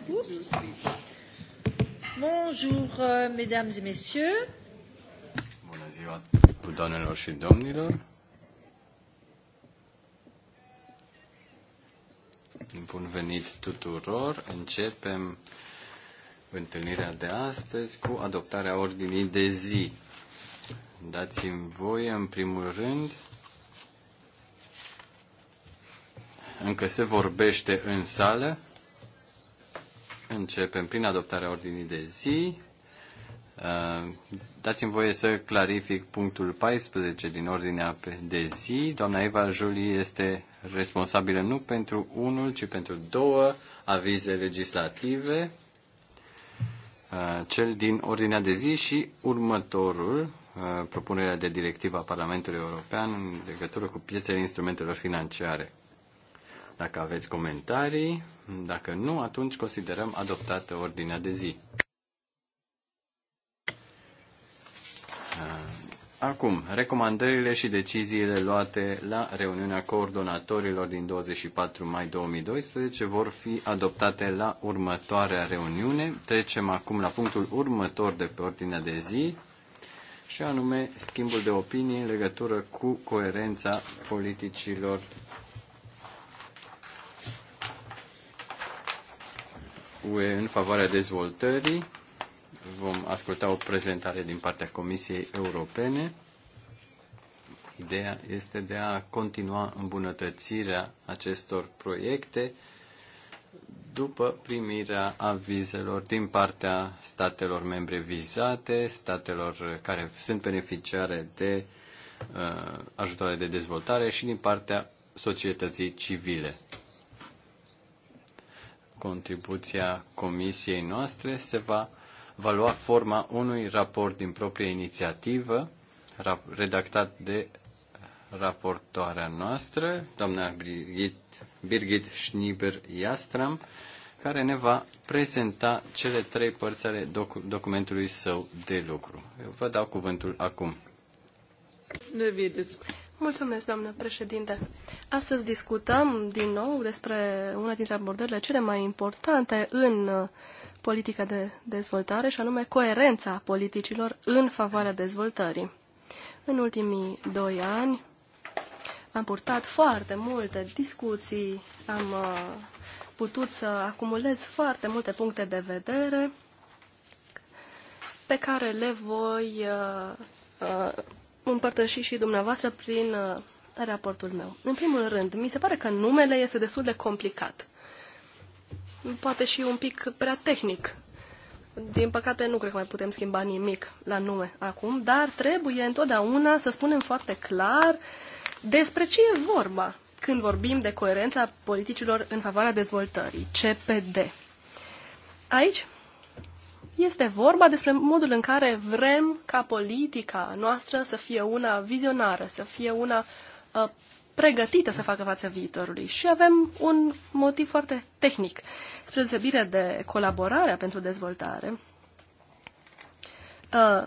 course. Bonjour, euh, mesdames et messieurs. Bună ziua, doamnelor și domnilor. Bun venit tuturor. Începem întâlnirea de astăzi cu adoptarea ordinii de zi. Dați-mi voie, în primul rând, încă se vorbește în sală, Începem prin adoptarea ordinii de zi. Uh, dați-mi voie să clarific punctul 14 din ordinea de zi. Doamna Eva Julie este responsabilă nu pentru unul, ci pentru două avize legislative, uh, cel din ordinea de zi și următorul, uh, propunerea de directivă a Parlamentului European în legătură cu piețele instrumentelor financiare. Dacă aveți comentarii, dacă nu, atunci considerăm adoptată ordinea de zi. Uh, acum, recomandările și deciziile luate la reuniunea coordonatorilor din 24 mai 2012 vor fi adoptate la următoarea reuniune. Trecem acum la punctul următor de pe ordinea de zi, și anume schimbul de opinii în legătură cu coerența politicilor UE în favoarea dezvoltării. Vom asculta o prezentare din partea Comisiei Europene. Ideea este de a continua îmbunătățirea acestor proiecte după primirea avizelor din partea statelor membre vizate, statelor care sunt beneficiare de uh, ajutoare de dezvoltare și din partea societății civile contribuția comisiei noastre se va, va lua forma unui raport din proprie inițiativă, redactat de raportoarea noastră, doamna Birgit, Birgit Schnieber-Jastram, care ne va prezenta cele trei părți ale doc- documentului său de lucru. Eu vă dau cuvântul acum. Mulțumesc, doamnă președinte. Astăzi discutăm din nou despre una dintre abordările cele mai importante în uh, politica de dezvoltare, și anume coerența politicilor în favoarea dezvoltării. În ultimii doi ani am purtat foarte multe discuții, am uh, putut să acumulez foarte multe puncte de vedere pe care le voi uh, împărtăși și dumneavoastră prin uh, raportul meu. În primul rând, mi se pare că numele este destul de complicat. Poate și un pic prea tehnic. Din păcate, nu cred că mai putem schimba nimic la nume acum, dar trebuie întotdeauna să spunem foarte clar despre ce e vorba când vorbim de coerența politicilor în favoarea dezvoltării, CPD. Aici este vorba despre modul în care vrem ca politica noastră să fie una vizionară, să fie una uh, pregătită să facă față viitorului. Și avem un motiv foarte tehnic, spre deosebire de colaborarea pentru dezvoltare. Uh,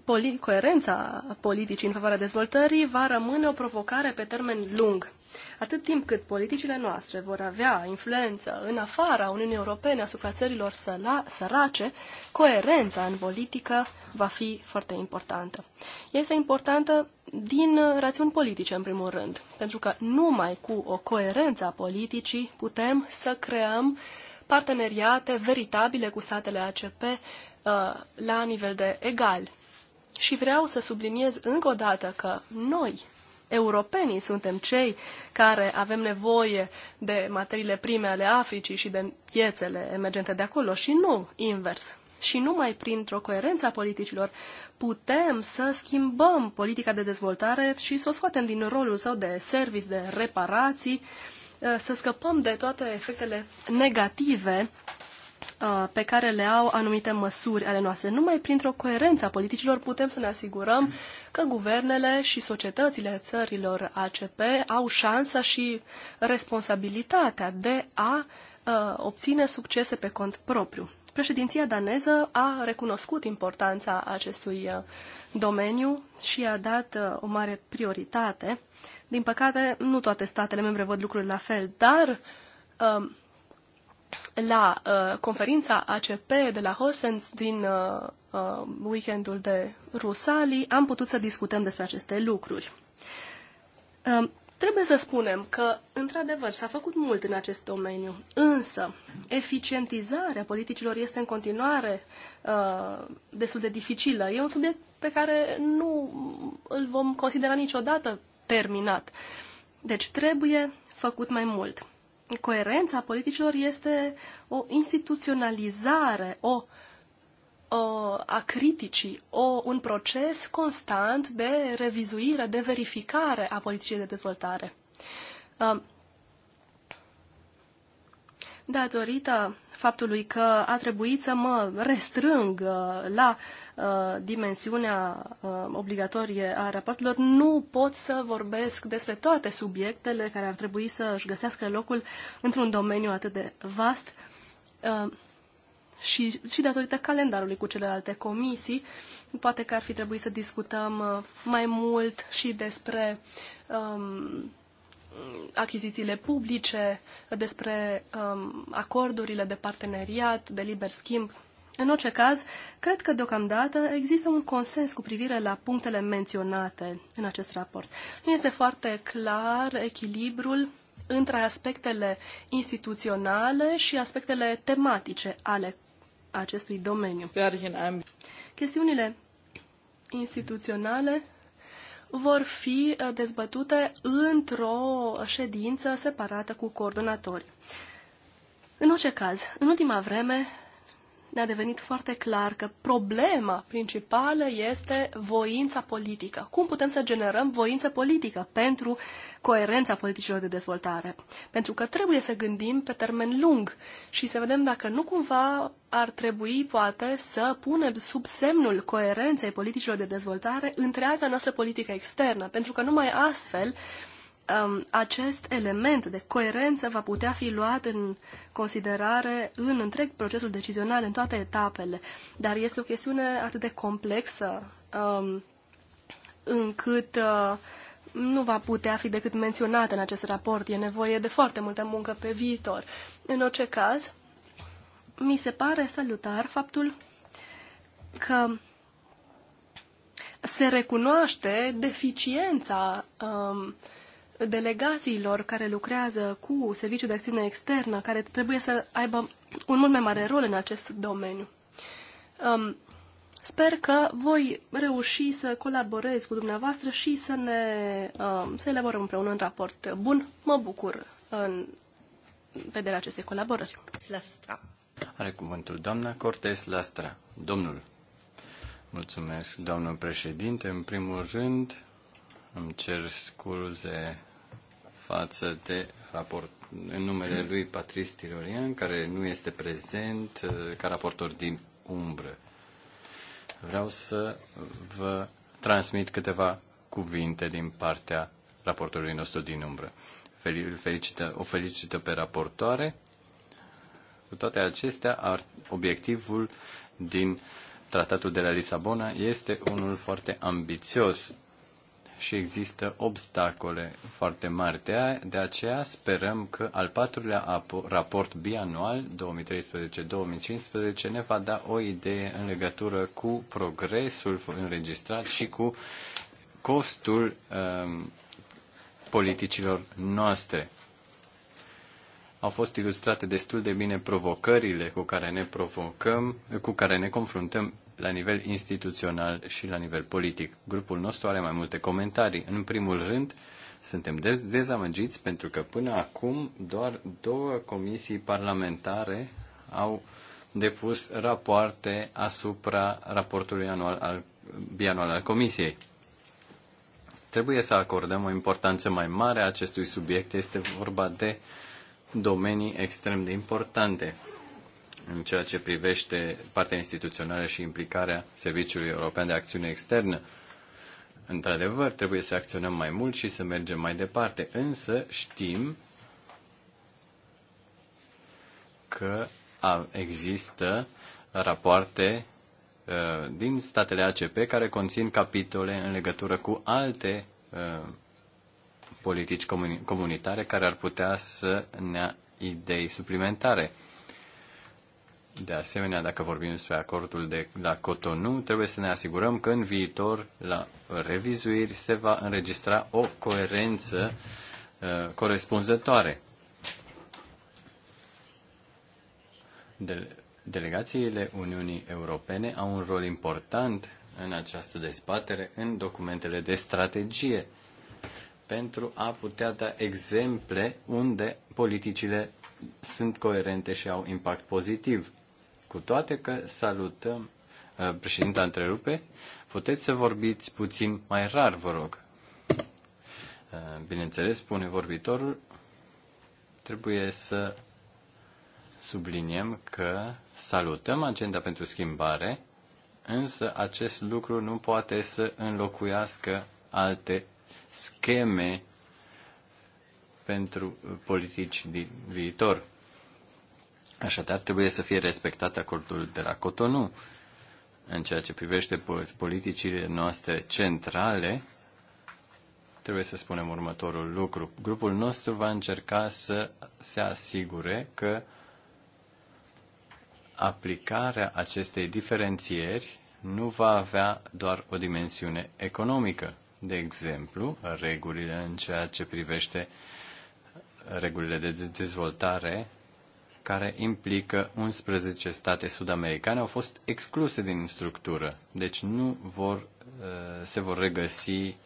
poli- coerența politicii în favoarea dezvoltării va rămâne o provocare pe termen lung. Atât timp cât politicile noastre vor avea influență în afara Uniunii Europene asupra țărilor sărace, coerența în politică va fi foarte importantă. Este importantă din rațiuni politice, în primul rând, pentru că numai cu o coerență a politicii putem să creăm parteneriate veritabile cu statele ACP uh, la nivel de egal. Și vreau să subliniez încă o dată că noi, europenii suntem cei care avem nevoie de materiile prime ale Africii și de piețele emergente de acolo și nu invers. Și numai printr-o coerență a politicilor putem să schimbăm politica de dezvoltare și să o scoatem din rolul său de service, de reparații, să scăpăm de toate efectele negative Uh, pe care le au anumite măsuri ale noastre. Numai printr-o coerență a politicilor putem să ne asigurăm că guvernele și societățile țărilor ACP au șansa și responsabilitatea de a uh, obține succese pe cont propriu. Președinția daneză a recunoscut importanța acestui uh, domeniu și a dat o mare prioritate. Din păcate, nu toate statele membre văd lucrurile la fel, dar la uh, conferința ACP de la Hosens din uh, uh, weekendul de Rusalii am putut să discutăm despre aceste lucruri. Um, trebuie să spunem că, într-adevăr, s-a făcut mult în acest domeniu, însă eficientizarea politicilor este în continuare uh, destul de dificilă. E un subiect pe care nu îl vom considera niciodată terminat. Deci trebuie făcut mai mult coerența politicilor este o instituționalizare, o, o a criticii, o, un proces constant de revizuire, de verificare a politicii de dezvoltare. Um, datorită faptului că a trebuit să mă restrâng uh, la uh, Uh, dimensiunea uh, obligatorie a raportelor, nu pot să vorbesc despre toate subiectele care ar trebui să își găsească locul într-un domeniu atât de vast uh, și, și datorită calendarului cu celelalte comisii, poate că ar fi trebuit să discutăm mai mult și despre um, achizițiile publice, despre um, acordurile de parteneriat, de liber schimb, în orice caz, cred că deocamdată există un consens cu privire la punctele menționate în acest raport. Nu este foarte clar echilibrul între aspectele instituționale și aspectele tematice ale acestui domeniu. Chestiunile instituționale vor fi uh, dezbătute într-o ședință separată cu coordonatorii. În orice caz, în ultima vreme, ne-a devenit foarte clar că problema principală este voința politică. Cum putem să generăm voință politică pentru coerența politicilor de dezvoltare? Pentru că trebuie să gândim pe termen lung și să vedem dacă nu cumva ar trebui, poate, să punem sub semnul coerenței politicilor de dezvoltare întreaga noastră politică externă, pentru că numai astfel um, acest element de coerență va putea fi luat în considerare în întreg procesul decizional, în toate etapele. Dar este o chestiune atât de complexă um, încât uh, nu va putea fi decât menționată în acest raport. E nevoie de foarte multă muncă pe viitor. În orice caz, mi se pare salutar faptul că se recunoaște deficiența uh, delegațiilor care lucrează cu Serviciul de Acțiune Externă, care trebuie să aibă un mult mai mare rol în acest domeniu. Um, sper că voi reuși să colaborez cu dumneavoastră și să ne um, să elaborăm împreună un raport bun. Mă bucur în vederea acestei colaborări. Lastra. Are cuvântul doamna Cortes Lastra. Domnul. Mulțumesc, doamnă președinte. În primul rând, îmi cer scuze față de raport, în numele lui Patrice Tirorian, care nu este prezent uh, ca raportor din umbră. Vreau să vă transmit câteva cuvinte din partea raportorului nostru din umbră. Felicită, o felicită pe raportoare. Cu toate acestea, obiectivul din Tratatul de la Lisabona este unul foarte ambițios și există obstacole foarte mari. De aceea sperăm că al patrulea raport bianual 2013-2015 ne va da o idee în legătură cu progresul înregistrat și cu costul um, politicilor noastre. Au fost ilustrate destul de bine provocările cu care ne provocăm, cu care ne confruntăm la nivel instituțional și la nivel politic. Grupul nostru are mai multe comentarii. În primul rând, suntem dez- dezamăgiți pentru că până acum doar două comisii parlamentare au depus rapoarte asupra raportului anual al, bianual al Comisiei. Trebuie să acordăm o importanță mai mare a acestui subiect. Este vorba de domenii extrem de importante în ceea ce privește partea instituțională și implicarea Serviciului European de Acțiune Externă. Într-adevăr, trebuie să acționăm mai mult și să mergem mai departe, însă știm că există rapoarte uh, din statele ACP care conțin capitole în legătură cu alte uh, politici comunitare care ar putea să ne idei suplimentare. De asemenea, dacă vorbim despre acordul de la Cotonou, trebuie să ne asigurăm că în viitor, la revizuiri, se va înregistra o coerență uh, corespunzătoare. De- delegațiile Uniunii Europene au un rol important în această dezbatere în documentele de strategie pentru a putea da exemple unde politicile sunt coerente și au impact pozitiv. Cu toate că salutăm, uh, președinta întrerupe, puteți să vorbiți puțin mai rar, vă rog. Uh, bineînțeles, spune vorbitorul, trebuie să subliniem că salutăm agenda pentru schimbare, însă acest lucru nu poate să înlocuiască alte scheme pentru politici din viitor. Așadar, trebuie să fie respectat acordul de la Cotonou. În ceea ce privește politicile noastre centrale, trebuie să spunem următorul lucru. Grupul nostru va încerca să se asigure că aplicarea acestei diferențieri nu va avea doar o dimensiune economică. De exemplu, regulile în ceea ce privește regulile de dezvoltare care implică 11 state sud au fost excluse din structură, deci nu vor, uh, se vor regăsi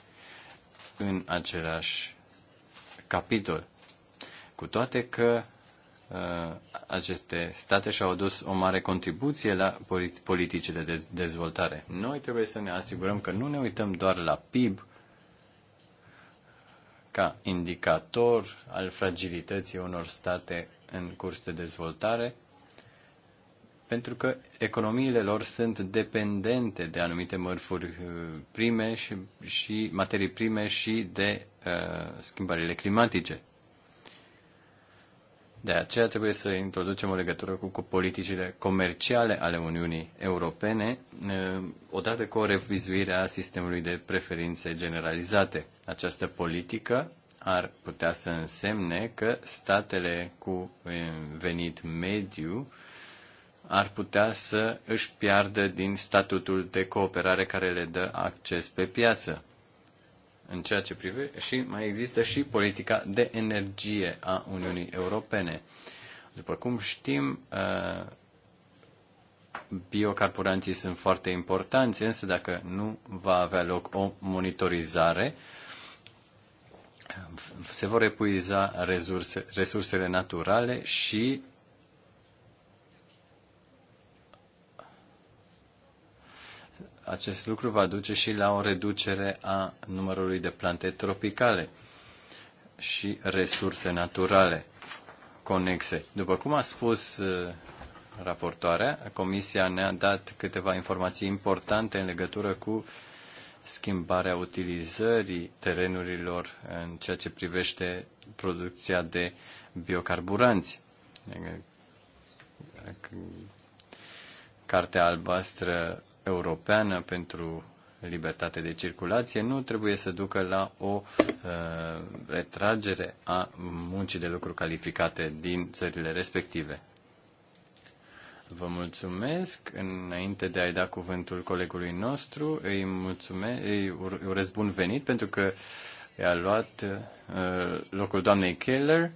în același capitol. Cu toate că uh, aceste state și-au adus o mare contribuție la politicile de dezvoltare. Noi trebuie să ne asigurăm că nu ne uităm doar la PIB ca indicator al fragilității unor state în curs de dezvoltare, pentru că economiile lor sunt dependente de anumite mărfuri uh, prime și, și materii prime și de uh, schimbările climatice. De aceea trebuie să introducem o legătură cu, cu politicile comerciale ale Uniunii Europene, uh, odată cu o revizuire a sistemului de preferințe generalizate. Această politică ar putea să însemne că statele cu eh, venit mediu ar putea să își piardă din statutul de cooperare care le dă acces pe piață. În ceea ce privește și mai există și politica de energie a Uniunii Europene. După cum știm, eh, biocarburanții sunt foarte importanți, însă dacă nu va avea loc o monitorizare, se vor epuiza resurse, resursele naturale și acest lucru va duce și la o reducere a numărului de plante tropicale și resurse naturale conexe. După cum a spus uh, raportoarea, Comisia ne-a dat câteva informații importante în legătură cu schimbarea utilizării terenurilor în ceea ce privește producția de biocarburanți. Cartea albastră europeană pentru libertate de circulație nu trebuie să ducă la o uh, retragere a muncii de lucru calificate din țările respective. Vă mulțumesc. Înainte de a-i da cuvântul colegului nostru, îi, mulțumesc, îi urez bun venit pentru că i-a luat uh, locul doamnei Keller.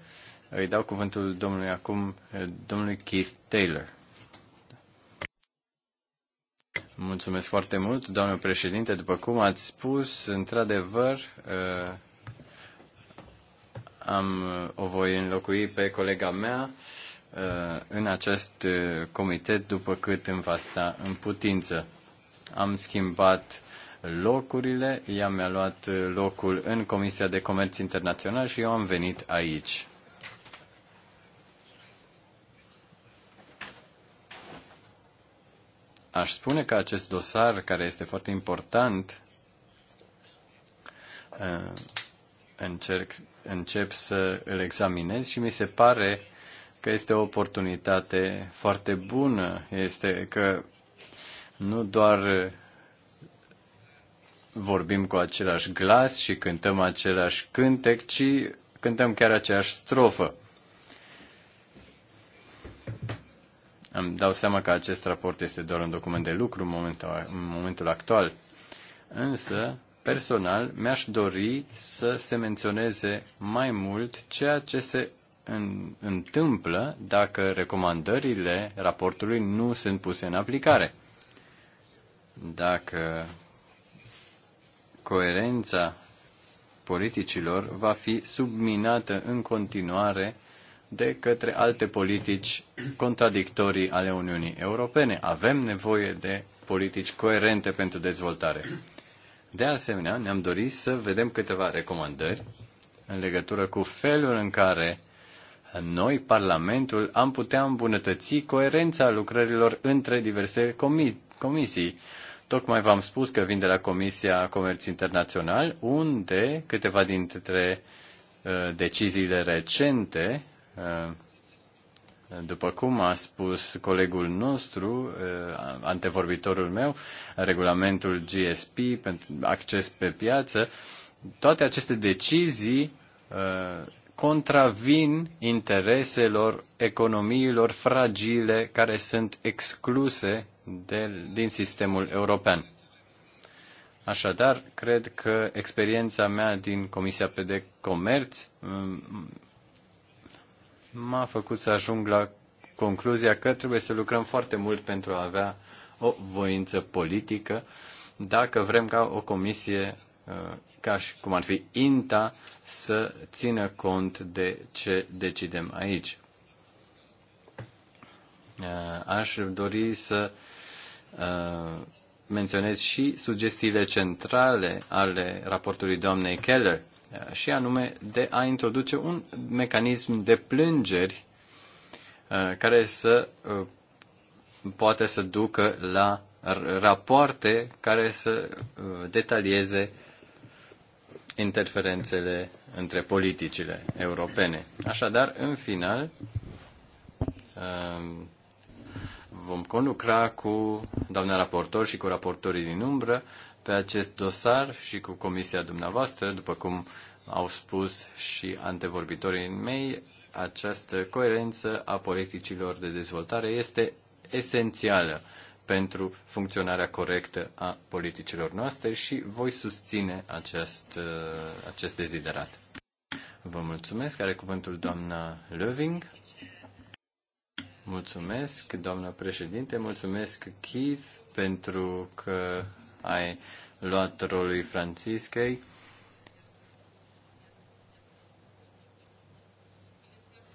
Îi dau cuvântul domnului acum, uh, domnului Keith Taylor. Mulțumesc foarte mult, domnul președinte. După cum ați spus, într-adevăr, uh, am o voi înlocui pe colega mea Uh, în acest uh, comitet după cât îmi va sta în putință. Am schimbat locurile, ea mi-a luat uh, locul în Comisia de Comerț Internațional și eu am venit aici. Aș spune că acest dosar, care este foarte important, încerc, încep să îl examinez și mi se pare că este o oportunitate foarte bună, este că nu doar vorbim cu același glas și cântăm același cântec, ci cântăm chiar aceeași strofă. Îmi dau seama că acest raport este doar un document de lucru în momentul, în momentul actual, însă, personal, mi-aș dori să se menționeze mai mult ceea ce se în, întâmplă dacă recomandările raportului nu sunt puse în aplicare. Dacă coerența politicilor va fi subminată în continuare de către alte politici contradictorii ale Uniunii Europene. Avem nevoie de politici coerente pentru dezvoltare. De asemenea, ne-am dorit să vedem câteva recomandări în legătură cu felul în care noi, Parlamentul, am putea îmbunătăți coerența lucrărilor între diverse comi comisii. Tocmai v-am spus că vin de la Comisia Comerț Internațional, unde câteva dintre uh, deciziile recente, uh, după cum a spus colegul nostru, uh, antevorbitorul meu, regulamentul GSP pentru acces pe piață, toate aceste decizii uh, contravin intereselor economiilor fragile care sunt excluse de, din sistemul european. Așadar, cred că experiența mea din Comisia PD Comerț mm, m-a făcut să ajung la concluzia că trebuie să lucrăm foarte mult pentru a avea o voință politică dacă vrem ca o comisie uh, ca și cum ar fi INTA, să țină cont de ce decidem aici. Uh, aș dori să uh, menționez și sugestiile centrale ale raportului doamnei Keller, uh, și anume de a introduce un mecanism de plângeri care să poate să ducă la rapoarte care să detalieze interferențele între politicile europene. Așadar, în final, um, vom conlucra cu doamna raportor și cu raportorii din umbră pe acest dosar și cu comisia dumneavoastră, după cum au spus și antevorbitorii mei, această coerență a politicilor de dezvoltare este esențială pentru funcționarea corectă a politicilor noastre și voi susține acest, uh, acest deziderat. Vă mulțumesc. Are cuvântul doamna Löving. Mulțumesc, doamna președinte. Mulțumesc, Keith, pentru că ai luat rolul Franciscai.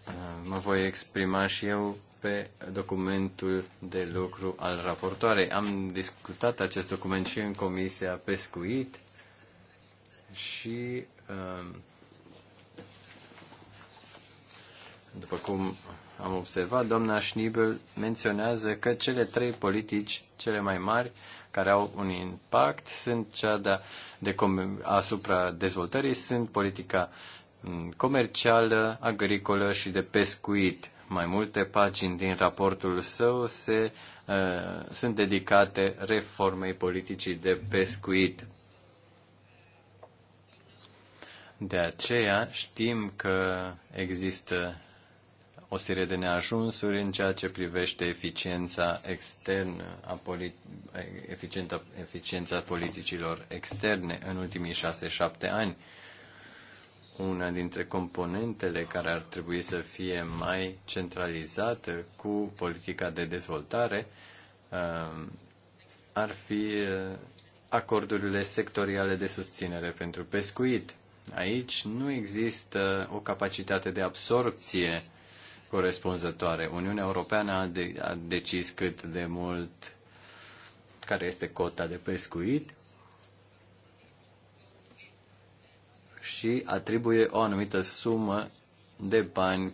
Uh, mă voi exprima și eu pe documentul de lucru al raportoarei. Am discutat acest document și în Comisia Pescuit și, um, după cum am observat, doamna Schniebel menționează că cele trei politici cele mai mari care au un impact sunt cea de, de asupra dezvoltării, sunt politica mm, comercială, agricolă și de pescuit. Mai multe pagini din raportul său se, uh, sunt dedicate reformei politicii de pescuit. De aceea știm că există o serie de neajunsuri în ceea ce privește eficiența externă a politi- eficiența, eficiența politicilor externe în ultimii șase-șapte ani una dintre componentele care ar trebui să fie mai centralizată cu politica de dezvoltare um, ar fi uh, acordurile sectoriale de susținere pentru pescuit. Aici nu există o capacitate de absorpție corespunzătoare. Uniunea Europeană a, de, a decis cât de mult, care este cota de pescuit și atribuie o anumită sumă de bani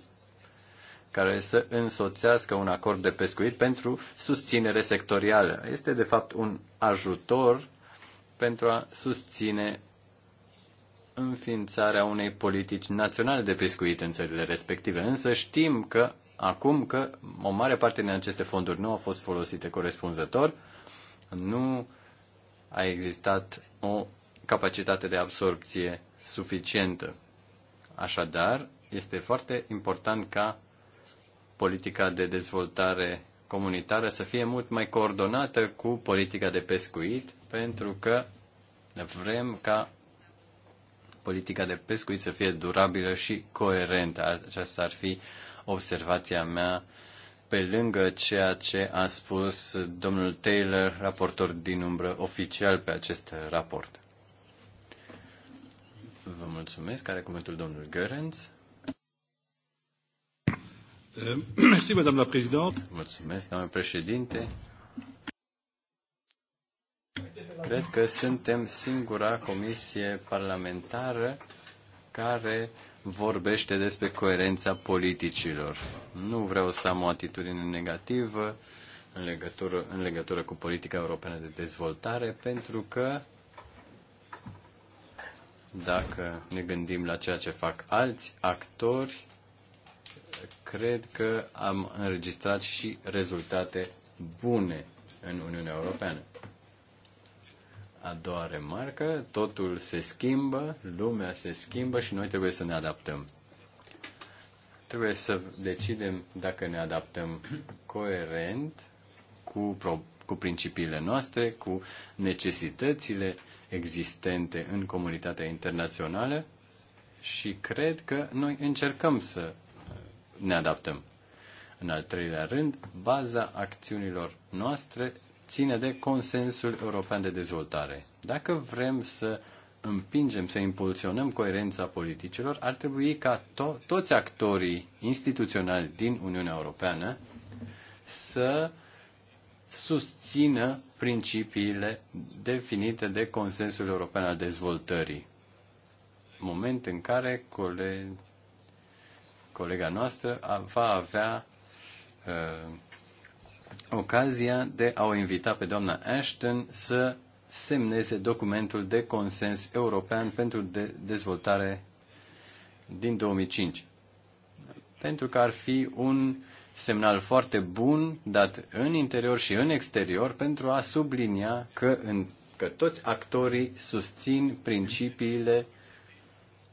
care să însoțească un acord de pescuit pentru susținere sectorială. Este, de fapt, un ajutor pentru a susține înființarea unei politici naționale de pescuit în țările respective. Însă știm că acum că o mare parte din aceste fonduri nu au fost folosite corespunzător, nu a existat o capacitate de absorpție suficientă. Așadar, este foarte important ca politica de dezvoltare comunitară să fie mult mai coordonată cu politica de pescuit, pentru că vrem ca politica de pescuit să fie durabilă și coerentă. Aceasta ar fi observația mea pe lângă ceea ce a spus domnul Taylor, raportor din umbră oficial pe acest raport. Vă mulțumesc. Care cuvântul domnului Gărenț. Euh, Mersi, doamna președinte. Mulțumesc, doamna președinte. Cred că suntem singura comisie parlamentară care vorbește despre coerența politicilor. Nu vreau să am o atitudine negativă în legătură, în legătură cu politica europeană de dezvoltare, pentru că dacă ne gândim la ceea ce fac alți actori, cred că am înregistrat și rezultate bune în Uniunea Europeană. A doua remarcă, totul se schimbă, lumea se schimbă și noi trebuie să ne adaptăm. Trebuie să decidem dacă ne adaptăm coerent cu, cu principiile noastre, cu necesitățile existente în comunitatea internațională și cred că noi încercăm să uh, ne adaptăm. În al treilea rând, baza acțiunilor noastre ține de consensul european de dezvoltare. Dacă vrem să împingem, să impulsionăm coerența politicilor, ar trebui ca to- toți actorii instituționali din Uniunea Europeană să uh, susțină principiile definite de Consensul European al Dezvoltării. Moment în care cole, colega noastră va avea uh, ocazia de a o invita pe doamna Ashton să semneze documentul de consens european pentru de- dezvoltare din 2005. Pentru că ar fi un uh, semnal foarte bun dat în interior și în exterior pentru a sublinia că, în, că toți actorii susțin principiile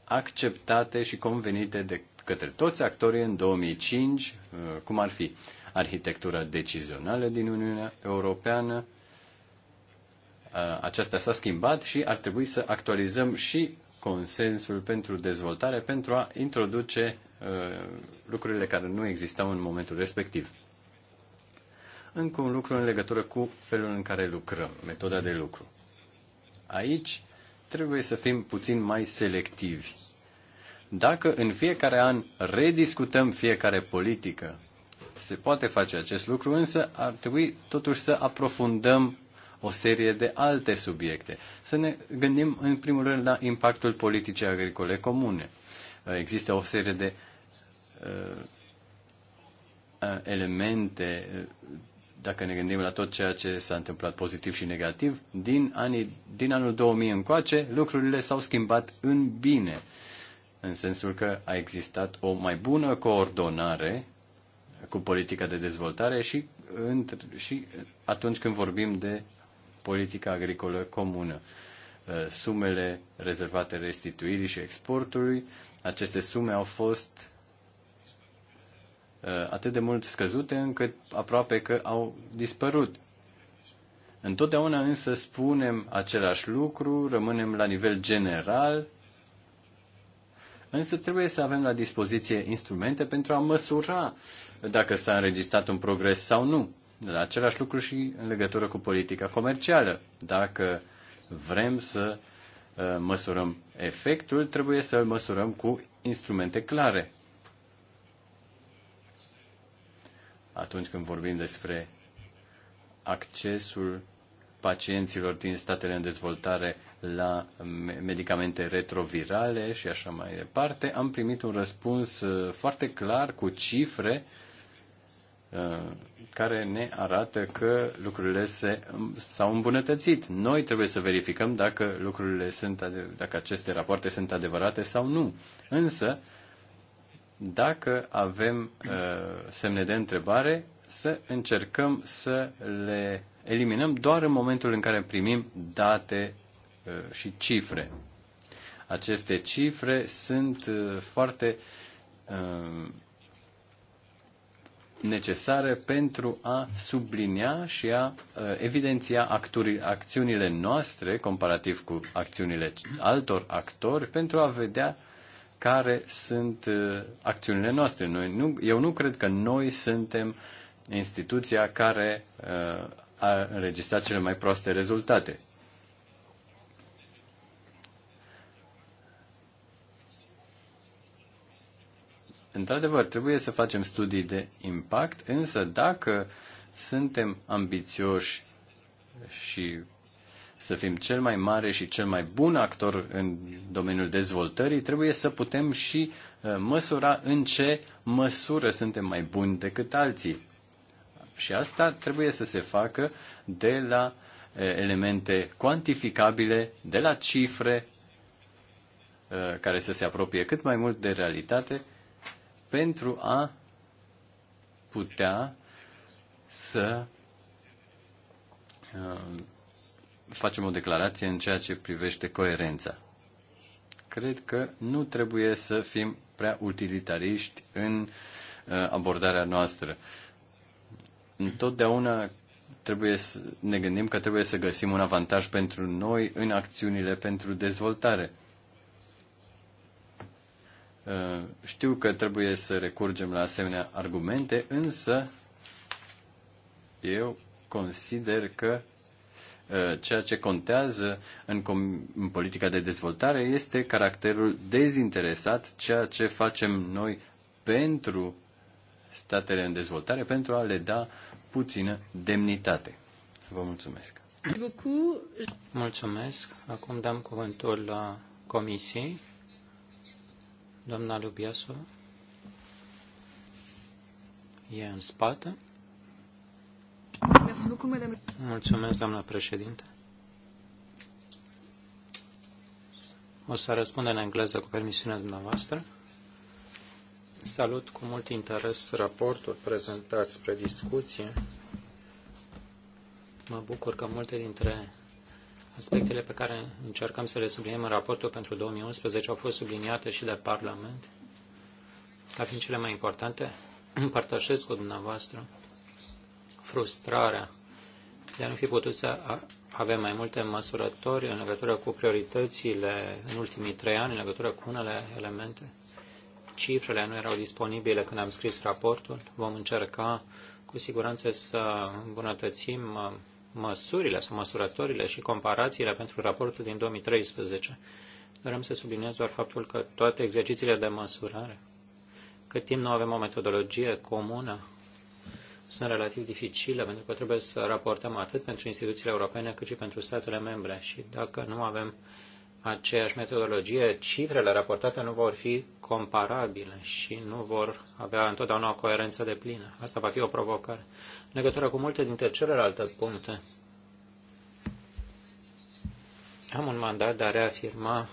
acceptate și convenite de către toți actorii în 2005, uh, cum ar fi arhitectura decizională din Uniunea Europeană. Uh, aceasta s-a schimbat și ar trebui să actualizăm și consensul pentru dezvoltare pentru a introduce Uh, lucrurile care nu existau în momentul respectiv. Încă un lucru în legătură cu felul în care lucrăm, metoda de lucru. Aici trebuie să fim puțin mai selectivi. Dacă în fiecare an rediscutăm fiecare politică, se poate face acest lucru, însă ar trebui totuși să aprofundăm o serie de alte subiecte. Să ne gândim în primul rând la impactul politicii agricole comune. Există o serie de uh, uh, elemente, uh, dacă ne gândim la tot ceea ce s-a întâmplat pozitiv și negativ, din, anii, din anul 2000 încoace, lucrurile s-au schimbat în bine, în sensul că a existat o mai bună coordonare cu politica de dezvoltare și, între, și atunci când vorbim de politica agricolă comună. Sumele rezervate restituirii și exportului aceste sume au fost uh, atât de mult scăzute încât aproape că au dispărut. Întotdeauna însă spunem același lucru, rămânem la nivel general, însă trebuie să avem la dispoziție instrumente pentru a măsura dacă s-a înregistrat un progres sau nu. La același lucru și în legătură cu politica comercială. Dacă vrem să uh, Uh, măsurăm efectul, trebuie să îl măsurăm cu instrumente clare. Atunci când vorbim despre accesul pacienților din statele în dezvoltare la medicamente retrovirale și așa mai departe, am primit un răspuns uh, foarte clar cu cifre uh, care ne arată că lucrurile se, s-au îmbunătățit. Noi trebuie să verificăm dacă lucrurile sunt, dacă aceste rapoarte sunt adevărate sau nu. Însă, dacă avem uh, semne de întrebare, să încercăm să le eliminăm doar în momentul în care primim date uh, și cifre. Aceste cifre sunt uh, foarte uh, necesare pentru a sublinia și a uh, evidenția acțiunile noastre comparativ cu acțiunile altor actori pentru a vedea care sunt uh, acțiunile noastre. Noi nu, eu nu cred că noi suntem instituția care uh, a înregistrat cele mai proaste rezultate. Într-adevăr, trebuie să facem studii de impact, însă dacă suntem ambițioși și să fim cel mai mare și cel mai bun actor în domeniul dezvoltării, trebuie să putem și uh, măsura în ce măsură suntem mai buni decât alții. Și asta trebuie să se facă de la uh, elemente cuantificabile, de la cifre uh, care să se apropie cât mai mult de realitate pentru a putea să uh, facem o declarație în ceea ce privește coerența. Cred că nu trebuie să fim prea utilitariști în uh, abordarea noastră. Întotdeauna trebuie să ne gândim că trebuie să găsim un avantaj pentru noi în acțiunile pentru dezvoltare. Eh, știu că trebuie să recurgem la asemenea argumente, însă eu consider că eh, ceea ce contează în, în politica de dezvoltare este caracterul dezinteresat, ceea ce facem noi pentru statele în dezvoltare, pentru a le da puțină demnitate. Vă mulțumesc. Mulțumesc. Acum dăm cuvântul la uh, comisie. Doamna Lubiasu e în spate. Mulțumesc, doamna președinte. O să răspund în engleză cu permisiunea dumneavoastră. Salut cu mult interes raportul prezentat spre discuție. Mă bucur că multe dintre Aspectele pe care încercăm să le subliniem în raportul pentru 2011 au fost subliniate și de Parlament ca fiind cele mai importante. Împărtășesc cu dumneavoastră frustrarea de a nu fi putut să avem mai multe măsurători în legătură cu prioritățile în ultimii trei ani, în legătură cu unele elemente. Cifrele nu erau disponibile când am scris raportul. Vom încerca cu siguranță să îmbunătățim măsurile sau măsurătorile și comparațiile pentru raportul din 2013. vrem să subliniez doar faptul că toate exercițiile de măsurare, cât timp nu avem o metodologie comună, sunt relativ dificile pentru că trebuie să raportăm atât pentru instituțiile europene cât și pentru statele membre și dacă nu avem aceeași metodologie, cifrele raportate nu vor fi comparabile și nu vor avea întotdeauna o coerență de plină. Asta va fi o provocare. În legătură cu multe dintre celelalte puncte, am un mandat de a reafirma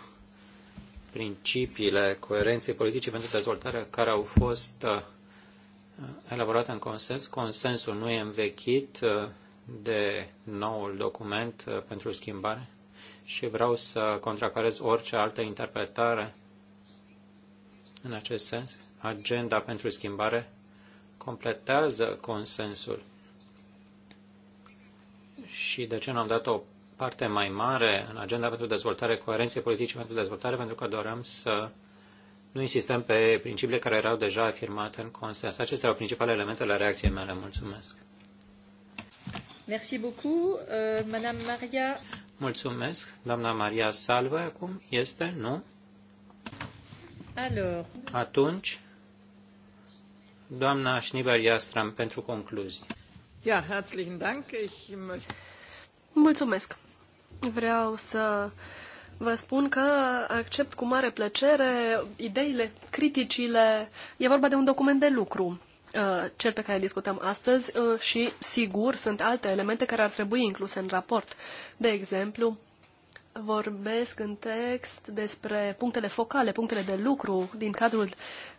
principiile coerenței politice pentru dezvoltare care au fost uh, elaborate în consens. Consensul nu e învechit uh, de noul document uh, pentru schimbare și vreau să contracarez orice altă interpretare în acest sens. Agenda pentru schimbare completează consensul. Și de ce n-am dat o parte mai mare în agenda pentru dezvoltare, coerențe politice pentru dezvoltare, pentru că doream să nu insistăm pe principiile care erau deja afirmate în consens. Acestea au principalele elemente la reacției mele. Mulțumesc. Merci beaucoup, euh, Madame Maria. Mulțumesc. Doamna Maria Salvă acum este, nu? Alors. Atunci, doamna Șnibar Iastram pentru concluzie. Ja, herzlichen Dank. Ich Mulțumesc. Vreau să vă spun că accept cu mare plăcere ideile, criticile. E vorba de un document de lucru Uh, cel pe care discutăm astăzi uh, și, sigur, sunt alte elemente care ar trebui incluse în raport. De exemplu, vorbesc în text despre punctele focale, punctele de lucru din cadrul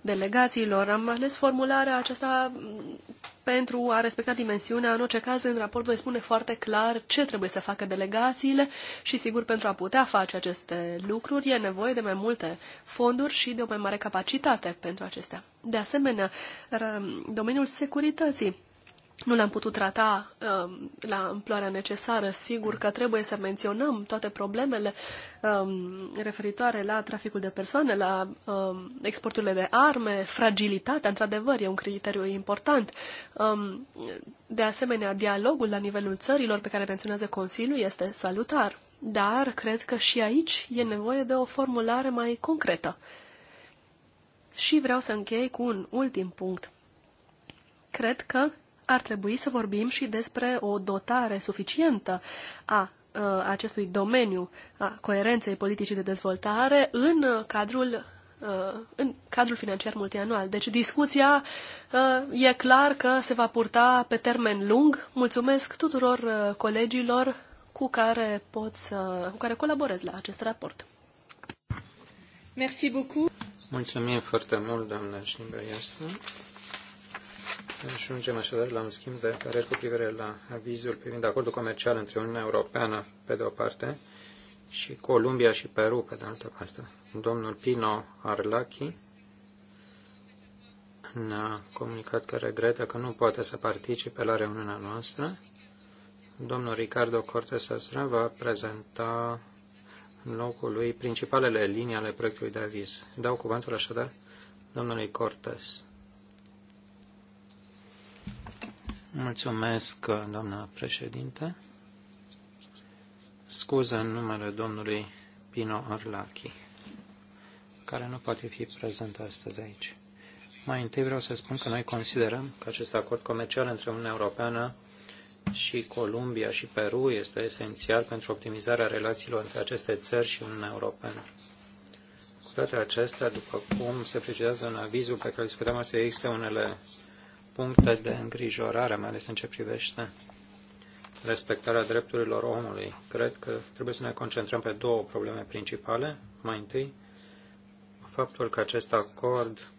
delegațiilor. Am ales formularea aceasta mm, pentru a respecta dimensiunea. În orice caz, în raport voi spune foarte clar ce trebuie să facă delegațiile și, sigur, pentru a putea face aceste lucruri e nevoie de mai multe fonduri și de o mai mare capacitate pentru acestea. De asemenea, domeniul securității nu le-am putut trata uh, la amploarea necesară. Sigur că trebuie să menționăm toate problemele um, referitoare la traficul de persoane, la um, exporturile de arme, fragilitatea, într-adevăr, e un criteriu important. Um, de asemenea, dialogul la nivelul țărilor pe care menționează Consiliul este salutar, dar cred că și aici e nevoie de o formulare mai concretă. Și vreau să închei cu un ultim punct. Cred că ar trebui să vorbim și despre o dotare suficientă a ă, acestui domeniu a coerenței politicii de dezvoltare în cadrul ă, în cadrul financiar multianual. Deci discuția ă, e clar că se va purta pe termen lung. Mulțumesc tuturor colegilor cu care pot să, cu care colaborez la acest raport. Merci beaucoup. Mulțumim foarte mult, doamna Șnimberiasă și Ajungem așadar la un schimb de păreri cu privire la avizul privind acordul comercial între Uniunea Europeană, pe de o parte, și Columbia și Peru, pe de altă parte. Domnul Pino Arlachi ne-a comunicat că regretă că nu poate să participe la reuniunea noastră. Domnul Ricardo Cortes Astra va prezenta în locul lui principalele linii ale proiectului de aviz. Dau cuvântul așadar domnului Cortes. Mulțumesc, doamna președinte. Scuză în numele domnului Pino Arlachi, care nu poate fi prezent astăzi aici. Mai întâi vreau să spun că noi considerăm că acest acord comercial între Uniunea Europeană și Columbia și Peru este esențial pentru optimizarea relațiilor între aceste țări și Uniunea Europeană. Cu toate acestea, după cum se precizează în avizul pe care îl discutăm, astea, există unele puncte de îngrijorare, mai ales în ce privește respectarea drepturilor omului. Cred că trebuie să ne concentrăm pe două probleme principale. Mai întâi, faptul că acest acord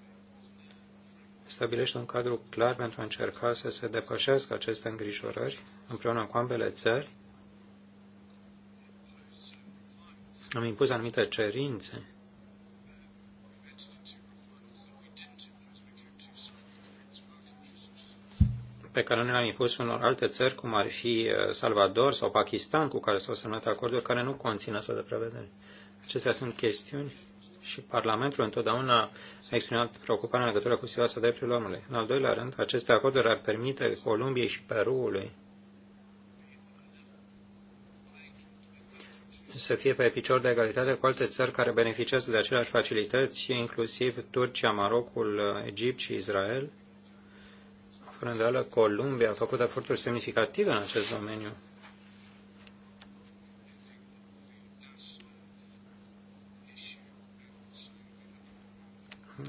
stabilește un cadru clar pentru a încerca să se depășească aceste îngrijorări împreună cu ambele țări. Am impus anumite cerințe pe care nu le-am impus unor alte țări, cum ar fi uh, Salvador sau Pakistan, cu care s-au semnat acorduri care nu conțin astfel de prevederi. Acestea sunt chestiuni și Parlamentul întotdeauna a exprimat preocuparea în legătură cu situația drepturilor omului. În al doilea rând, aceste acorduri ar permite Columbiei și Peruului să fie pe picior de egalitate cu alte țări care beneficiază de aceleași facilități, inclusiv Turcia, Marocul, uh, Egipt și Israel – fără îndoială, Columbia a făcut eforturi semnificative în acest domeniu.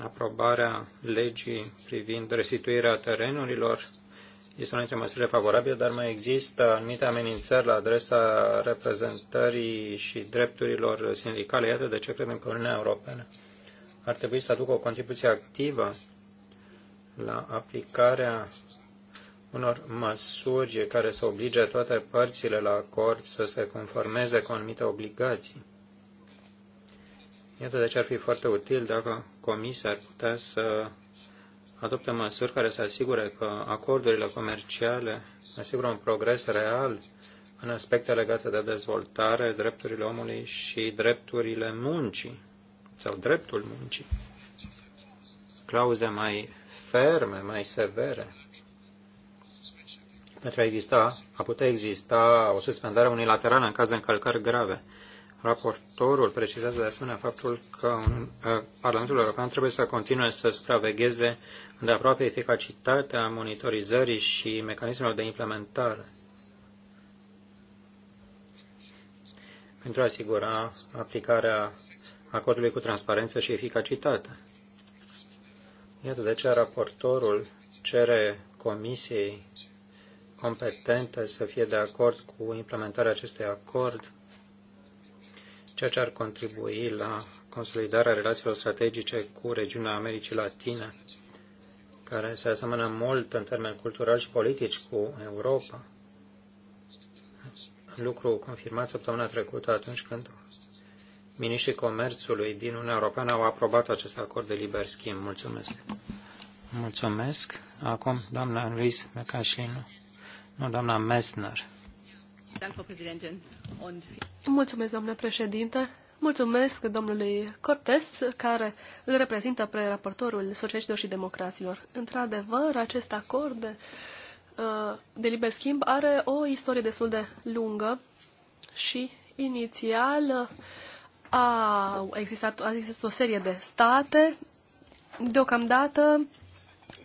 aprobarea legii privind restituirea terenurilor este una dintre măsurile favorabile, dar mai există anumite amenințări la adresa reprezentării și drepturilor sindicale. Iată de ce credem că Uniunea Europeană ar trebui să aducă o contribuție activă la aplicarea unor măsuri care să oblige toate părțile la acord să se conformeze cu anumite obligații. Iată de ce ar fi foarte util dacă Comisia ar putea să adopte măsuri care să asigure că acordurile comerciale asigură un progres real în aspecte legate de dezvoltare, drepturile omului și drepturile muncii sau dreptul muncii. Clauze mai ferme, mai severe, pentru a, exista, a putea exista o suspendare unilaterală în caz de încălcări grave. Raportorul precizează de asemenea faptul că un, uh, Parlamentul European trebuie să continue să supravegheze îndeaproape eficacitatea monitorizării și mecanismelor de implementare pentru a asigura aplicarea acordului cu transparență și eficacitate. Iată de ce raportorul cere comisiei competente să fie de acord cu implementarea acestui acord, ceea ce ar contribui la consolidarea relațiilor strategice cu regiunea Americii Latine, care se aseamănă mult în termeni culturali și politici cu Europa. Lucru confirmat săptămâna trecută atunci când Miniștrii Comerțului din Uniunea Europeană au aprobat acest acord de liber schimb. Mulțumesc. Mulțumesc. Acum, doamna Luis Mecașlin, nu, doamna Messner. Mulțumesc, doamnă președinte. Mulțumesc domnului Cortes, care îl reprezintă pe raportorul Socialiștilor și Democraților. Într-adevăr, acest acord de, uh, de liber schimb are o istorie destul de lungă și inițial a existat, a existat o serie de state. Deocamdată,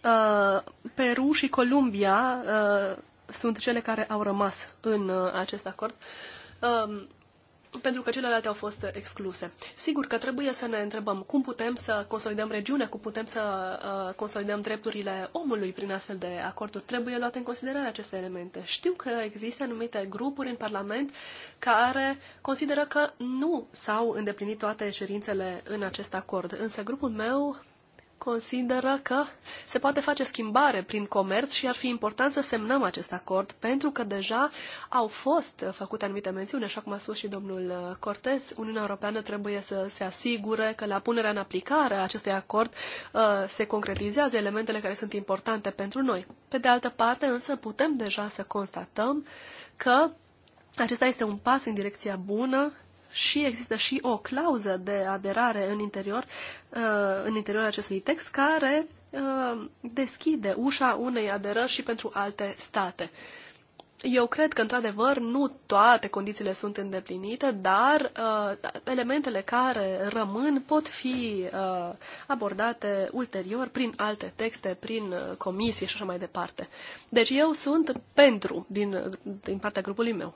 uh, Peru și Columbia uh, sunt cele care au rămas în uh, acest acord. Uh, pentru că celelalte au fost excluse. Sigur că trebuie să ne întrebăm cum putem să consolidăm regiunea, cum putem să uh, consolidăm drepturile omului prin astfel de acorduri. Trebuie luate în considerare aceste elemente. Știu că există anumite grupuri în Parlament care consideră că nu s-au îndeplinit toate cerințele în acest acord, însă grupul meu consideră că se poate face schimbare prin comerț și ar fi important să semnăm acest acord, pentru că deja au fost făcute anumite mențiuni, așa cum a spus și domnul uh, Cortes. Uniunea Europeană trebuie să se asigure că la punerea în aplicare a acestui acord uh, se concretizează elementele care sunt importante pentru noi. Pe de altă parte, însă, putem deja să constatăm că acesta este un pas în direcția bună și există și o clauză de aderare în interior, uh, în interiorul acestui text care uh, deschide ușa unei aderări și pentru alte state. Eu cred că, într-adevăr, nu toate condițiile sunt îndeplinite, dar uh, elementele care rămân pot fi uh, abordate ulterior prin alte texte, prin uh, comisii comisie și așa mai departe. Deci eu sunt pentru din, din partea grupului meu.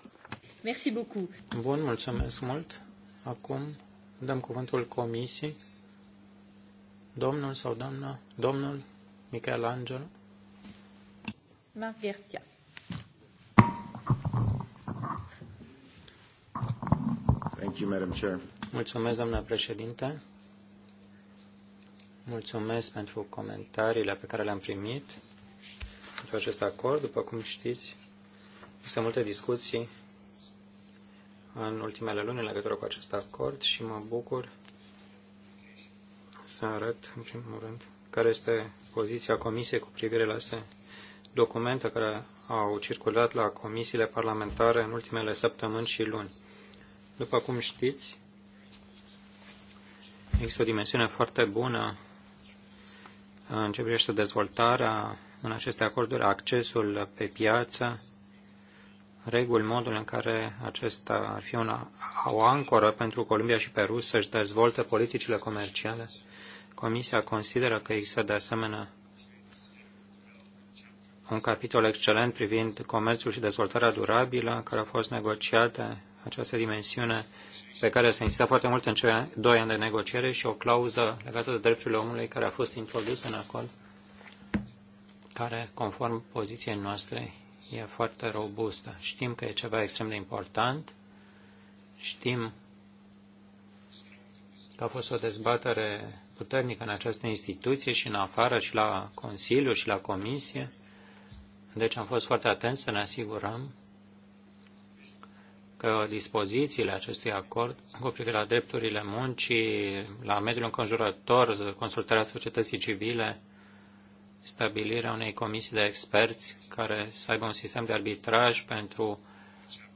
Merci beaucoup. Bun, mulțumesc mult. Acum dăm cuvântul comisiei. Domnul sau doamna? Domnul Michelangelo? Marc Vertia. Thank you, Madam Chair. Mulțumesc, doamna președinte. Mulțumesc pentru comentariile pe care le-am primit pentru acest acord. După cum știți, sunt multe discuții în ultimele luni în legătură cu acest acord și mă bucur să arăt, în primul rând, care este poziția Comisiei cu privire la se documente care au circulat la comisiile parlamentare în ultimele săptămâni și luni. După cum știți, există o dimensiune foarte bună în ce privește dezvoltarea în aceste acorduri, accesul pe piață, reguli modul în care acesta ar fi una, o ancoră pentru Columbia și Peru să-și dezvolte politicile comerciale, Comisia consideră că există de asemenea un capitol excelent privind comerțul și dezvoltarea durabilă, care a fost negociată, această dimensiune pe care s-a insistat foarte mult în cei doi ani de negociere și o clauză legată de drepturile omului care a fost introdusă în acord, care, conform poziției noastre, e foarte robustă. Știm că e ceva extrem de important, știm că a fost o dezbatere puternică în această instituție și în afară și la Consiliu și la Comisie. Deci am fost foarte atenți să ne asigurăm că dispozițiile acestui acord cu privire la drepturile muncii, la mediul înconjurător, consultarea societății civile, stabilirea unei comisii de experți care să aibă un sistem de arbitraj pentru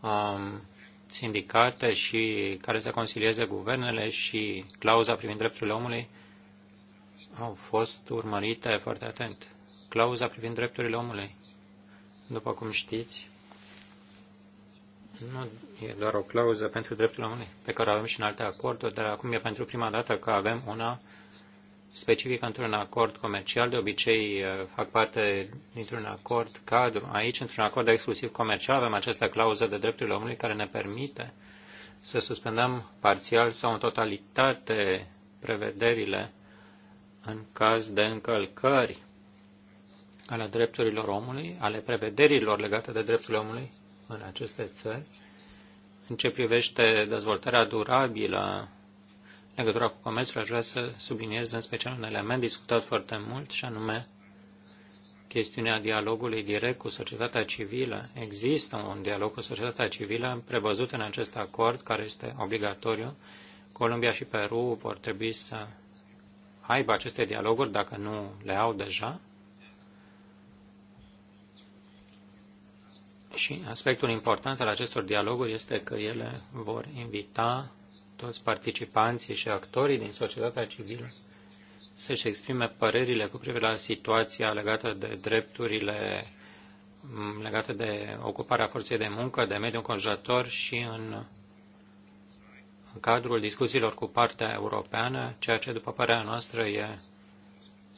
um, sindicate și care să concilieze guvernele și clauza privind drepturile omului au fost urmărite foarte atent. Clauza privind drepturile omului, după cum știți, nu e doar o clauză pentru drepturile omului, pe care o avem și în alte acorduri, dar acum e pentru prima dată că avem una specific într-un acord comercial, de obicei uh, fac parte dintr-un acord cadru. Aici, într-un acord exclusiv comercial, avem această clauză de drepturile omului care ne permite să suspendăm parțial sau în totalitate prevederile în caz de încălcări ale drepturilor omului, ale prevederilor legate de drepturile omului în aceste țări, în ce privește dezvoltarea durabilă legătura cu comerțul, aș vrea să subliniez în special un element discutat foarte mult, și anume chestiunea dialogului direct cu societatea civilă. Există un dialog cu societatea civilă prevăzut în acest acord, care este obligatoriu. Columbia și Peru vor trebui să aibă aceste dialoguri, dacă nu le au deja. Și aspectul important al acestor dialoguri este că ele vor invita toți participanții și actorii din societatea civilă să-și exprime părerile cu privire la situația legată de drepturile mm, legate de ocuparea forței de muncă, de mediul înconjurător și în, în cadrul discuțiilor cu partea europeană, ceea ce, după părerea noastră, e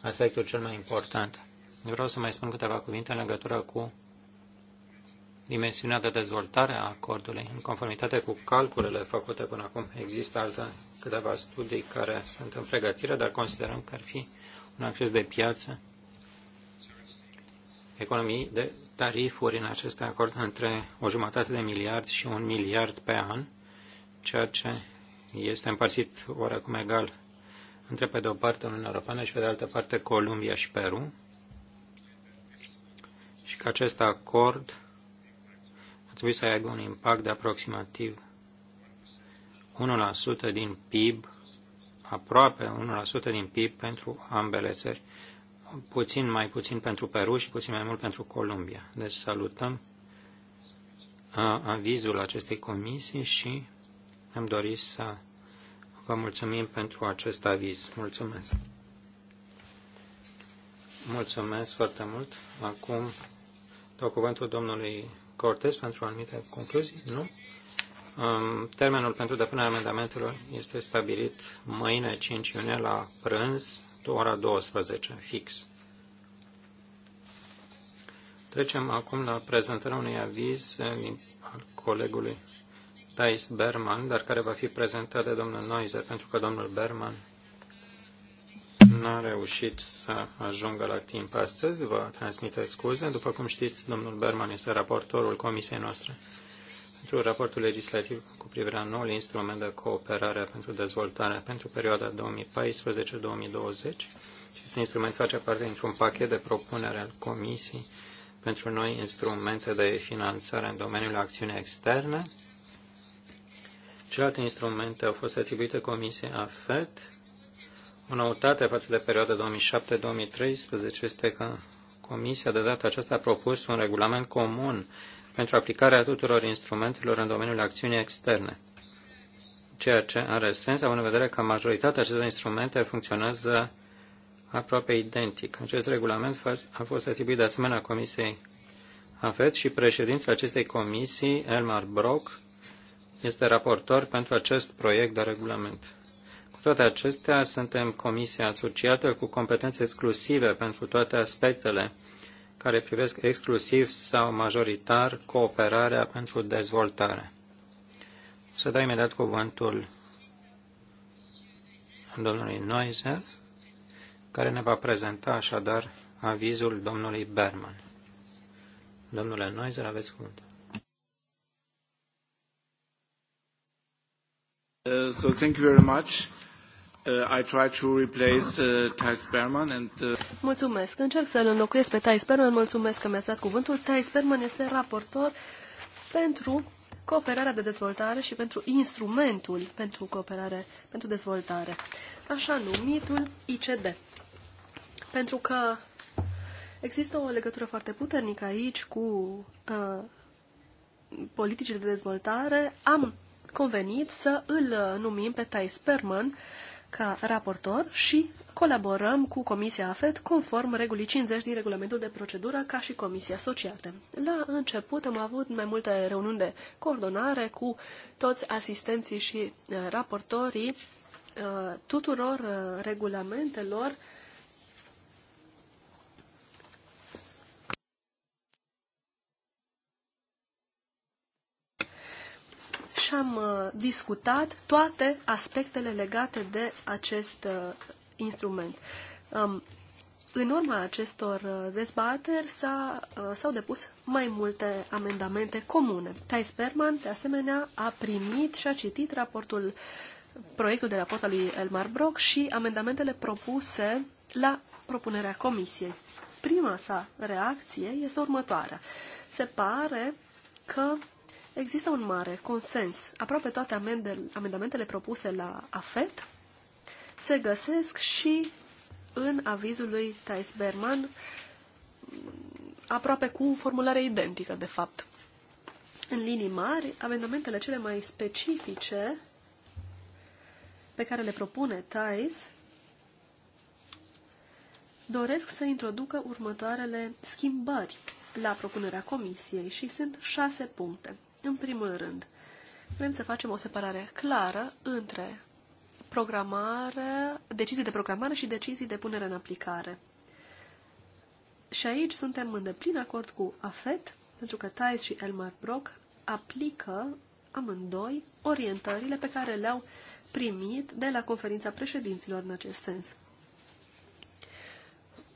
aspectul cel mai important. Vreau să mai spun câteva cuvinte în legătură cu dimensiunea de dezvoltare a acordului. În conformitate cu calculele făcute până acum, există alte câteva studii care sunt în pregătire, dar considerăm că ar fi un acces de piață, economii de tarifuri în acest acord între o jumătate de miliard și un miliard pe an, ceea ce este împărțit oricum egal între pe de o parte Uniunea Europeană și pe de altă parte Columbia și Peru, și că acest acord trebui să aibă un impact de aproximativ 1% din PIB, aproape 1% din PIB pentru ambele țări, puțin mai puțin pentru Peru și puțin mai mult pentru Columbia. Deci salutăm avizul acestei comisii și am dorit să vă mulțumim pentru acest aviz. Mulțumesc! Mulțumesc foarte mult! Acum dau cuvântul domnului Cortez pentru anumite concluzii? Nu? Um, termenul pentru depunerea amendamentelor este stabilit mâine 5 iunie la prânz, ora 12, fix. Trecem acum la prezentarea unui aviz al colegului Thais Berman, dar care va fi prezentat de domnul Noizer, pentru că domnul Berman n-a reușit să ajungă la timp astăzi. Vă transmite scuze. După cum știți, domnul Berman este raportorul comisiei noastre pentru raportul legislativ cu privire la noul instrument de cooperare pentru dezvoltare pentru perioada 2014-2020. Acest instrument face parte dintr-un pachet de propunere al Comisiei pentru noi instrumente de finanțare în domeniul acțiunii externe. Celelalte instrumente au fost atribuite Comisiei AFET o noutate față de perioada 2007-2013 este că Comisia de data aceasta a propus un regulament comun pentru aplicarea tuturor instrumentelor în domeniul acțiunii externe, ceea ce are sens având în vedere că majoritatea acestor instrumente funcționează aproape identic. Acest regulament a fost atribuit de asemenea Comisiei AFET și președintele acestei comisii, Elmar Brock, este raportor pentru acest proiect de regulament. Cu toate acestea, suntem comisia asociată cu competențe exclusive pentru toate aspectele care privesc exclusiv sau majoritar cooperarea pentru dezvoltare. să dau imediat cuvântul domnului Noiser, care ne va prezenta așadar avizul domnului Berman. Domnule Noiser, aveți cuvântul. Uh, so thank you very much. Uh, I try to replace uh, Thijs Berman and... Uh, Mulțumesc. Încerc să-l înlocuiesc pe Thijs Berman. Mulțumesc că mi-ați dat cuvântul. Thijs Berman este raportor pentru cooperarea de dezvoltare și pentru instrumentul pentru cooperare, pentru dezvoltare, așa numitul ICD. Pentru că există o legătură foarte puternică aici cu uh, politicile de dezvoltare, am convenit să îl numim pe Thijs Perman ca raportor și colaborăm cu Comisia AFET conform regulii 50 din regulamentul de procedură ca și Comisia Asociată. La început am avut mai multe reuniuni de coordonare cu toți asistenții și eh, raportorii eh, tuturor eh, regulamentelor și am uh, discutat toate aspectele legate de acest uh, instrument. Um, în urma acestor uh, dezbateri s-au depus mai multe amendamente comune. Thijs Berman, de asemenea, a primit și a citit raportul, proiectul de raport al lui Elmar Brock și amendamentele propuse la propunerea comisiei. Prima sa reacție este următoarea. Se pare că Există un mare consens. Aproape toate amendamentele propuse la AFET se găsesc și în avizul lui Thais Berman, aproape cu formulare identică, de fapt. În linii mari, amendamentele cele mai specifice pe care le propune Thais doresc să introducă următoarele schimbări la propunerea comisiei și sunt șase puncte. În primul rând, vrem să facem o separare clară între programare, decizii de programare și decizii de punere în aplicare. Și aici suntem în deplin acord cu AFET, pentru că Thais și Elmar Brock aplică amândoi orientările pe care le-au primit de la conferința președinților în acest sens.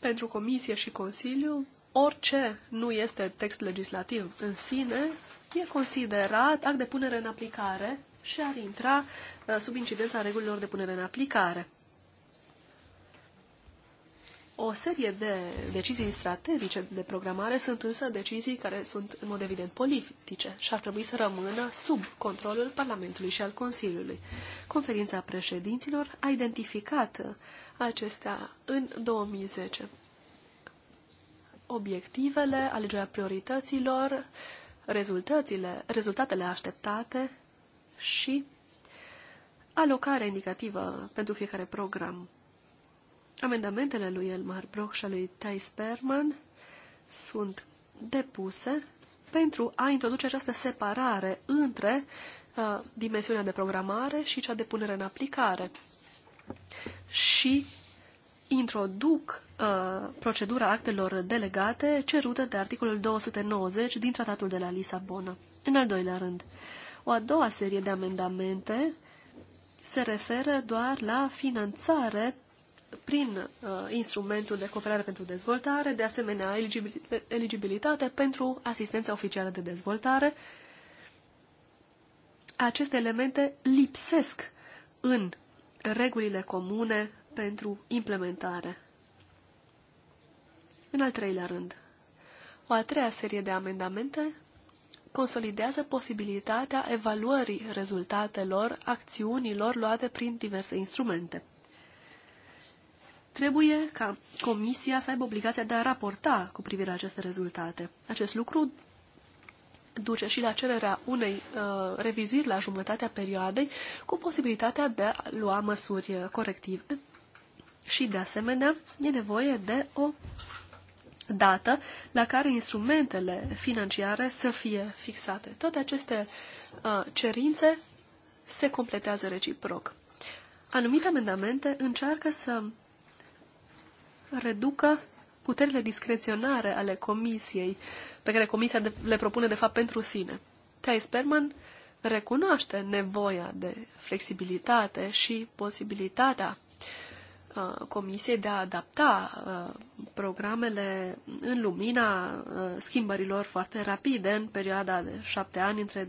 Pentru Comisie și Consiliu, orice nu este text legislativ în sine e considerat act de punere în aplicare și ar intra uh, sub incidența regulilor de punere în aplicare. O serie de decizii strategice de programare sunt însă decizii care sunt în mod evident politice și ar trebui să rămână sub controlul Parlamentului și al Consiliului. Conferința președinților a identificat acestea în 2010. Obiectivele, alegerea priorităților, rezultatele, rezultatele așteptate și alocarea indicativă pentru fiecare program. Amendamentele lui Elmar Brock și lui Thijs Berman sunt depuse pentru a introduce această separare între uh, dimensiunea de programare și cea de punere în aplicare. Și introduc uh, procedura actelor delegate cerută de articolul 290 din Tratatul de la Lisabona. În al doilea rând, o a doua serie de amendamente se referă doar la finanțare prin uh, instrumentul de cooperare pentru dezvoltare, de asemenea eligibilitate pentru asistența oficială de dezvoltare. Aceste elemente lipsesc în regulile comune pentru implementare. În al treilea rând, o a treia serie de amendamente consolidează posibilitatea evaluării rezultatelor acțiunilor luate prin diverse instrumente. Trebuie ca Comisia să aibă obligația de a raporta cu privire la aceste rezultate. Acest lucru duce și la cererea unei uh, revizuiri la jumătatea perioadei cu posibilitatea de a lua măsuri corective și, de asemenea, e nevoie de o dată la care instrumentele financiare să fie fixate. Toate aceste uh, cerințe se completează reciproc. Anumite amendamente încearcă să reducă puterile discreționare ale comisiei, pe care comisia le propune, de fapt, pentru sine. Tai Sperman recunoaște nevoia de flexibilitate și posibilitatea Comisiei de a adapta uh, programele în lumina uh, schimbărilor foarte rapide în perioada de șapte ani între 2014-2020.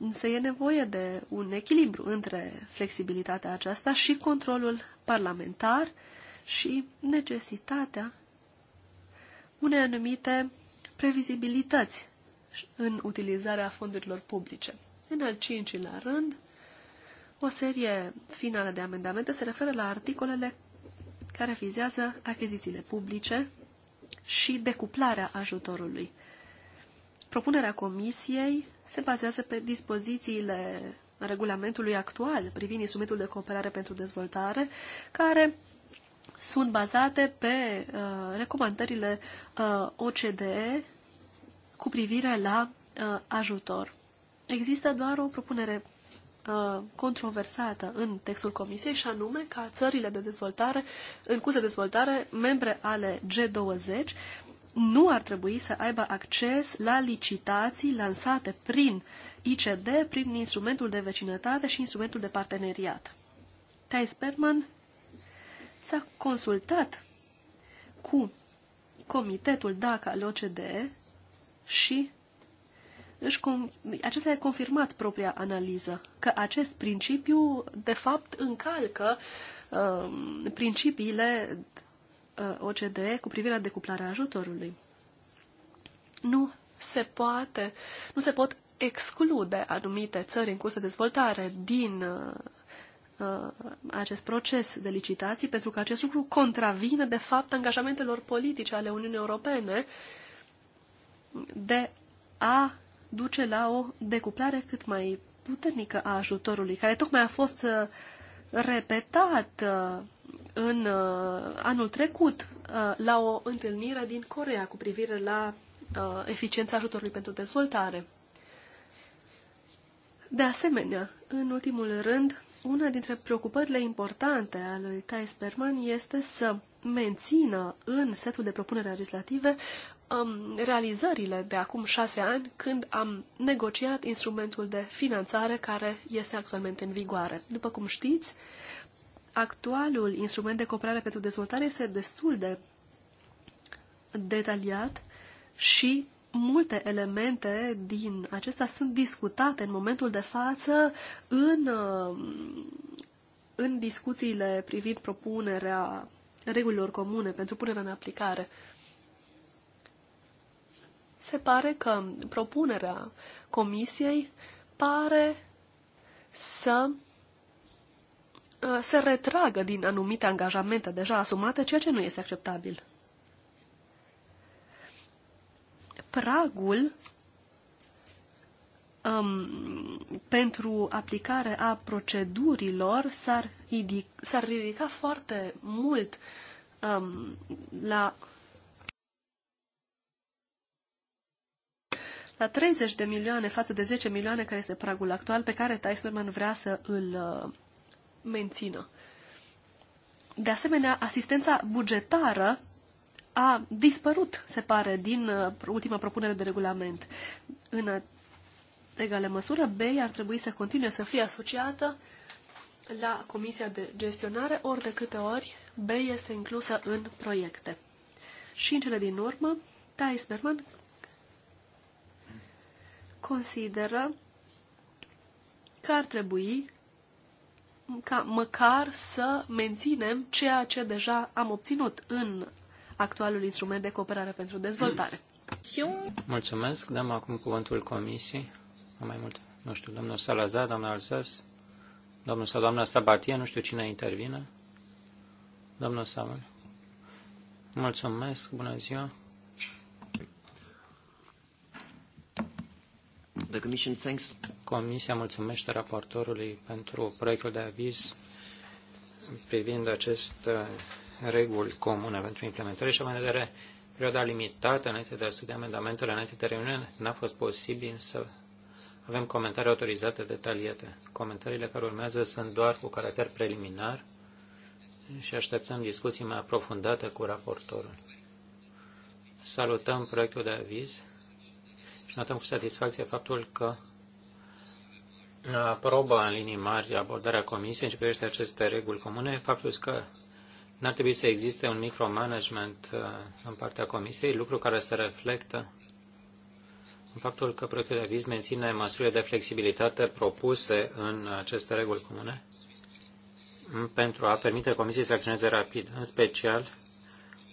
Însă e nevoie de un echilibru între flexibilitatea aceasta și controlul parlamentar și necesitatea unei anumite previzibilități în utilizarea fondurilor publice. În al cincilea rând, o serie finală de amendamente se referă la articolele care vizează achizițiile publice și decuplarea ajutorului. Propunerea Comisiei se bazează pe dispozițiile regulamentului actual privind instrumentul de cooperare pentru dezvoltare, care sunt bazate pe uh, recomandările uh, OCDE cu privire la uh, ajutor. Există doar o propunere Uh, controversată în textul Comisiei și anume ca țările de dezvoltare, în curs de dezvoltare, membre ale G20, nu ar trebui să aibă acces la licitații lansate prin ICD, prin instrumentul de vecinătate și instrumentul de parteneriat. Tai Sperman s-a consultat cu comitetul DACA al OCDE și își, acesta a confirmat propria analiză, că acest principiu, de fapt, încalcă uh, principiile uh, OCDE cu privire la decuplarea ajutorului. Nu se poate, nu se pot exclude anumite țări în curs de dezvoltare din uh, uh acest proces de licitații, pentru că acest lucru contravine, de fapt, angajamentelor politice ale Uniunii Europene de a duce la o decuplare cât mai puternică a ajutorului, care tocmai a fost uh, repetat uh, în uh, anul trecut la o întâlnire din Corea cu privire la eficiența ajutorului pentru dezvoltare. De asemenea, în ultimul rând, una dintre preocupările importante ale lui Thijs Berman este să mențină în setul de propuneri legislative um, realizările de acum șase ani când am negociat instrumentul de finanțare care este actualmente în vigoare. După cum știți, actualul instrument de cooperare pentru dezvoltare este destul de detaliat și multe elemente din acesta sunt discutate în momentul de față în, în discuțiile privind propunerea regulilor comune pentru punerea în aplicare se pare că propunerea comisiei pare să se retragă din anumite angajamente deja asumate, ceea ce nu este acceptabil. Pragul um, pentru aplicare a procedurilor s-ar ridica foarte mult um, la la 30 de milioane față de 10 milioane, care este pragul actual pe care Teichmann vrea să îl uh, mențină. De asemenea, asistența bugetară a dispărut, se pare, din uh, ultima propunere de regulament. În egală măsură, BEI ar trebui să continue să fie asociată la Comisia de Gestionare, ori de câte ori BEI este inclusă în proiecte. Și în cele din urmă, Thais Berman consideră că ar trebui ca măcar să menținem ceea ce deja am obținut în actualul instrument de cooperare pentru dezvoltare. Mulțumesc. Dăm acum cuvântul comisiei. Am mai multe. Nu știu, domnul Salazar, doamna Alzas, domnul sau doamna Sabatie, nu știu cine intervine. Domnul Samuel. Mulțumesc, bună ziua. Comisia mulțumește raportorului pentru proiectul de aviz privind aceste uh, reguli comune pentru implementare și, în vedere, perioada limitată înainte de a studia amendamentele înainte de reuniune, n-a fost posibil să avem comentarii autorizate detaliate. Comentariile care urmează sunt doar cu caracter preliminar și așteptăm discuții mai aprofundate cu raportorul. Salutăm proiectul de aviz Notăm cu satisfacție faptul că aproba uh, în linii mari abordarea Comisiei în ce privește aceste reguli comune, faptul că n-ar trebui să existe un micromanagement uh, în partea Comisiei, lucru care se reflectă în faptul că proiectul de aviz menține măsurile de flexibilitate propuse în aceste reguli comune pentru a permite Comisiei să acționeze rapid, în special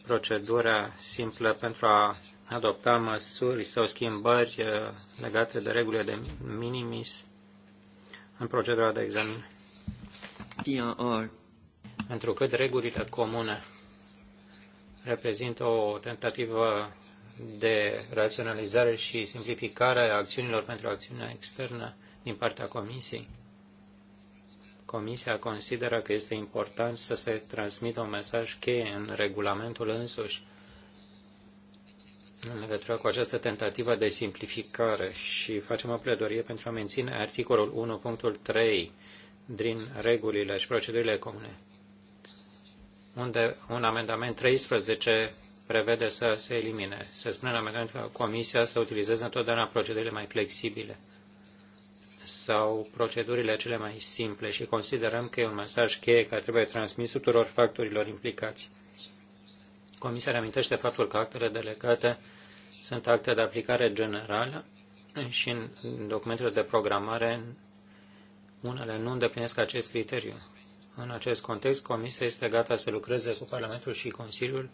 procedura simplă pentru a adopta măsuri sau schimbări uh, legate de regulile de minimis în procedura de examen. Pentru Întrucât regulile comune reprezintă o tentativă de raționalizare și simplificare a acțiunilor pentru acțiunea externă din partea Comisiei. Comisia consideră că este important să se transmită un mesaj cheie în regulamentul însuși în legătură cu această tentativă de simplificare și facem o pledorie pentru a menține articolul 1.3 din regulile și procedurile comune, unde un amendament 13 prevede să se elimine. Se spune în amendament că Comisia să utilizeze întotdeauna procedurile mai flexibile sau procedurile cele mai simple și considerăm că e un mesaj cheie care trebuie transmis tuturor factorilor implicați. Comisia reamintește faptul că actele delegate sunt acte de aplicare generală și în documentele de programare unele nu îndeplinesc acest criteriu. În acest context, Comisia este gata să lucreze cu Parlamentul și Consiliul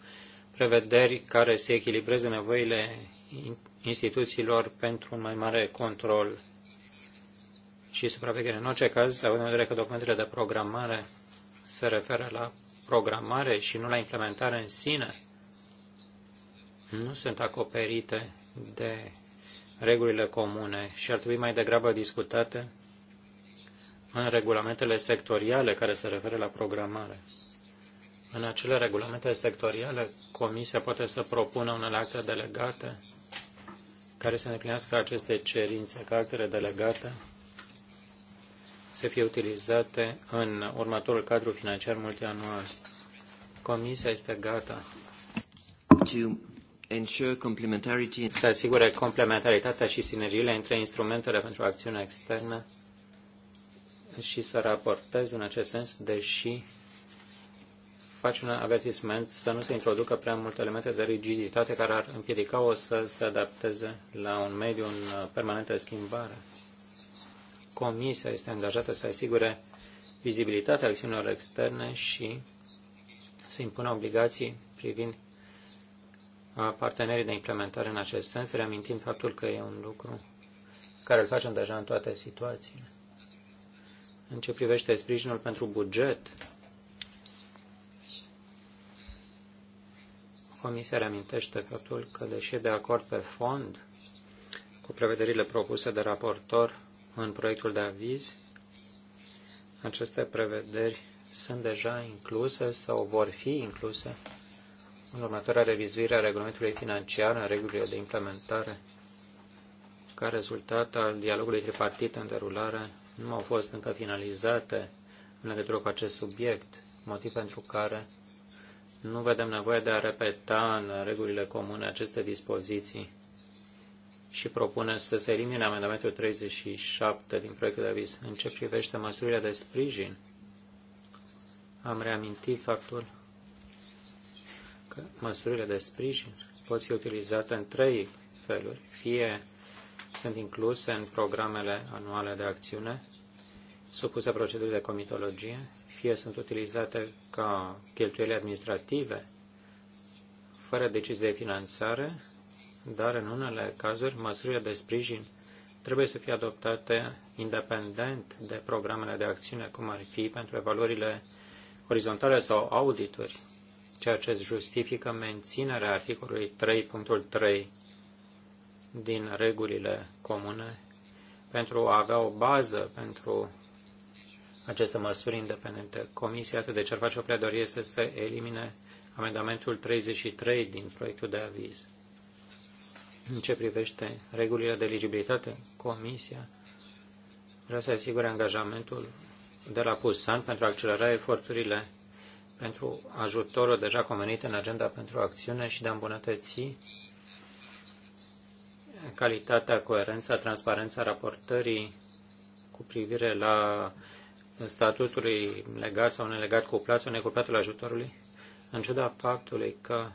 prevederi care să echilibreze nevoile instituțiilor pentru un mai mare control și supraveghere. În orice caz, având în vedere că documentele de programare se referă la programare și nu la implementare în sine, nu sunt acoperite de regulile comune și ar trebui mai degrabă discutate în regulamentele sectoriale care se referă la programare. În acele regulamente sectoriale, Comisia poate să propună unele acte delegate care să îndeplinească aceste cerințe, ca actele delegate să fie utilizate în următorul cadru financiar multianual. Comisia este gata to să asigure complementaritatea și sinergiile între instrumentele pentru acțiune externă și să raportez în acest sens, deși fac un avertisment să nu se introducă prea multe elemente de rigiditate care ar împiedica-o să se adapteze la un mediu în permanentă schimbare. Comisia este angajată să asigure vizibilitatea acțiunilor externe și să impună obligații privind partenerii de implementare în acest sens, reamintind faptul că e un lucru care îl facem deja în toate situațiile. În ce privește sprijinul pentru buget, Comisia reamintește faptul că, deși de acord pe fond cu prevederile propuse de raportor în proiectul de aviz, aceste prevederi sunt deja incluse sau vor fi incluse în următoarea revizuire a regulamentului financiar în regulile de implementare, ca rezultat al dialogului tripartit în derulare, nu au fost încă finalizate în legătură cu acest subiect, motiv pentru care nu vedem nevoie de a repeta în regulile comune aceste dispoziții și propune să se elimine amendamentul 37 din proiectul de aviz. În ce privește măsurile de sprijin, am reamintit faptul că măsurile de sprijin pot fi utilizate în trei feluri. Fie sunt incluse în programele anuale de acțiune, supuse procedurii de comitologie, fie sunt utilizate ca cheltuieli administrative, fără decizie de finanțare, dar în unele cazuri măsurile de sprijin trebuie să fie adoptate independent de programele de acțiune, cum ar fi pentru evaluările orizontale sau audituri, ceea ce justifică menținerea articolului 3.3 din regulile comune pentru a avea o bază pentru aceste măsuri independente. Comisia, atât de ce ar face o pledorie, este să elimine amendamentul 33 din proiectul de aviz. În ce privește regulile de eligibilitate, Comisia vrea să asigure angajamentul de la PUSAN pentru a accelera eforturile pentru ajutorul deja convenit în agenda pentru acțiune și de a îmbunătăți calitatea, coerența, transparența raportării cu privire la statutului legat sau nelegat cuplat sau necuplatul ajutorului, în ciuda faptului că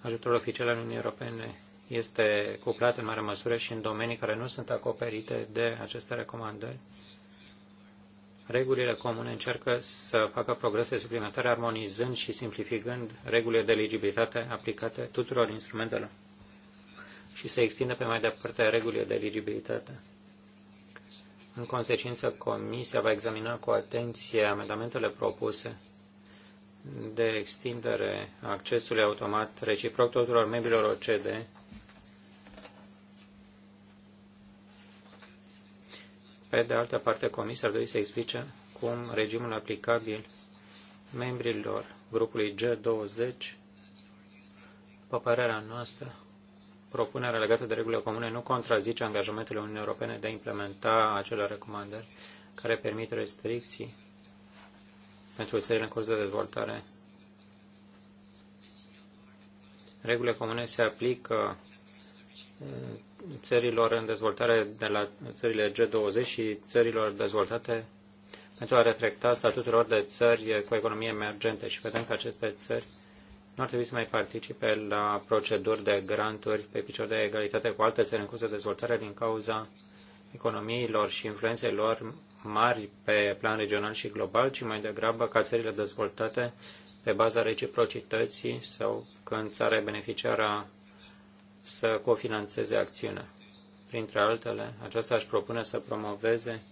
ajutorul oficial al Uniunii Europene este cuplat în mare măsură și în domenii care nu sunt acoperite de aceste recomandări Regulile comune încearcă să facă progrese suplimentare armonizând și simplificând regulile de eligibilitate aplicate tuturor instrumentelor și să extindă pe mai departe regulile de eligibilitate. În consecință, Comisia va examina cu atenție amendamentele propuse de extindere a accesului automat reciproc tuturor membrilor OCDE Pe de altă parte, Comisia ar trebui să explice cum regimul aplicabil membrilor grupului G20, după părerea noastră, propunerea legată de regulile comune nu contrazice angajamentele Uniunii Europene de a implementa acele recomandări care permit restricții pentru țările în curs de dezvoltare. Regulile comune se aplică țărilor în dezvoltare de la țările G20 și țărilor dezvoltate pentru a reflecta statutul lor de țări cu economie emergente și vedem că aceste țări nu ar trebui să mai participe la proceduri de granturi pe picior de egalitate cu alte țări în curs de dezvoltare din cauza economiilor și influențelor mari pe plan regional și global, ci mai degrabă ca țările dezvoltate pe baza reciprocității sau când țara e beneficiară să cofinanțeze acțiunea. Printre altele, aceasta își propune să promoveze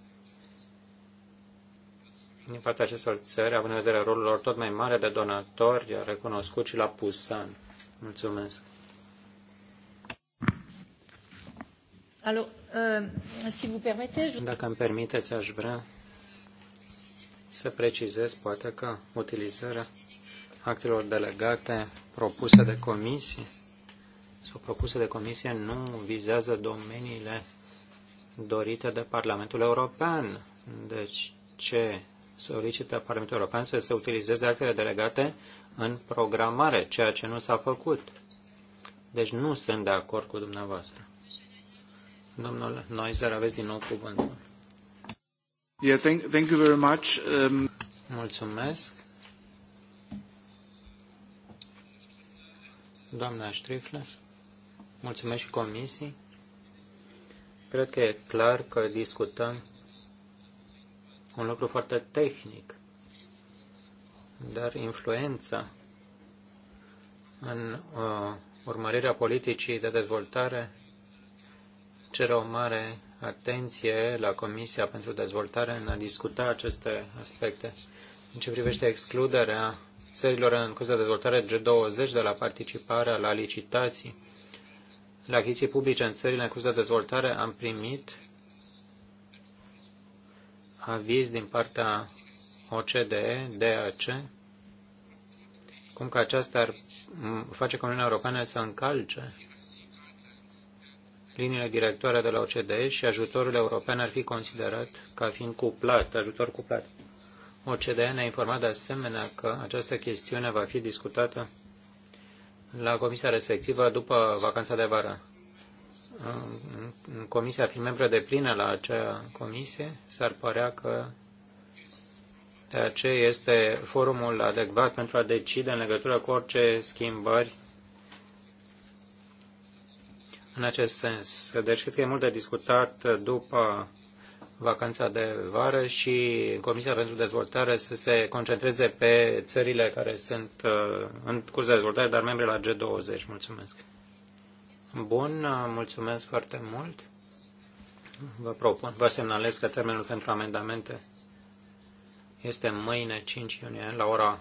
din partea acestor țări, având în vedere rolul lor tot mai mare de donatori, recunoscut și la Pusan. Mulțumesc. Alo, uh, si vous je... Dacă îmi permiteți, aș vrea să precizez poate că utilizarea actelor delegate propuse de comisie propuse de comisie nu vizează domeniile dorite de Parlamentul European. Deci ce solicită Parlamentul European să se utilizeze actele delegate în programare, ceea ce nu s-a făcut. Deci nu sunt de acord cu dumneavoastră. Domnul Noizer, aveți din nou cuvântul. Yeah, thank, thank you very much. Um... Mulțumesc. Doamna Strifler. Mulțumesc și comisii. Cred că e clar că discutăm un lucru foarte tehnic, dar influența în uh, urmărirea politicii de dezvoltare cere o mare atenție la Comisia pentru Dezvoltare în a discuta aceste aspecte. În ce privește excluderea țărilor în curs de dezvoltare G20 de la participarea la licitații, la achiziții publice în țările în curs de dezvoltare, am primit aviz din partea OCDE, DAC, cum că aceasta ar face ca Uniunea Europeană să încalce liniile directoare de la OCDE și ajutorul european ar fi considerat ca fiind cuplat, ajutor cuplat. OCDE ne-a informat de asemenea că această chestiune va fi discutată la comisia respectivă după vacanța de vară. Comisia ar fi membră de plină la acea comisie, s-ar părea că de aceea este forumul adecvat pentru a decide în legătură cu orice schimbări în acest sens. Deci cred că e mult de discutat după vacanța de vară și Comisia pentru Dezvoltare să se concentreze pe țările care sunt uh, în curs de dezvoltare, dar membre la G20. Mulțumesc. Bun, mulțumesc foarte mult. Vă propun, vă semnalez că termenul pentru amendamente este mâine 5 iunie la ora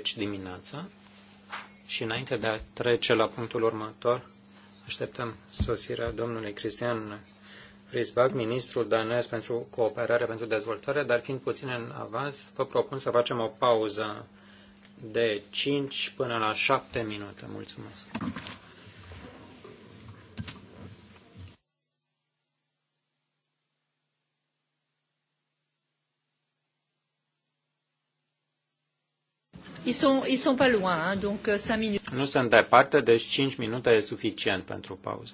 8.30 dimineața și înainte de a trece la punctul următor, așteptăm sosirea domnului Cristian Buck, ministrul danez pentru cooperare pentru dezvoltare, dar fiind puțin în avans, vă propun să facem o pauză de 5 până la 7 minute. Mulțumesc! Ils sont, ils sont pas loin, hein, donc 5 euh, minutes. Nu sunt departe, deci 5 minute e suficient pentru pauză.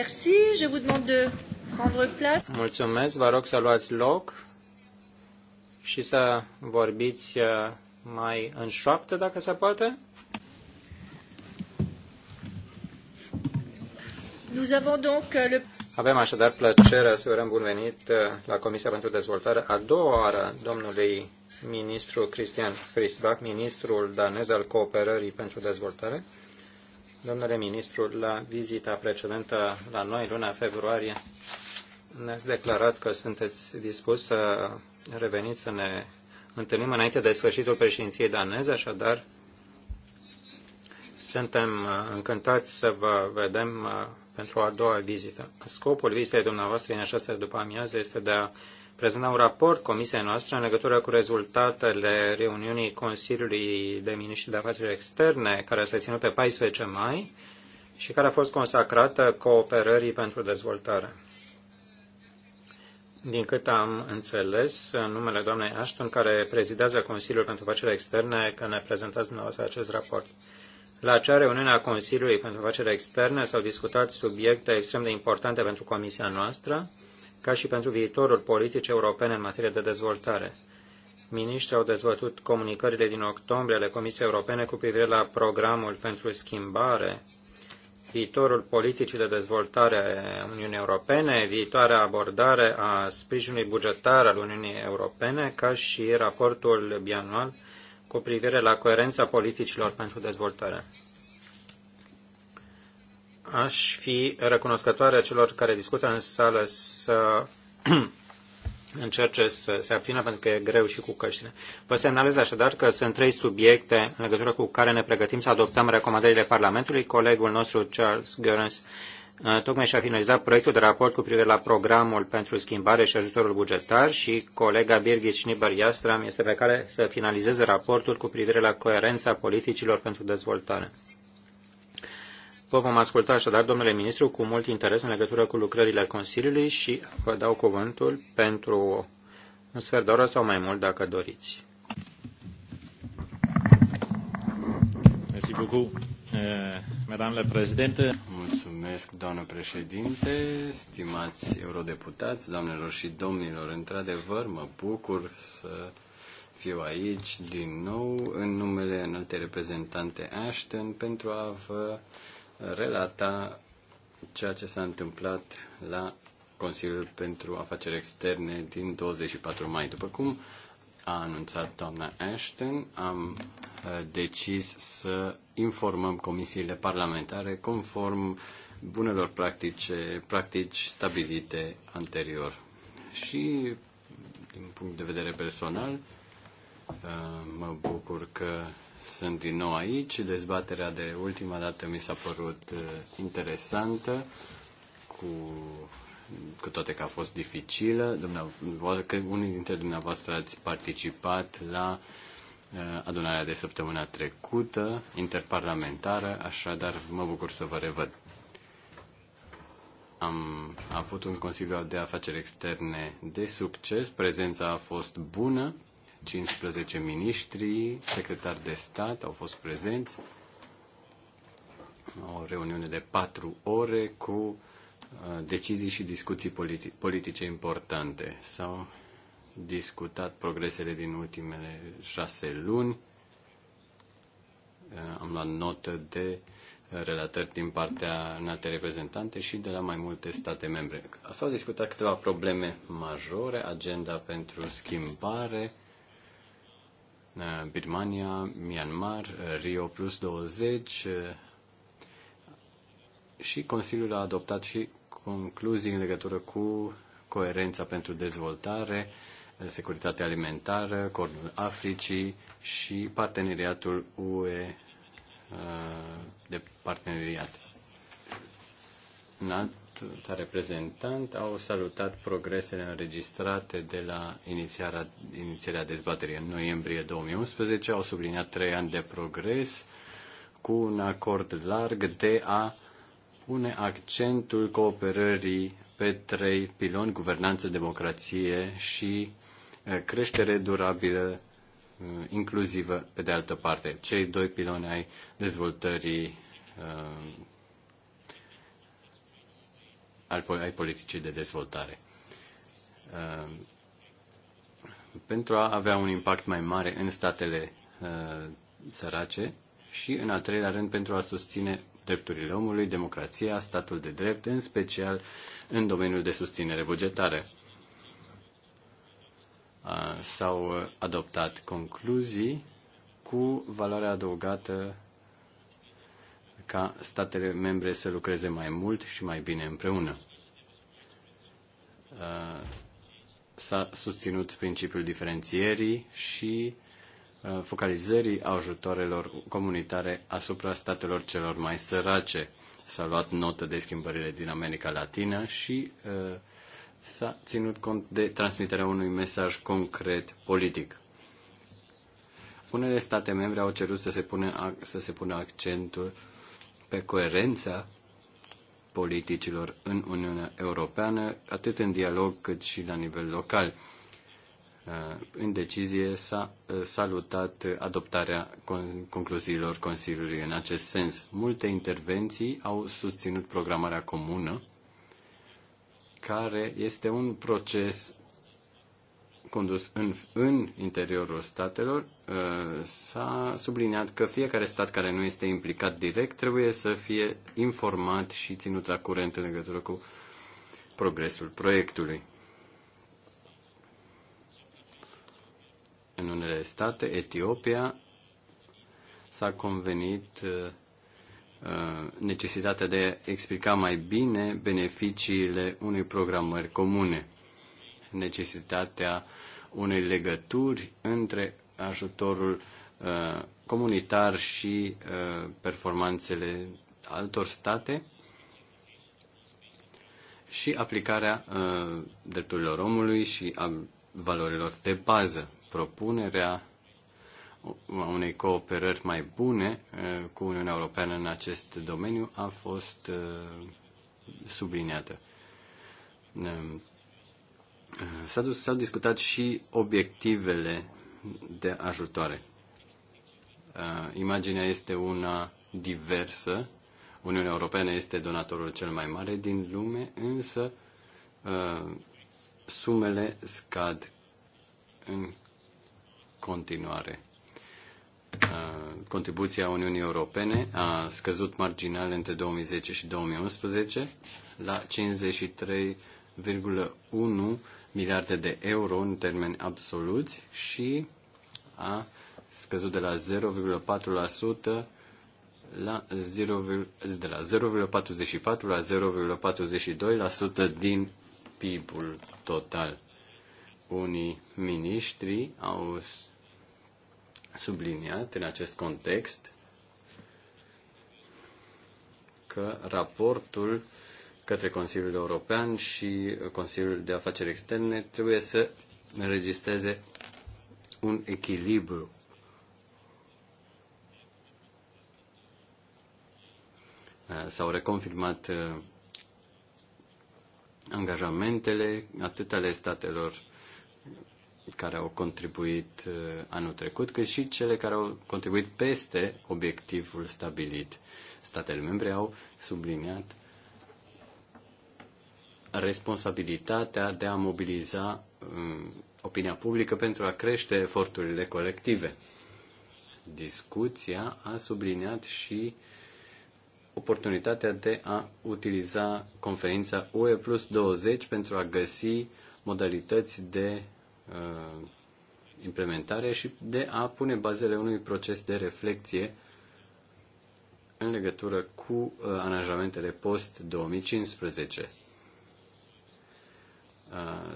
Merci, je vous demande de prendre place. Mulțumesc, vă rog să luați loc și să vorbiți uh, mai în șoaptă, dacă se poate. Nous avons donc uh, le... Avem așadar plăcerea să urăm bun venit uh, la Comisia pentru Dezvoltare a doua oară domnului ministru Cristian Christbach, ministrul danez al cooperării pentru dezvoltare. Domnule ministru, la vizita precedentă la noi, luna februarie, ne-ați declarat că sunteți dispus să reveniți să ne întâlnim înainte de sfârșitul președinției daneze, așadar suntem uh, încântați să vă vedem uh, pentru a doua vizită. Scopul vizitei dumneavoastră în această după amiază este de a prezenta un raport comisiei noastre în legătură cu rezultatele reuniunii Consiliului de Miniștri de Afaceri Externe, care s-a ținut pe 14 mai și care a fost consacrată cooperării pentru dezvoltare. Din cât am înțeles, în numele doamnei Ashton, care prezidează Consiliul pentru Afaceri Externe, că ne prezentați dumneavoastră acest raport. La acea reuniune a Consiliului pentru Afaceri Externe s-au discutat subiecte extrem de importante pentru comisia noastră, ca și pentru viitorul politic europene în materie de dezvoltare. Ministrii au dezvătut comunicările din octombrie ale Comisiei Europene cu privire la programul pentru schimbare, viitorul politicii de dezvoltare a Uniunii Europene, viitoarea abordare a sprijinului bugetar al Uniunii Europene, ca și raportul bianual cu privire la coerența politicilor pentru dezvoltare. Aș fi recunoscătoare celor care discută în sală să încerce să se abțină pentru că e greu și cu căștile. Vă semnalez așadar că sunt trei subiecte în legătură cu care ne pregătim să adoptăm recomandările Parlamentului. Colegul nostru, Charles Görens, uh, tocmai și-a finalizat proiectul de raport cu privire la programul pentru schimbare și ajutorul bugetar și colega Birgit Schnieber-Jastram este pe care să finalizeze raportul cu privire la coerența politicilor pentru dezvoltare. Vă vom asculta așadar, domnule ministru, cu mult interes în legătură cu lucrările Consiliului și vă dau cuvântul pentru un sfert de oră sau mai mult, dacă doriți. Eh, Mulțumesc, doamnă președinte, stimați eurodeputați, doamnelor și domnilor. Într-adevăr, mă bucur să fiu aici din nou în numele înaltei reprezentante Ashton pentru a vă relata ceea ce s-a întâmplat la Consiliul pentru Afaceri Externe din 24 mai. După cum a anunțat doamna Ashton, am uh, decis să informăm comisiile parlamentare conform bunelor practice, practici stabilite anterior. Și, din punct de vedere personal, uh, mă bucur că sunt din nou aici. Dezbaterea de ultima dată mi s-a părut uh, interesantă, cu, cu toate că a fost dificilă. Că unii dintre dumneavoastră ați participat la uh, adunarea de săptămâna trecută, interparlamentară, așadar mă bucur să vă revăd. Am avut un Consiliu de Afaceri Externe de succes, prezența a fost bună, 15 miniștri, secretari de stat au fost prezenți. O reuniune de patru ore cu uh, decizii și discuții politi- politice importante. S-au discutat progresele din ultimele șase luni. Uh, am luat notă de relatări din partea înalte reprezentante și de la mai multe state membre. S-au discutat câteva probleme majore, agenda pentru schimbare, Birmania, Myanmar, Rio Plus 20 și Consiliul a adoptat și concluzii în legătură cu coerența pentru dezvoltare, securitatea alimentară, Cornul Africii și parteneriatul UE uh, de parteneriat. În alt înalta reprezentant au salutat progresele înregistrate de la inițiarea, inițierea dezbaterii în noiembrie 2011, au subliniat trei ani de progres cu un acord larg de a pune accentul cooperării pe trei piloni, guvernanță, democrație și eh, creștere durabilă eh, inclusivă pe de altă parte. Cei doi piloni ai dezvoltării eh, al, ai politicii de dezvoltare. Uh, pentru a avea un impact mai mare în statele uh, sărace și, în al treilea rând, pentru a susține drepturile omului, democrația, statul de drept, în special în domeniul de susținere bugetară. Uh, s-au adoptat concluzii cu valoarea adăugată ca statele membre să lucreze mai mult și mai bine împreună. Uh, s-a susținut principiul diferențierii și uh, focalizării ajutoarelor comunitare asupra statelor celor mai sărace. S-a luat notă de schimbările din America Latină și uh, s-a ținut cont de transmiterea unui mesaj concret politic. Unele state membre au cerut să se, pune, să se pună accentul pe coerența politicilor în Uniunea Europeană, atât în dialog cât și la nivel local. Uh, în decizie s-a uh, salutat adoptarea concluziilor Consiliului în acest sens. Multe intervenții au susținut programarea comună, care este un proces condus în, în interiorul statelor, uh, s-a subliniat că fiecare stat care nu este implicat direct trebuie să fie informat și ținut la curent în legătură cu progresul proiectului. În unele state, Etiopia, s-a convenit uh, uh, necesitatea de a explica mai bine beneficiile unei programări comune necesitatea unei legături între ajutorul uh, comunitar și uh, performanțele altor state și aplicarea uh, drepturilor omului și a valorilor de bază. Propunerea unei cooperări mai bune uh, cu Uniunea Europeană în acest domeniu a fost uh, subliniată. S-au, s-au discutat și obiectivele de ajutoare. Imaginea este una diversă. Uniunea Europeană este donatorul cel mai mare din lume, însă sumele scad în continuare. Contribuția Uniunii Europene a scăzut marginal între 2010 și 2011 la 53,1 miliarde de euro în termeni absoluți și a scăzut de la 0,4% la 0, de la 0,44 la 0,42% din PIB-ul total. Unii miniștri au subliniat în acest context că raportul către Consiliul European și Consiliul de Afaceri Externe trebuie să înregistreze un echilibru. Eh, s-au reconfirmat eh, angajamentele atât ale statelor care au contribuit eh, anul trecut, cât și cele care au contribuit peste obiectivul stabilit. Statele membre au subliniat responsabilitatea de a mobiliza um, opinia publică pentru a crește eforturile colective. Discuția a subliniat și oportunitatea de a utiliza conferința UE plus 20 pentru a găsi modalități de uh, implementare și de a pune bazele unui proces de reflexie în legătură cu uh, aranjamentele post-2015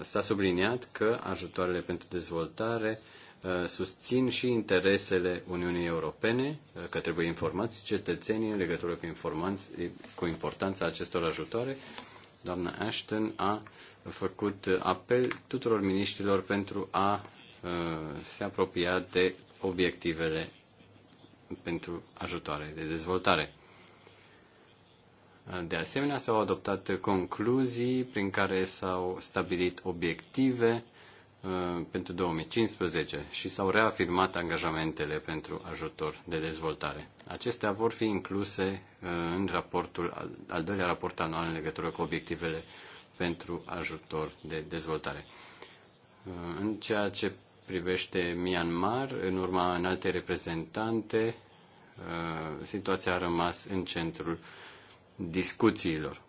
s-a subliniat că ajutoarele pentru dezvoltare susțin și interesele Uniunii Europene, că trebuie informați cetățenii în legătură cu, cu importanța acestor ajutoare. Doamna Ashton a făcut apel tuturor miniștrilor pentru a se apropia de obiectivele pentru ajutoare de dezvoltare. De asemenea, s-au adoptat concluzii prin care s-au stabilit obiective uh, pentru 2015 și s-au reafirmat angajamentele pentru ajutor de dezvoltare. Acestea vor fi incluse uh, în raportul, al doilea raport anual în legătură cu obiectivele pentru ajutor de dezvoltare. Uh, în ceea ce privește Myanmar, în urma în alte reprezentante, situația a rămas în centrul discuțiilor.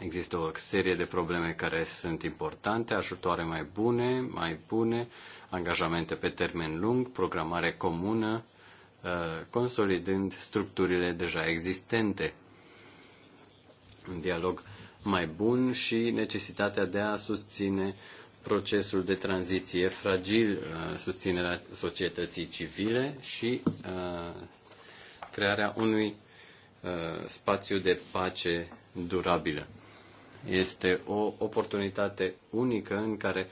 Există o serie de probleme care sunt importante, ajutoare mai bune, mai bune, angajamente pe termen lung, programare comună, uh, consolidând structurile deja existente. Un dialog mai bun și necesitatea de a susține procesul de tranziție fragil, uh, susținerea societății civile și uh, crearea unui Uh, spațiu de pace durabilă. Este o oportunitate unică în care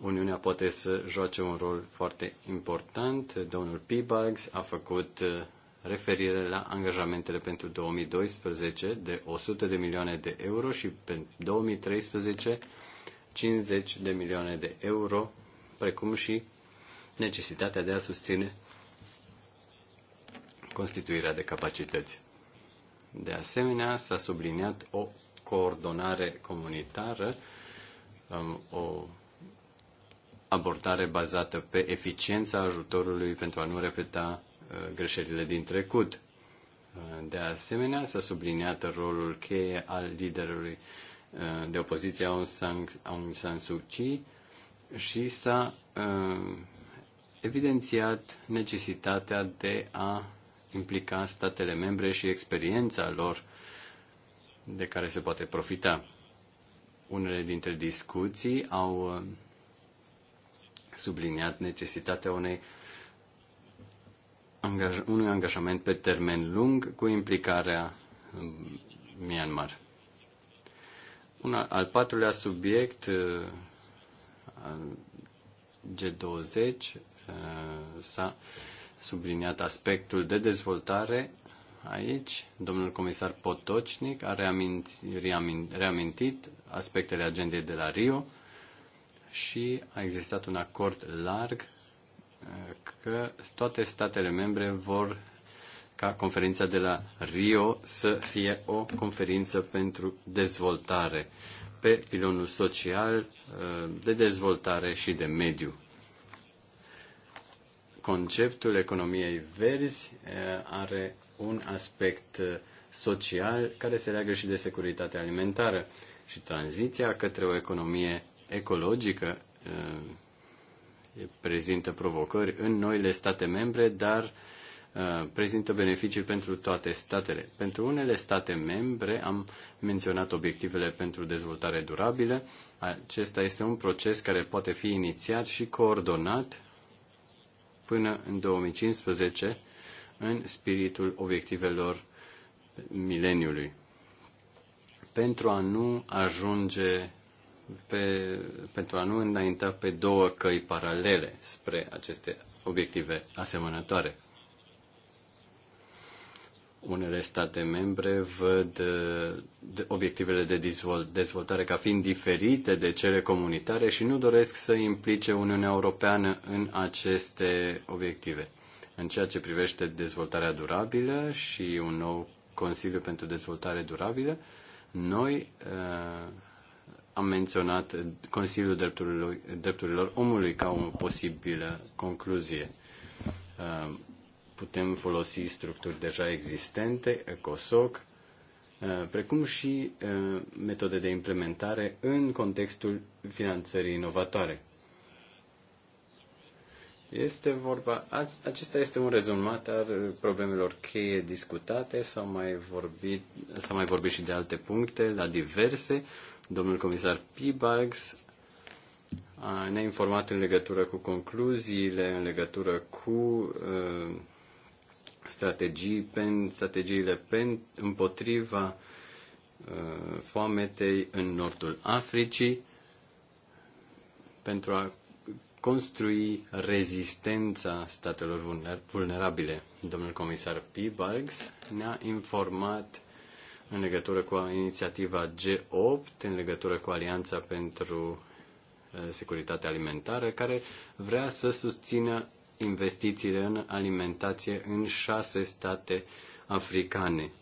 Uniunea poate să joace un rol foarte important. Domnul Peebalgs a făcut uh, referire la angajamentele pentru 2012 de 100 de milioane de euro și pentru 2013 50 de milioane de euro, precum și necesitatea de a susține constituirea de capacități. De asemenea, s-a subliniat o coordonare comunitară, um, o abordare bazată pe eficiența ajutorului pentru a nu repeta uh, greșelile din trecut. Uh, de asemenea, s-a subliniat rolul cheie al liderului uh, de opoziție Aung San, Aung San Suu Kyi și s-a evidențiat necesitatea de a implica statele membre și experiența lor de care se poate profita. Unele dintre discuții au uh, subliniat necesitatea unei angaj, unui angajament pe termen lung cu implicarea um, Myanmar. Un al patrulea subiect uh, G20 uh, s-a subliniat aspectul de dezvoltare aici. Domnul comisar Potocnic a reamintit aspectele agendei de la Rio și a existat un acord larg eh, că toate statele membre vor ca conferința de la Rio să fie o conferință pentru dezvoltare pe pilonul social, eh, de dezvoltare și de mediu conceptul economiei verzi eh, are un aspect eh, social care se leagă și de securitatea alimentară și tranziția către o economie ecologică eh, prezintă provocări în noile state membre, dar prezintă beneficii pentru toate statele. Pentru unele state membre am menționat obiectivele pentru dezvoltare durabilă. Acesta este un proces care poate fi inițiat și coordonat până în 2015 în spiritul obiectivelor mileniului. Pentru a nu ajunge pe, pentru a nu înainta pe două căi paralele spre aceste obiective asemănătoare. Unele state membre văd uh, obiectivele de dezvoltare ca fiind diferite de cele comunitare și nu doresc să implice Uniunea Europeană în aceste obiective. În ceea ce privește dezvoltarea durabilă și un nou Consiliu pentru Dezvoltare Durabilă, noi uh, am menționat Consiliul Drepturilor, Omului ca o posibilă concluzie. Uh, Putem folosi structuri deja existente, ECOSOC, uh, precum și uh, metode de implementare în contextul finanțării inovatoare. Este vorba, acesta este un rezumat al problemelor cheie discutate, s au mai, vorbit, s-a mai vorbit și de alte puncte, la diverse. Domnul comisar Pibargs ne-a informat în legătură cu concluziile, în legătură cu uh, strategii pen, strategiile pen, împotriva uh, foametei în nordul Africii pentru a construi rezistența statelor vulnerabile. Domnul comisar Pibalgs ne-a informat în legătură cu inițiativa G8, în legătură cu Alianța pentru uh, Securitatea Alimentară, care vrea să susțină investițiile în alimentație în șase state africane,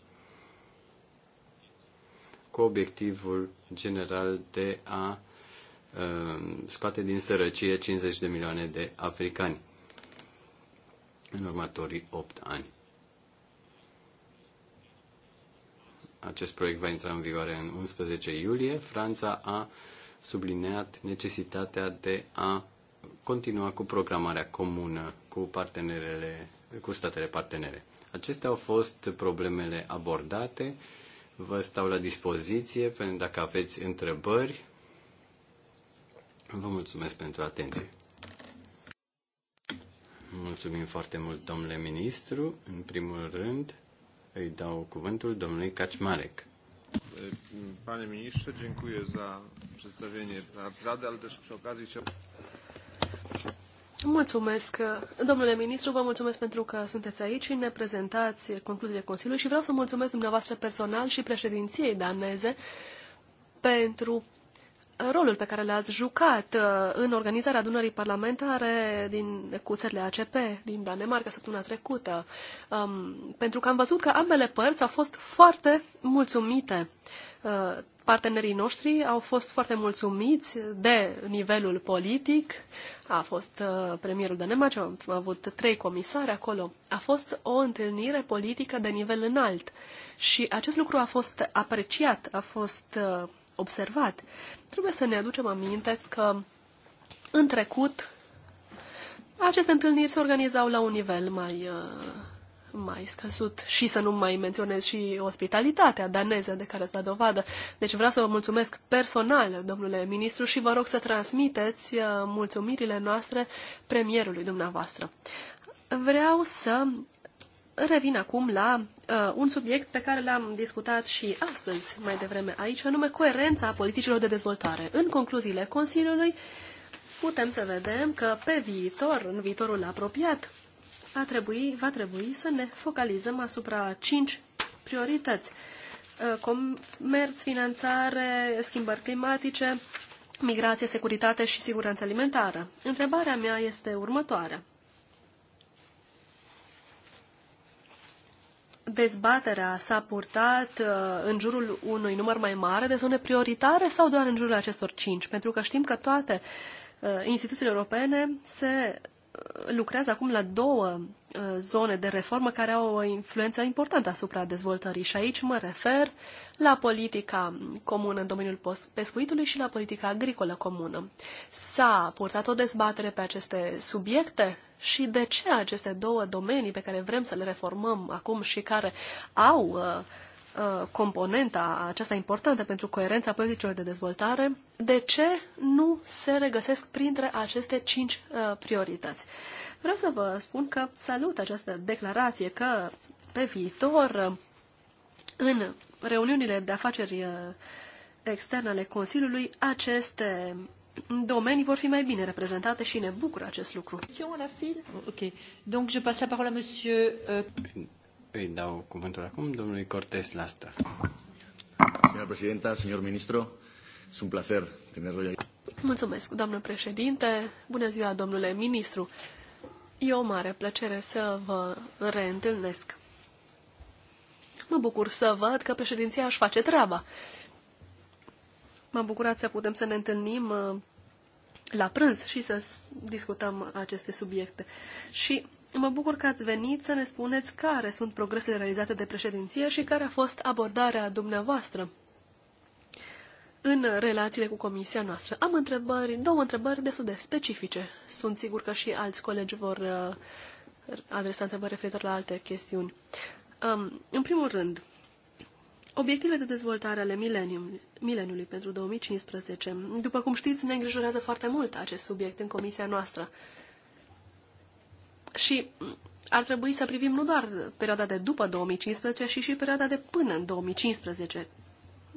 cu obiectivul general de a uh, scoate din sărăcie 50 de milioane de africani în următorii 8 ani. Acest proiect va intra în vigoare în 11 iulie. Franța a subliniat necesitatea de a continua cu programarea comună cu partenerele, cu statele partenere. Acestea au fost problemele abordate. Vă stau la dispoziție pentru dacă aveți întrebări. Vă mulțumesc pentru atenție. Mulțumim foarte mult, domnule ministru. În primul rând, îi dau cuvântul domnului Kaczmarek. Panie ministrze, dziękuję za przedstawienie prac Rady, ale też przy okazji chciałbym... Mulțumesc, domnule ministru, vă mulțumesc pentru că sunteți aici și ne prezentați concluziile Consiliului și vreau să mulțumesc dumneavoastră personal și președinției daneze pentru rolul pe care l-ați jucat uh, în organizarea adunării parlamentare din, cu țările ACP din Danemarca săptămâna trecută, um, pentru că am văzut că ambele părți au fost foarte mulțumite uh, Partenerii noștri au fost foarte mulțumiți de nivelul politic. A fost uh, premierul Danemarcei, am avut trei comisari acolo. A fost o întâlnire politică de nivel înalt și acest lucru a fost apreciat, a fost uh, observat. Trebuie să ne aducem aminte că în trecut aceste întâlniri se organizau la un nivel mai uh, mai scăzut și să nu mai menționez și ospitalitatea daneză de care s-a dovadă. Deci vreau să vă mulțumesc personal, domnule ministru, și vă rog să transmiteți uh, mulțumirile noastre premierului dumneavoastră. Vreau să revin acum la uh, un subiect pe care l-am discutat și astăzi mai devreme aici, anume coerența politicilor de dezvoltare. În concluziile Consiliului putem să vedem că pe viitor, în viitorul apropiat, a trebui, va trebui să ne focalizăm asupra cinci priorități. Uh, comerț, finanțare, schimbări climatice, migrație, securitate și siguranță alimentară. Întrebarea mea este următoarea. Dezbaterea s-a purtat uh, în jurul unui număr mai mare de zone prioritare sau doar în jurul acestor cinci? Pentru că știm că toate uh, instituțiile europene se lucrează acum la două uh, zone de reformă care au o influență importantă asupra dezvoltării și aici mă refer la politica comună în domeniul pescuitului și la politica agricolă comună. S-a purtat o dezbatere pe aceste subiecte și de ce aceste două domenii pe care vrem să le reformăm acum și care au uh, Uh, componenta aceasta importantă pentru coerența politicilor de dezvoltare, de ce nu se regăsesc printre aceste cinci uh, priorități? Vreau să vă spun că salut această declarație că pe viitor, uh, în reuniunile de afaceri externe ale Consiliului, aceste domenii vor fi mai bine reprezentate și ne bucură acest lucru. Ok. Donc je passe la parole à monsieur... Euh, îi dau cuvântul acum domnului Cortes Lastra. Señora presidenta, señor ministro, es un placer tenerlo ya. Mulțumesc, doamnă președinte. Bună ziua, domnule ministru. E o mare plăcere să vă reîntâlnesc. Mă bucur să văd că președinția își face treaba. M-am bucurat să putem să ne întâlnim uh, la prânz și să discutăm aceste subiecte. Și mă bucur că ați venit să ne spuneți care sunt progresele realizate de președinție și care a fost abordarea dumneavoastră în relațiile cu comisia noastră. Am întrebări, două întrebări destul de specifice. Sunt sigur că și alți colegi vor uh, adresa întrebări referitor la alte chestiuni. Um, în primul rând, Obiectivele de dezvoltare ale mileniului pentru 2015. După cum știți, ne îngrijorează foarte mult acest subiect în comisia noastră. Și ar trebui să privim nu doar perioada de după 2015, ci și perioada de până în 2015.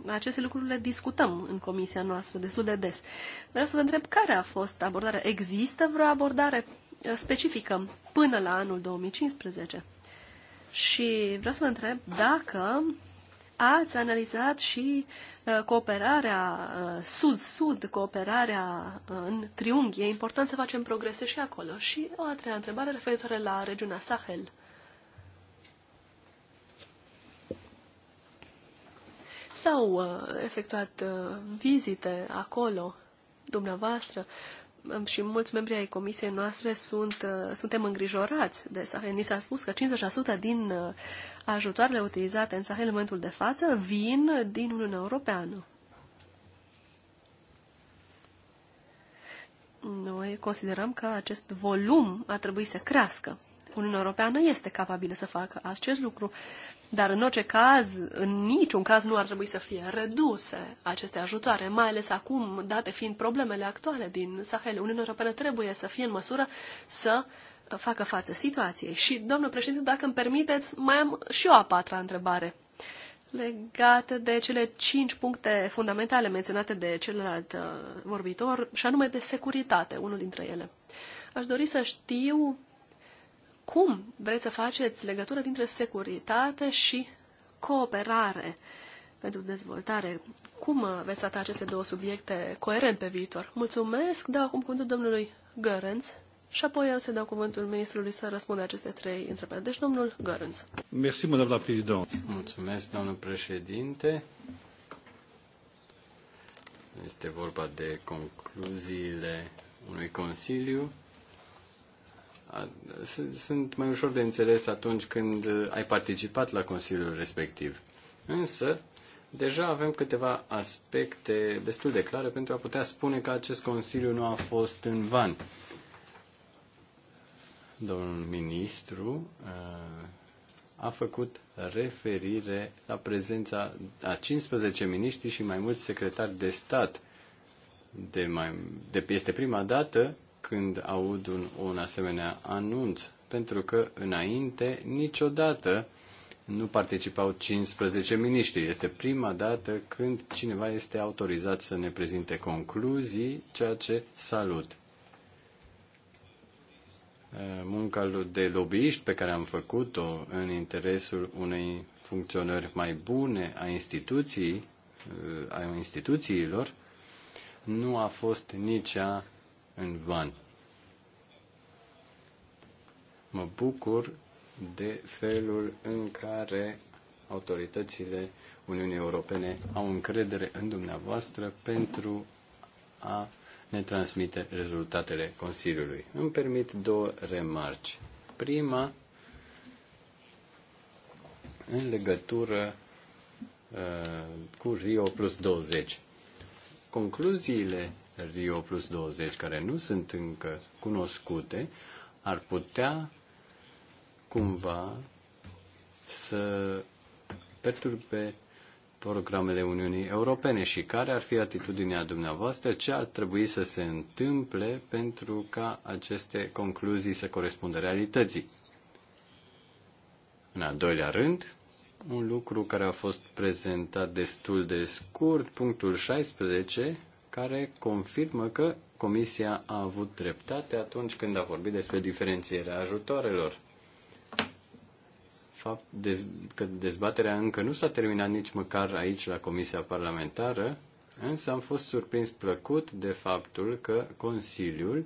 Aceste lucruri le discutăm în comisia noastră destul de des. Vreau să vă întreb care a fost abordarea. Există vreo abordare specifică până la anul 2015? Și vreau să vă întreb dacă ați analizat și uh, cooperarea uh, sud-sud, cooperarea uh, în triunghi. E important să facem progrese și acolo. Și o a treia întrebare referitoare la regiunea Sahel. S-au efectuat vizite acolo, dumneavoastră, și mulți membri ai comisiei noastre sunt, uh, suntem îngrijorați de Sahel. Ni s-a spus că 50% din uh, ajutoarele utilizate în Sahel în momentul de față vin din Uniunea Europeană. Noi considerăm că acest volum ar trebui să crească. Uniunea Europeană este capabilă să facă acest lucru. Dar în orice caz, în niciun caz nu ar trebui să fie reduse aceste ajutoare, mai ales acum, date fiind problemele actuale din Sahel. Uniunea Europeană trebuie să fie în măsură să facă față situației. Și, domnul președinte, dacă îmi permiteți, mai am și eu a patra întrebare legată de cele cinci puncte fundamentale menționate de celălalt uh, vorbitor, și anume de securitate, unul dintre ele. Aș dori să știu cum vreți să faceți legătura dintre securitate și cooperare pentru dezvoltare. Cum uh, veți trata aceste două subiecte coerent pe viitor? Mulțumesc, dau acum cuvântul domnului Gărânț și apoi eu să dau cuvântul ministrului să răspundă aceste trei întrebări. Deci, domnul Gărânț. Mersi, la președinte. Mulțumesc, domnul președinte. Este vorba de concluziile unui consiliu sunt mai ușor de înțeles atunci când uh, ai participat la Consiliul respectiv. Însă, deja avem câteva aspecte destul de clare pentru a putea spune că acest Consiliu nu a fost în van. Domnul ministru uh, a făcut referire la prezența a 15 miniștri și mai mulți secretari de stat. De mai, de, este prima dată când aud un, un asemenea anunț, pentru că înainte niciodată nu participau 15 miniștri. Este prima dată când cineva este autorizat să ne prezinte concluzii, ceea ce salut. Munca de lobbyiști pe care am făcut-o în interesul unei funcționări mai bune a instituției, a instituțiilor, nu a fost nici a în van. Mă bucur de felul în care autoritățile Uniunii Europene au încredere în dumneavoastră pentru a ne transmite rezultatele Consiliului. Îmi permit două remarci. Prima, în legătură uh, cu Rio plus 20. Concluziile Rio Plus 20, care nu sunt încă cunoscute, ar putea cumva să perturbe programele Uniunii Europene și care ar fi atitudinea dumneavoastră, ce ar trebui să se întâmple pentru ca aceste concluzii să corespundă realității. În al doilea rând, un lucru care a fost prezentat destul de scurt, punctul 16, care confirmă că Comisia a avut dreptate atunci când a vorbit despre diferențierea ajutoarelor. Fapt dez, că dezbaterea încă nu s-a terminat nici măcar aici la Comisia Parlamentară, însă am fost surprins plăcut de faptul că Consiliul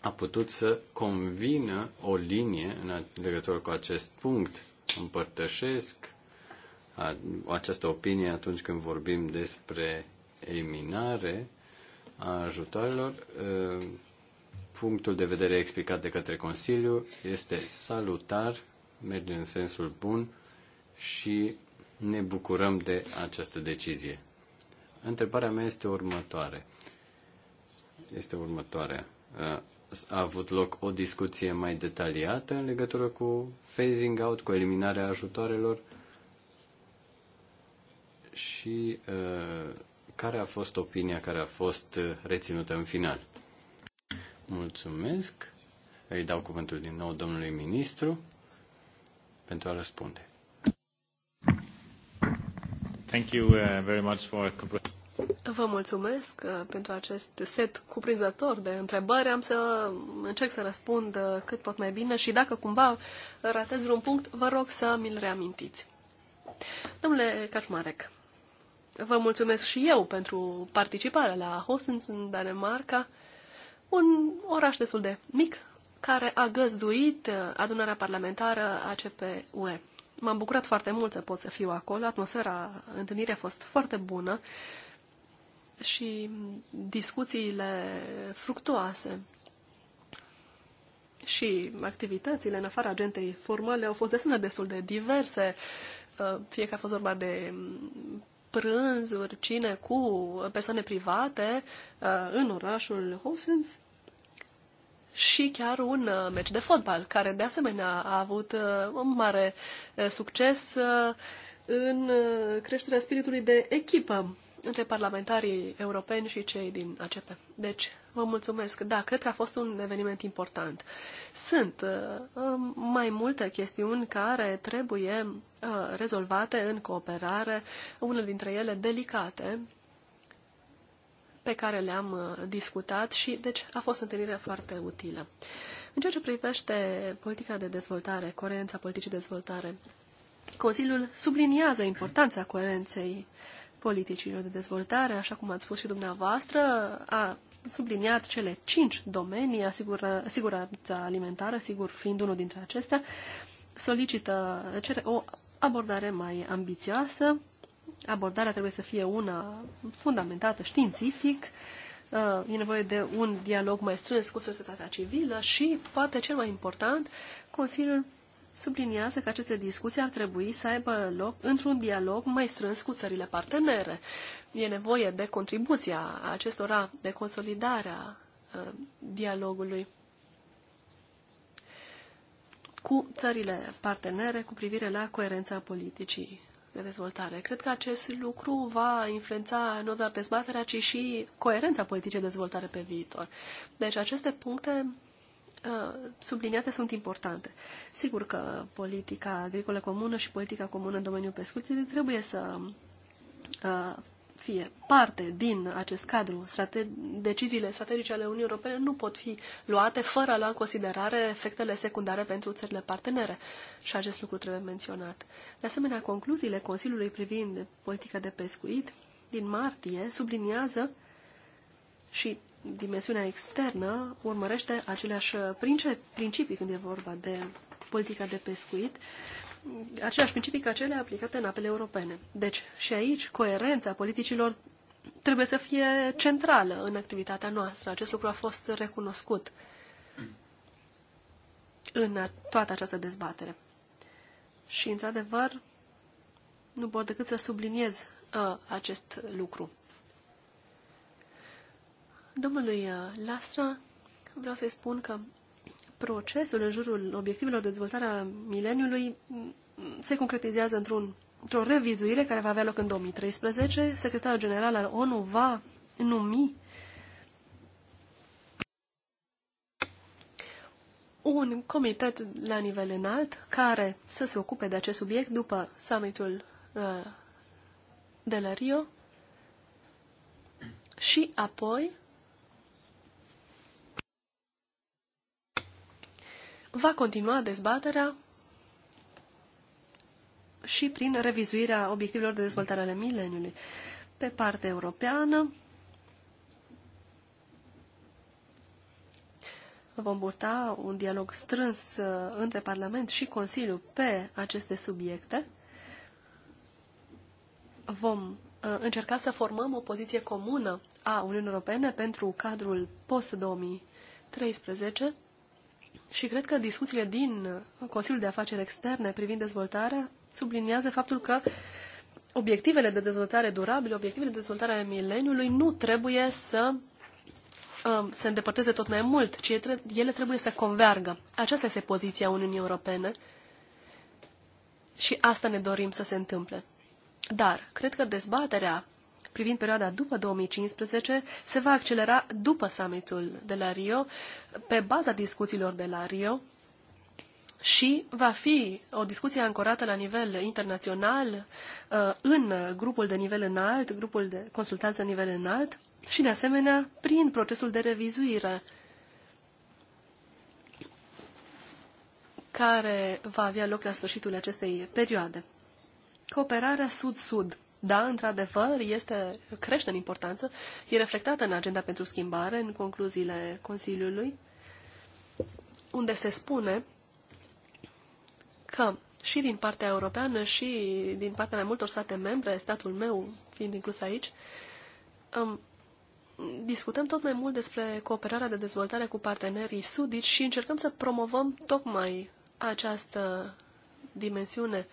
a putut să convină o linie în legătură cu acest punct. Împărtășesc această opinie atunci când vorbim despre eliminare a ajutoarelor. Punctul de vedere explicat de către Consiliu este salutar, merge în sensul bun și ne bucurăm de această decizie. Întrebarea mea este următoare. Este următoarea. A avut loc o discuție mai detaliată în legătură cu phasing out, cu eliminarea ajutoarelor și uh, care a fost opinia care a fost uh, reținută în final. Mulțumesc. Îi dau cuvântul din nou domnului ministru pentru a răspunde. Thank you uh, very much for Vă mulțumesc pentru acest set cuprinzător de întrebări. Am să încerc să răspund cât pot mai bine și dacă cumva ratez vreun punct, vă rog să mi-l reamintiți. Domnule Cașmarec, Vă mulțumesc și eu pentru participarea la Hosens în Danemarca, un oraș destul de mic care a găzduit uh, adunarea parlamentară ACPUE. M-am bucurat foarte mult să pot să fiu acolo, atmosfera întâlnirii a fost foarte bună și discuțiile fructuoase și activitățile în afara agentei formale au fost de destul de diverse, uh, fie că a fost vorba de prânzuri, cine cu persoane private uh, în orașul Hosens și chiar un uh, meci de fotbal, care de asemenea a avut uh, un mare succes în creșterea spiritului de echipă între parlamentarii europeni și cei din ACP. Deci, vă mulțumesc. Da, cred că a fost un eveniment important. Sunt uh, um, mai multe chestiuni care trebuie uh, rezolvate în cooperare, unele dintre ele delicate, pe care le-am uh, discutat și, deci, a fost o întâlnire foarte utilă. În ceea ce privește politica de dezvoltare, coerența politicii de dezvoltare, Consiliul subliniază importanța coerenței uh, politicilor de dezvoltare, așa cum ați spus și dumneavoastră, a subliniat cele cinci domenii, asigură, siguranța alimentară, sigur fiind unul dintre acestea, solicită, cere o abordare mai ambițioasă. Abordarea trebuie să fie una fundamentată științific, uh, e nevoie de un dialog mai strâns cu societatea civilă și, poate cel mai important, Consiliul subliniază că aceste discuții ar trebui să aibă loc într-un dialog mai strâns cu țările partenere. E nevoie de contribuția acestora, de consolidarea ă, dialogului cu țările partenere cu privire la coerența politicii de dezvoltare. Cred că acest lucru va influența nu doar dezbaterea, ci și coerența politicii de dezvoltare pe viitor. Deci aceste puncte Uh, subliniate sunt importante. Sigur că politica agricolă comună și politica comună în domeniul pescuitului trebuie să uh, fie parte din acest cadru. Strate- deciziile strategice ale Uniunii Europene nu pot fi luate fără a lua în considerare efectele secundare pentru țările partenere și acest lucru trebuie menționat. De asemenea, concluziile Consiliului privind politica de pescuit din martie subliniază și dimensiunea externă urmărește aceleași principii când e vorba de politica de pescuit, aceleași principii ca cele aplicate în apele europene. Deci și aici coerența politicilor trebuie să fie centrală în activitatea noastră. Acest lucru a fost recunoscut în toată această dezbatere. Și, într-adevăr, nu pot decât să subliniez uh, acest lucru. Domnului uh, Lastra, vreau să-i spun că procesul în jurul obiectivelor de dezvoltare a mileniului mm, se concretizează într-un, într-o revizuire care va avea loc în 2013. Secretarul General al ONU va numi un comitet la nivel înalt care să se ocupe de acest subiect după summitul uh, de la Rio și apoi va continua dezbaterea și prin revizuirea obiectivelor de dezvoltare ale mileniului. Pe partea europeană vom purta un dialog strâns uh, între Parlament și Consiliu pe aceste subiecte. Vom uh, încerca să formăm o poziție comună a Uniunii Europene pentru cadrul post-2013 și cred că discuțiile din Consiliul de Afaceri Externe privind dezvoltarea subliniază faptul că obiectivele de dezvoltare durabilă, obiectivele de dezvoltare ale mileniului nu trebuie să um, se îndepărteze tot mai mult, ci ele trebuie să convergă. Aceasta este poziția Uniunii Europene și asta ne dorim să se întâmple. Dar cred că dezbaterea privind perioada după 2015 se va accelera după summitul de la Rio, pe baza discuțiilor de la Rio, și va fi o discuție ancorată la nivel internațional uh, în grupul de nivel înalt, grupul de consultanță în nivel înalt și, de asemenea, prin procesul de revizuire care va avea loc la sfârșitul acestei perioade. Cooperarea Sud-Sud da, într-adevăr, este, crește în importanță, e reflectată în agenda pentru schimbare, în concluziile Consiliului, unde se spune că și din partea europeană și din partea mai multor state membre, statul meu fiind inclus aici, um, discutăm tot mai mult despre cooperarea de dezvoltare cu partenerii sudici și încercăm să promovăm tocmai această dimensiune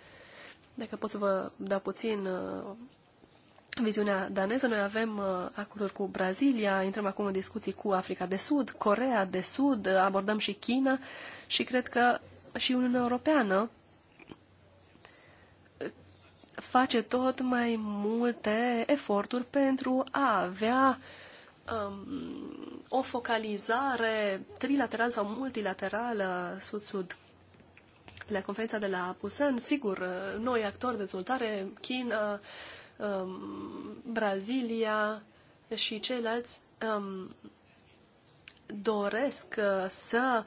dacă pot să vă dau puțin uh, viziunea daneză, noi avem uh, acorduri cu Brazilia, intrăm acum în discuții cu Africa de Sud, Corea de Sud, uh, abordăm și China și cred că și Uniunea Europeană face tot mai multe eforturi pentru a avea um, o focalizare trilaterală sau multilaterală sud-sud la conferința de la Pusan, sigur, uh, noi actori de dezvoltare, China, um, Brazilia și ceilalți um, doresc uh, să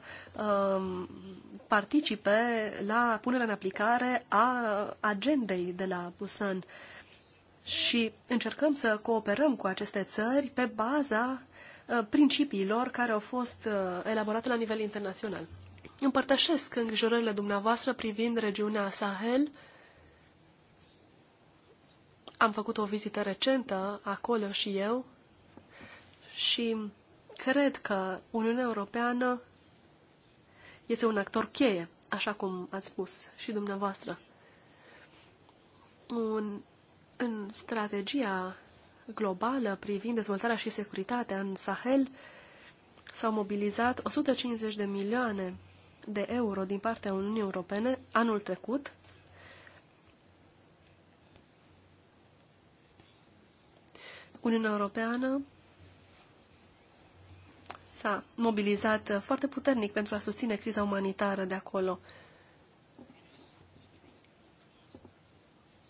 um, participe la punerea în aplicare a agendei de la Busan și încercăm să cooperăm cu aceste țări pe baza uh, principiilor care au fost elaborate la nivel internațional. Împărtășesc îngrijorările dumneavoastră privind regiunea Sahel. Am făcut o vizită recentă acolo și eu și cred că Uniunea Europeană este un actor cheie, așa cum ați spus și dumneavoastră. Un, în strategia globală privind dezvoltarea și securitatea în Sahel s-au mobilizat 150 de milioane de euro din partea Uniunii Europene anul trecut Uniunea Europeană s-a mobilizat foarte puternic pentru a susține criza umanitară de acolo.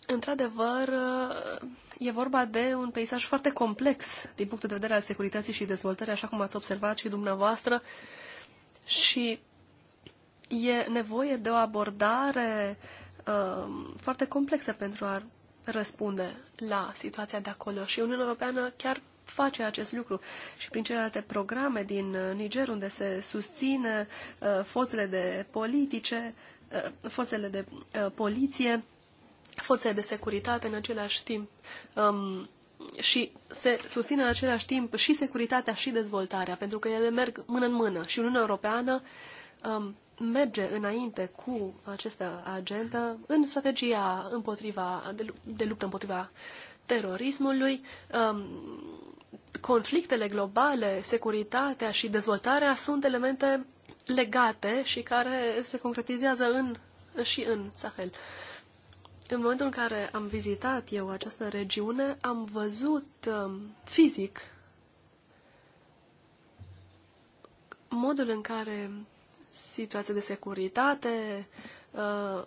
Într-adevăr, e vorba de un peisaj foarte complex din punctul de vedere al securității și dezvoltării, așa cum ați observat și dumneavoastră. Și e nevoie de o abordare uh, foarte complexă pentru a răspunde la situația de acolo și Uniunea Europeană chiar face acest lucru și prin celelalte programe din uh, Niger, unde se susține uh, forțele de politice, uh, forțele de uh, poliție, forțele de securitate în același timp. Um, și se susține în același timp și securitatea și dezvoltarea, pentru că ele merg mână în mână și Uniunea Europeană um, merge înainte cu această agendă în strategia împotriva, de luptă împotriva terorismului, um, conflictele globale, securitatea și dezvoltarea sunt elemente legate și care se concretizează în, și în Sahel. În momentul în care am vizitat eu această regiune, am văzut um, fizic modul în care situația de securitate, uh,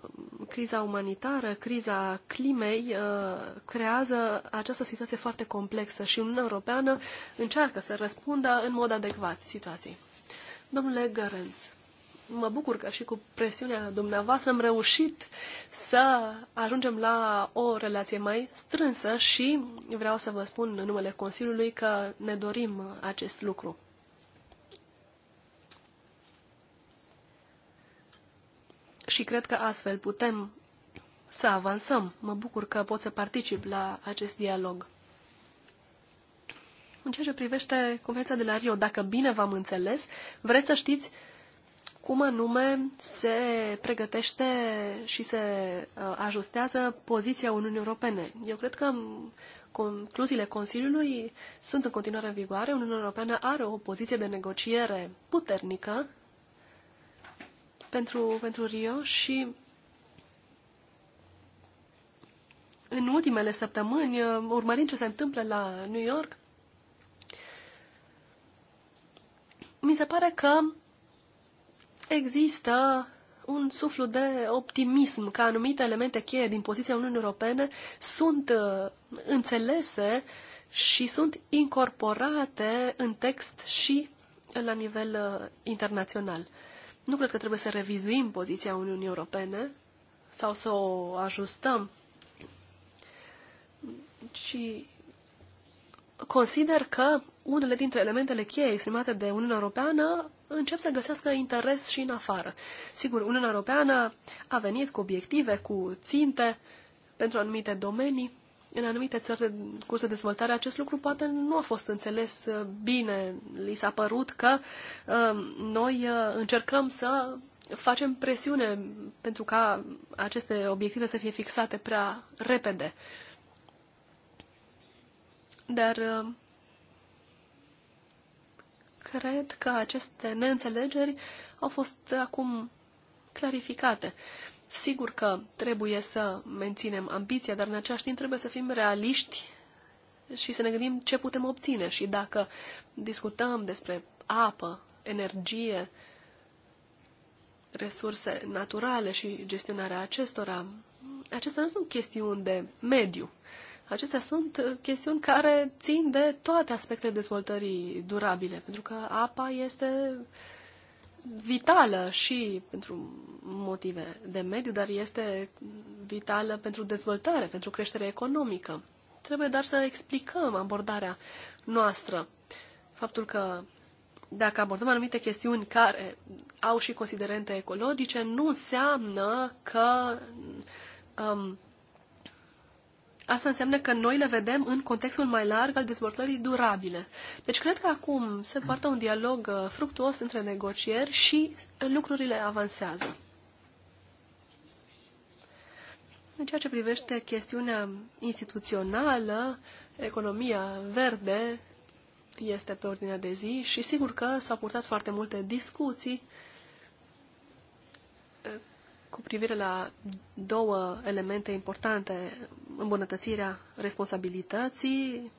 criza umanitară, criza climei uh, creează această situație foarte complexă și Uniunea Europeană încearcă să răspundă în mod adecvat situației. Domnule Gărânț, mă bucur că și cu presiunea dumneavoastră am reușit să ajungem la o relație mai strânsă și vreau să vă spun în numele Consiliului că ne dorim acest lucru. și cred că astfel putem să avansăm. Mă bucur că pot să particip la acest dialog. În ceea ce privește Convenția de la Rio, dacă bine v-am înțeles, vreți să știți cum anume se pregătește și se uh, ajustează poziția Uniunii Europene. Eu cred că um, concluziile Consiliului sunt în continuare în vigoare. Uniunea Europeană are o poziție de negociere puternică pentru, pentru Rio și în ultimele săptămâni, urmărind ce se întâmplă la New York, mi se pare că există un suflu de optimism că anumite elemente cheie din poziția Uniunii Europene sunt uh, înțelese și sunt incorporate în text și la nivel uh, internațional. Nu cred că trebuie să revizuim poziția Uniunii Europene sau să o ajustăm, ci consider că unele dintre elementele cheie exprimate de Uniunea Europeană încep să găsească interes și în afară. Sigur, Uniunea Europeană a venit cu obiective, cu ținte pentru anumite domenii, în anumite țări de curs de dezvoltare acest lucru poate nu a fost înțeles uh, bine. Li s-a părut că uh, noi uh, încercăm să facem presiune pentru ca aceste obiective să fie fixate prea repede. Dar cred că aceste neînțelegeri au fost acum clarificate. Sigur că trebuie să menținem ambiția, dar în același timp trebuie să fim realiști și să ne gândim ce putem obține. Și dacă discutăm despre apă, energie, resurse naturale și gestionarea acestora, acestea nu sunt chestiuni de mediu. Acestea sunt uh, chestiuni care țin de toate aspectele dezvoltării durabile, pentru că apa este uh, vitală și pentru motive de mediu, dar este vitală pentru dezvoltare, pentru creștere economică. Trebuie doar să explicăm abordarea noastră. Faptul că dacă abordăm anumite chestiuni care au și considerente ecologice, nu înseamnă că um, Asta înseamnă că noi le vedem în contextul mai larg al dezvoltării durabile. Deci cred că acum se poartă un dialog uh, fructuos între negocieri și uh, lucrurile avansează. În ceea ce privește chestiunea instituțională, economia verde este pe ordinea de zi și sigur că s-au purtat foarte multe discuții uh, cu privire la două elemente importante îmbunătățirea responsabilității,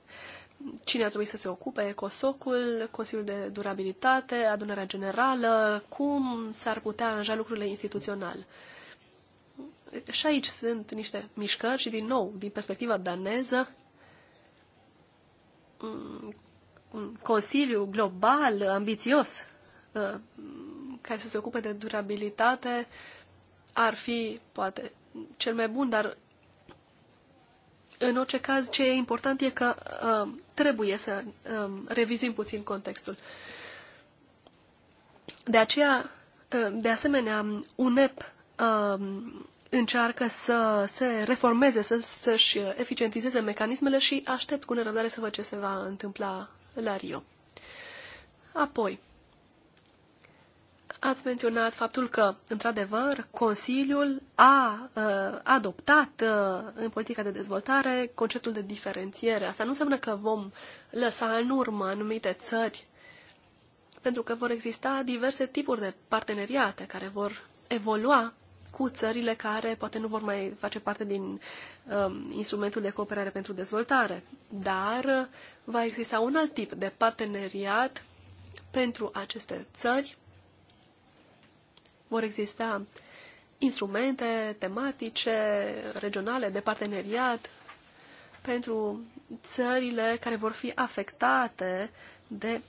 cine ar trebui să se ocupe, COSOC-ul, Consiliul de Durabilitate, Adunarea Generală, cum s-ar putea aranja lucrurile instituțional. Și aici sunt niște mișcări și, din nou, din perspectiva daneză, un consiliu global, ambițios, care să se ocupe de durabilitate, ar fi, poate, cel mai bun, dar în orice caz, ce e important e că uh, trebuie să uh, revizuim puțin contextul. De aceea, uh, de asemenea, UNEP uh, încearcă să se reformeze, să, să-și eficientizeze mecanismele și aștept cu nerăbdare să văd ce se va întâmpla la Rio. Apoi, Ați menționat faptul că, într-adevăr, Consiliul a uh, adoptat uh, în politica de dezvoltare conceptul de diferențiere. Asta nu înseamnă că vom lăsa în urmă anumite țări, pentru că vor exista diverse tipuri de parteneriate care vor evolua cu țările care poate nu vor mai face parte din um, instrumentul de cooperare pentru dezvoltare, dar uh, va exista un alt tip de parteneriat pentru aceste țări vor exista instrumente tematice, regionale, de parteneriat pentru țările care vor fi afectate de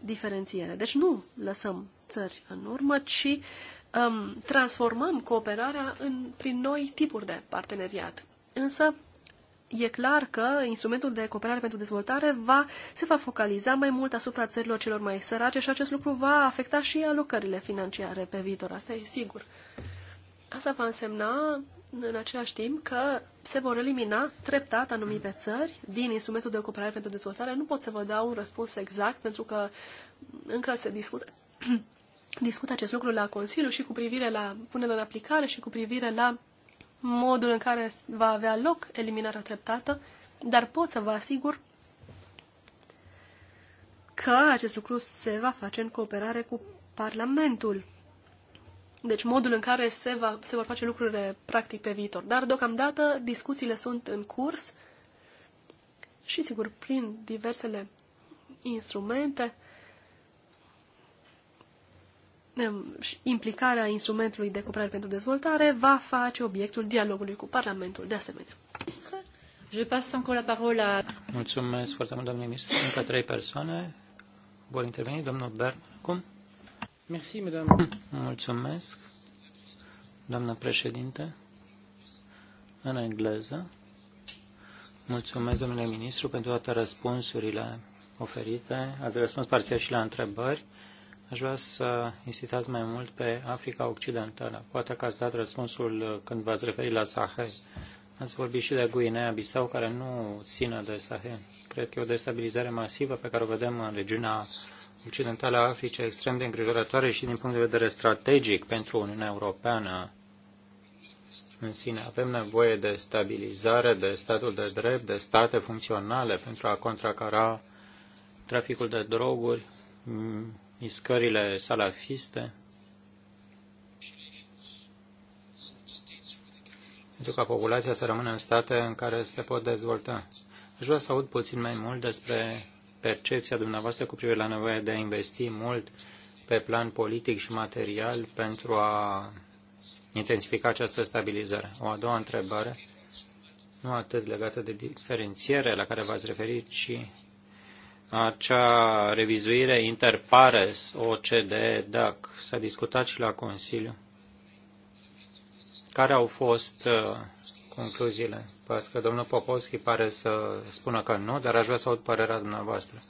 diferențiere. Deci nu lăsăm țări în urmă, ci um, transformăm cooperarea în, prin noi tipuri de parteneriat. Însă e clar că instrumentul de cooperare pentru dezvoltare va, se va focaliza mai mult asupra țărilor celor mai sărace și acest lucru va afecta și alocările financiare pe viitor, asta e sigur. Asta va însemna în același timp că se vor elimina treptat anumite țări din instrumentul de cooperare pentru dezvoltare. Nu pot să vă dau un răspuns exact pentru că încă se discută discut acest lucru la Consiliu și cu privire la punerea în aplicare și cu privire la modul în care va avea loc eliminarea treptată, dar pot să vă asigur că acest lucru se va face în cooperare cu Parlamentul. Deci modul în care se, va, se vor face lucrurile practic pe viitor. Dar deocamdată discuțiile sunt în curs și sigur prin diversele instrumente Ehm, implicarea instrumentului de cooperare pentru dezvoltare va face obiectul dialogului cu Parlamentul de asemenea. Je passe encore la parole à... Mulțumesc foarte mult, domnule ministru. Încă trei persoane vor interveni. Domnul Bern, cum? Merci, madame. Mulțumesc, doamnă președinte, în engleză. Mulțumesc, domnule ministru, pentru toate răspunsurile oferite. Ați răspuns parțial și la întrebări Aș vrea să insistați mai mult pe Africa Occidentală. Poate că ați dat răspunsul uh, când v-ați referit la Sahel. Ați vorbit și de Guinea Bissau, care nu ține de Sahel. Cred că e o destabilizare masivă pe care o vedem în regiunea occidentală a Africii, extrem de îngrijorătoare și din punct de vedere strategic pentru Uniunea Europeană în sine. Avem nevoie de stabilizare, de statul de drept, de state funcționale pentru a contracara traficul de droguri, mișcările salafiste, pentru ca populația să rămână în state în care se pot dezvolta. Aș vrea să aud puțin mai mult despre percepția dumneavoastră cu privire la nevoia de a investi mult pe plan politic și material pentru a intensifica această stabilizare. O a doua întrebare, nu atât legată de diferențiere la care v-ați referit, ci acea revizuire inter pares OCDE DAC s-a discutat și la Consiliu. Care au fost uh, concluziile? Pentru că domnul Popovski pare să spună că nu, dar aș vrea să aud părerea dumneavoastră.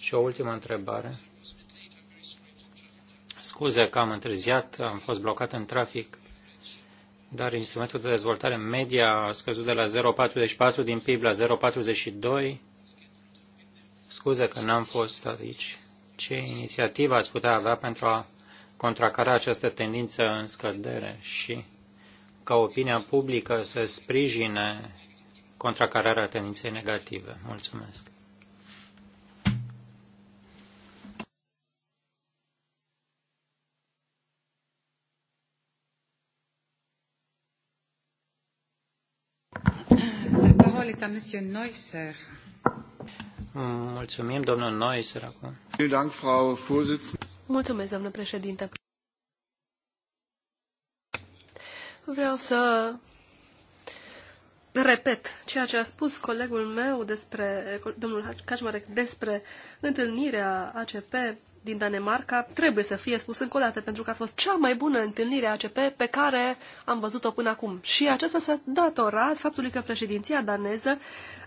Și o ultimă întrebare. Scuze că am întârziat, am fost blocat în trafic, dar instrumentul de dezvoltare media a scăzut de la 0,44 din PIB la 0,42 scuze că n-am fost aici. Ce inițiativă ați putea avea pentru a contracara această tendință în scădere și ca opinia publică să sprijine contracararea tendinței negative? Mulțumesc. La parole est à Monsieur Neusser. Mulțumim, domnul Neusser, Mulțumesc, doamnă președinte. Vreau să repet ceea ce a spus colegul meu despre, domnul Kaczmarek, despre întâlnirea ACP din Danemarca. Trebuie să fie spus încă o dată, pentru că a fost cea mai bună întâlnire ACP pe care am văzut-o până acum. Și acesta s-a datorat faptului că președinția daneză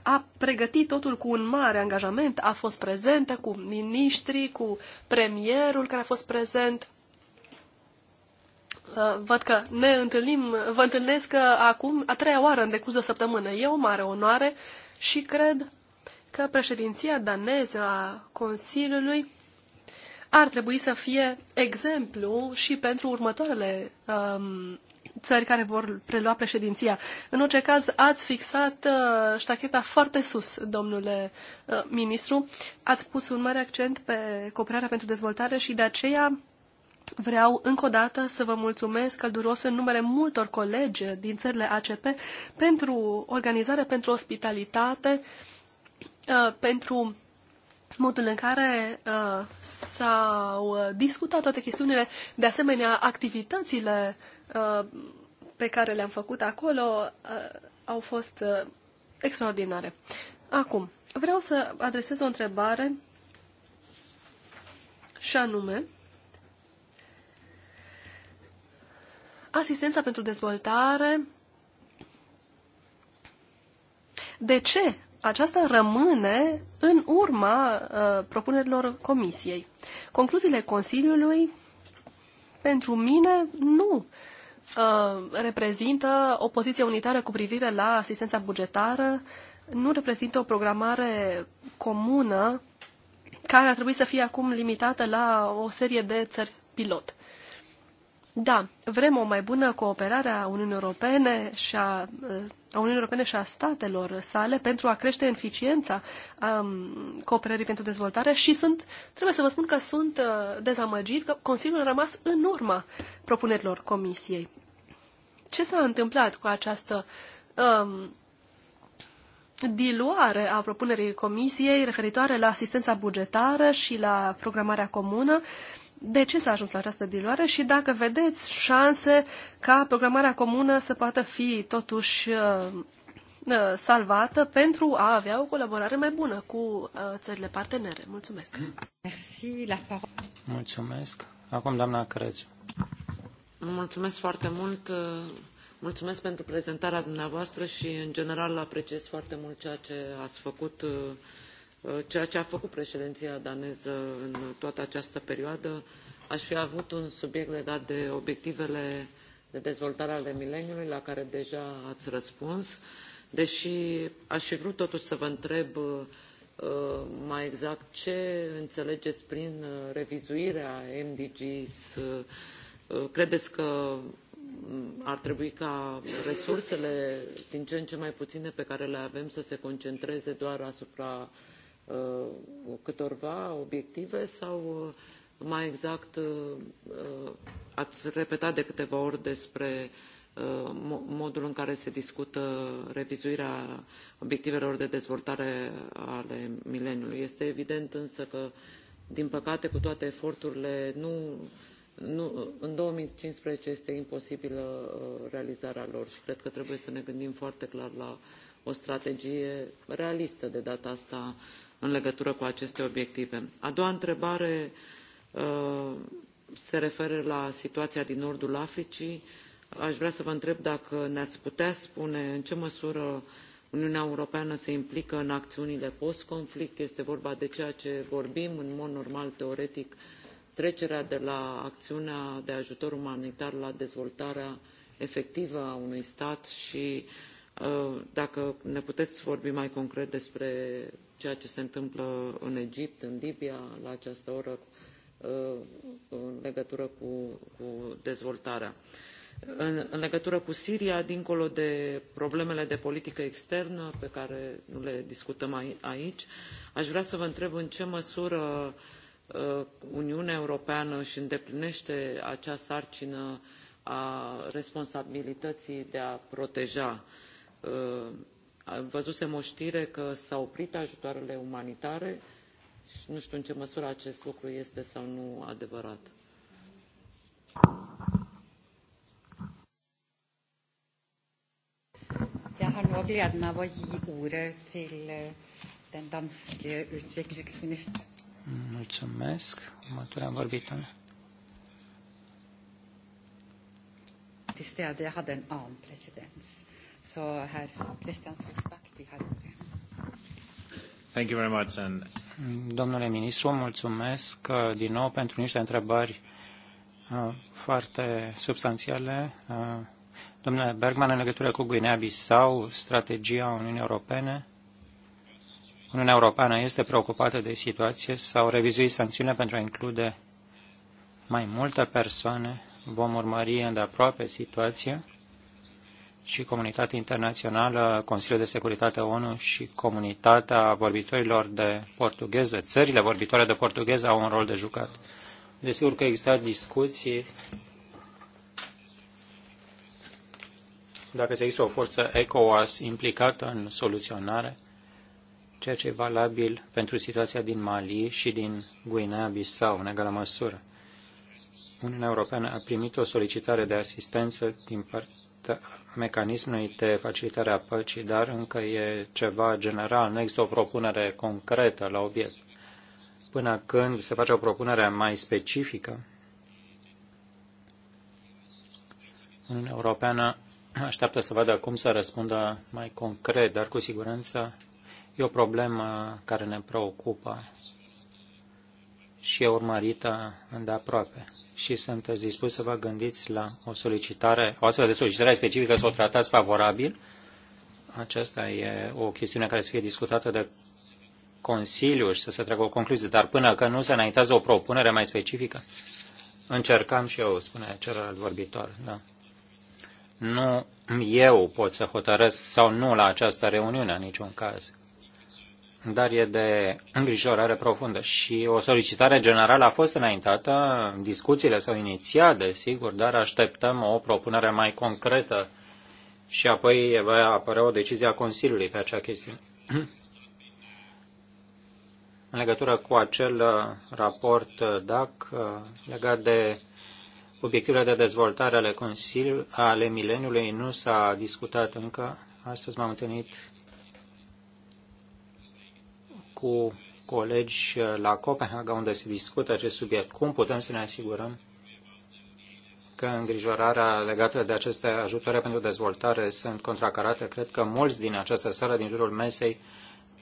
a pregătit totul cu un mare angajament, a fost prezentă cu miniștrii, cu premierul care a fost prezent. Uh, văd că ne întâlnim, vă întâlnesc uh, acum a treia oară în decurs de o săptămână. E o mare onoare și cred că președinția daneză a Consiliului ar trebui să fie exemplu și pentru următoarele um, țări care vor prelua președinția. În orice caz, ați fixat uh, ștacheta foarte sus, domnule uh, ministru. Ați pus un mare accent pe cooperarea pentru dezvoltare și de aceea Vreau încă o dată să vă mulțumesc călduros în numele multor colegi din țările ACP pentru organizare, pentru ospitalitate, uh, pentru modul în care uh, s-au discutat toate chestiunile, de asemenea activitățile uh, Uh, pe care le-am făcut acolo uh, au fost uh, extraordinare. Acum, vreau să adresez o întrebare și anume asistența pentru dezvoltare de ce aceasta rămâne în urma uh, propunerilor comisiei. Concluziile Consiliului, pentru mine, nu Uh, reprezintă o poziție unitară cu privire la asistența bugetară, nu reprezintă o programare comună care ar trebui să fie acum limitată la o serie de țări pilot. Da, vrem o mai bună cooperare a Uniunii Europene și a, a Uniunii Europene și a statelor sale pentru a crește eficiența um, cooperării pentru dezvoltare și sunt, trebuie să vă spun că sunt uh, dezamăgit că Consiliul a rămas în urma propunerilor Comisiei. Ce s-a întâmplat cu această um, diluare a propunerii Comisiei referitoare la asistența bugetară și la programarea comună? Uh, de ce s-a ajuns la această diluare și dacă vedeți șanse ca programarea comună să poată fi totuși uh, uh, salvată pentru a avea o colaborare mai bună cu uh, țările partenere. Mulțumesc! Merci, la Mulțumesc! Acum doamna Crețu. Mulțumesc foarte mult! Mulțumesc pentru prezentarea dumneavoastră și, în general, apreciez foarte mult ceea ce ați făcut uh, Uh, ceea ce a făcut președinția daneză în toată această perioadă. Aș fi avut un subiect legat de obiectivele de dezvoltare ale mileniului, la care deja ați răspuns, deși aș fi vrut totuși să vă întreb uh, mai exact ce înțelegeți prin uh, revizuirea MDGs. Credeți că mm, ar trebui ca resursele din ce în ce mai puține pe care le avem să se concentreze doar asupra uh, Uh, câtorva obiective sau uh, mai exact uh, ați repetat de câteva ori despre modul în care se discută revizuirea obiectivelor de dezvoltare ale mileniului. Este evident însă că, din păcate, cu toate eforturile, nu, nu, în 2015 este imposibilă realizarea lor și cred că trebuie să ne gândim foarte clar la o strategie realistă de data asta uh, în legătură cu aceste obiective. A doua întrebare uh, se referă la situația din nordul Africii. Aș vrea să vă întreb dacă ne-ați putea spune în ce măsură Uniunea Europeană se implică în acțiunile post-conflict. Este vorba de ceea ce vorbim în mod normal, teoretic, trecerea de la acțiunea de ajutor umanitar la dezvoltarea efectivă a unui stat și uh, dacă ne puteți vorbi mai concret despre ceea ce se întâmplă în Egipt, în Libia, la această oră, uh, în legătură cu, cu dezvoltarea. În, în legătură cu Siria, dincolo de problemele de politică externă, pe care nu le discutăm aici, aș vrea să vă întreb în ce măsură uh, Uniunea Europeană își îndeplinește acea sarcină a responsabilității de a proteja uh, Văzusem o știre că s-au oprit ajutoarele umanitare și nu știu în ce măsură acest lucru este sau nu adevărat. Jeg har nå gleden av å gi ordet til eh, den danske utviklingsministeren. Mulțumesc. Următoarea vorbitoare. Til stede hadde en annen presedens. Så herr Christian Bhakti Thank you very much and... Domnule ministru, mulțumesc uh, din nou pentru niște întrebări uh, foarte substanțiale. Uh, domnule Bergman, în legătură cu Guinea-Bissau, strategia Uniunii Europene, Uniunea Europeană este preocupată de situație, s-au revizuit sancțiunile pentru a include mai multe persoane, vom urmări îndeaproape situația și comunitatea internațională, Consiliul de Securitate ONU și comunitatea vorbitorilor de portugheză, țările vorbitoare de portugheză au un rol de jucat. Desigur că există discuții dacă se există o forță ECOWAS implicată în soluționare, ceea ce e valabil pentru situația din Mali și din Guinea-Bissau, în egală măsură. Uniunea Europeană a primit o solicitare de asistență din partea mecanismului de facilitare a păcii, dar încă e ceva general, nu există o propunere concretă la obiect. Până când se face o propunere mai specifică, Uniunea Europeană așteaptă să vadă cum să răspundă mai concret, dar cu siguranță e o problemă care ne preocupă și e urmărită îndeaproape. Și sunteți dispus să vă gândiți la o solicitare, o astfel de solicitare specifică să o tratați favorabil? Aceasta e o chestiune care să fie discutată de Consiliu și să se tragă o concluzie. Dar până când nu se înaintează o propunere mai specifică, încercam și eu, spune celălalt vorbitor. Da. Nu eu pot să hotărăsc sau nu la această reuniune în niciun caz dar e de îngrijorare profundă și o solicitare generală a fost înaintată, discuțiile s-au inițiat, desigur, dar așteptăm o propunere mai concretă și apoi va apărea o decizie a Consiliului pe acea chestiune. În legătură cu acel uh, raport uh, DAC uh, legat de obiectivele de dezvoltare ale Consiliului, ale mileniului, nu s-a discutat încă. Astăzi m-am întâlnit cu colegi la Copenhaga unde se discută acest subiect. Cum putem să ne asigurăm că îngrijorarea legată de aceste ajutoare pentru dezvoltare sunt contracarate? Cred că mulți din această sală, din jurul mesei,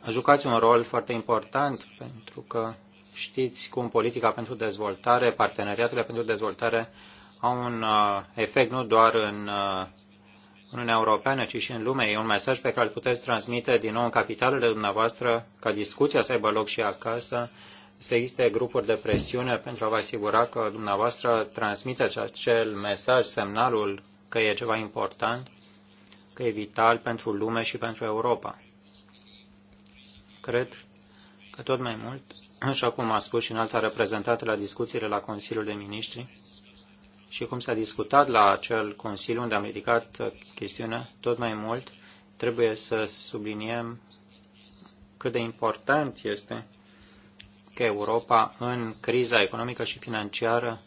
jucați un rol foarte important pentru că știți cum politica pentru dezvoltare, parteneriatele pentru dezvoltare au un uh, efect nu doar în uh, Uniunea Europeană, ci și în lume. E un mesaj pe care îl puteți transmite din nou în capitalele dumneavoastră, ca discuția să aibă loc și acasă, să existe grupuri de presiune pentru a vă asigura că dumneavoastră transmiteți acel mesaj, semnalul că e ceva important, că e vital pentru lume și pentru Europa. Cred că tot mai mult, așa cum a spus și în alta reprezentată la discuțiile la Consiliul de Ministri, și cum s-a discutat la acel Consiliu unde am ridicat chestiunea, tot mai mult trebuie să subliniem cât de important este că Europa în criza economică și financiară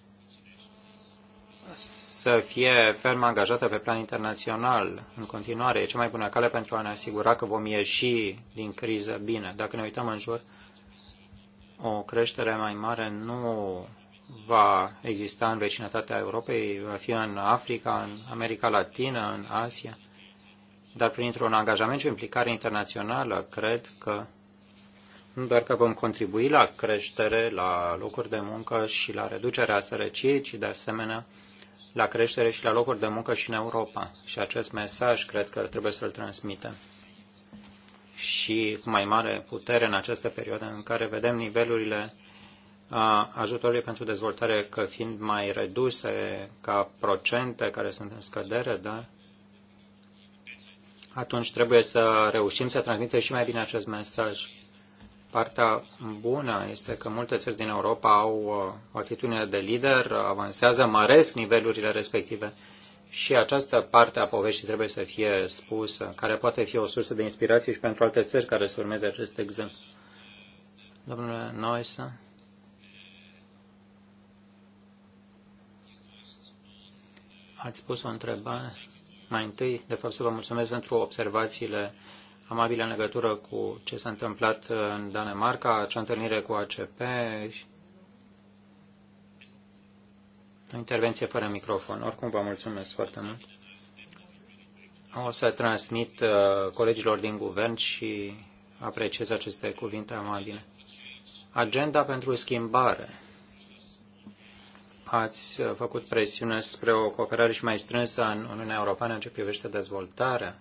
să fie ferm angajată pe plan internațional în continuare. E cea mai bună cale pentru a ne asigura că vom ieși din criză bine. Dacă ne uităm în jur, o creștere mai mare nu va exista în vecinătatea Europei, va fi în Africa, în America Latină, în Asia, dar printr-un angajament și o implicare internațională, cred că nu doar că vom contribui la creștere, la locuri de muncă și la reducerea sărăciei, ci de asemenea la creștere și la locuri de muncă și în Europa. Și acest mesaj cred că trebuie să-l transmitem și cu mai mare putere în această perioadă în care vedem nivelurile a ajutorului pentru dezvoltare că fiind mai reduse ca procente care sunt în scădere, da. atunci trebuie să reușim să transmitem și mai bine acest mesaj. Partea bună este că multe țări din Europa au uh, o atitudine de lider, avansează, măresc nivelurile respective și această parte a poveștii trebuie să fie spusă, care poate fi o sursă de inspirație și pentru alte țări care să urmeze acest exemplu. Domnule Noisa. ați pus o întrebare. Mai întâi, de fapt, să vă mulțumesc pentru observațiile amabile în legătură cu ce s-a întâmplat în Danemarca, acea întâlnire cu ACP, o intervenție fără microfon. Oricum, vă mulțumesc foarte mult. O să transmit uh, colegilor din guvern și apreciez aceste cuvinte amabile. Agenda pentru schimbare ați uh, făcut presiune spre o cooperare și mai strânsă în Uniunea Europeană în ce privește dezvoltarea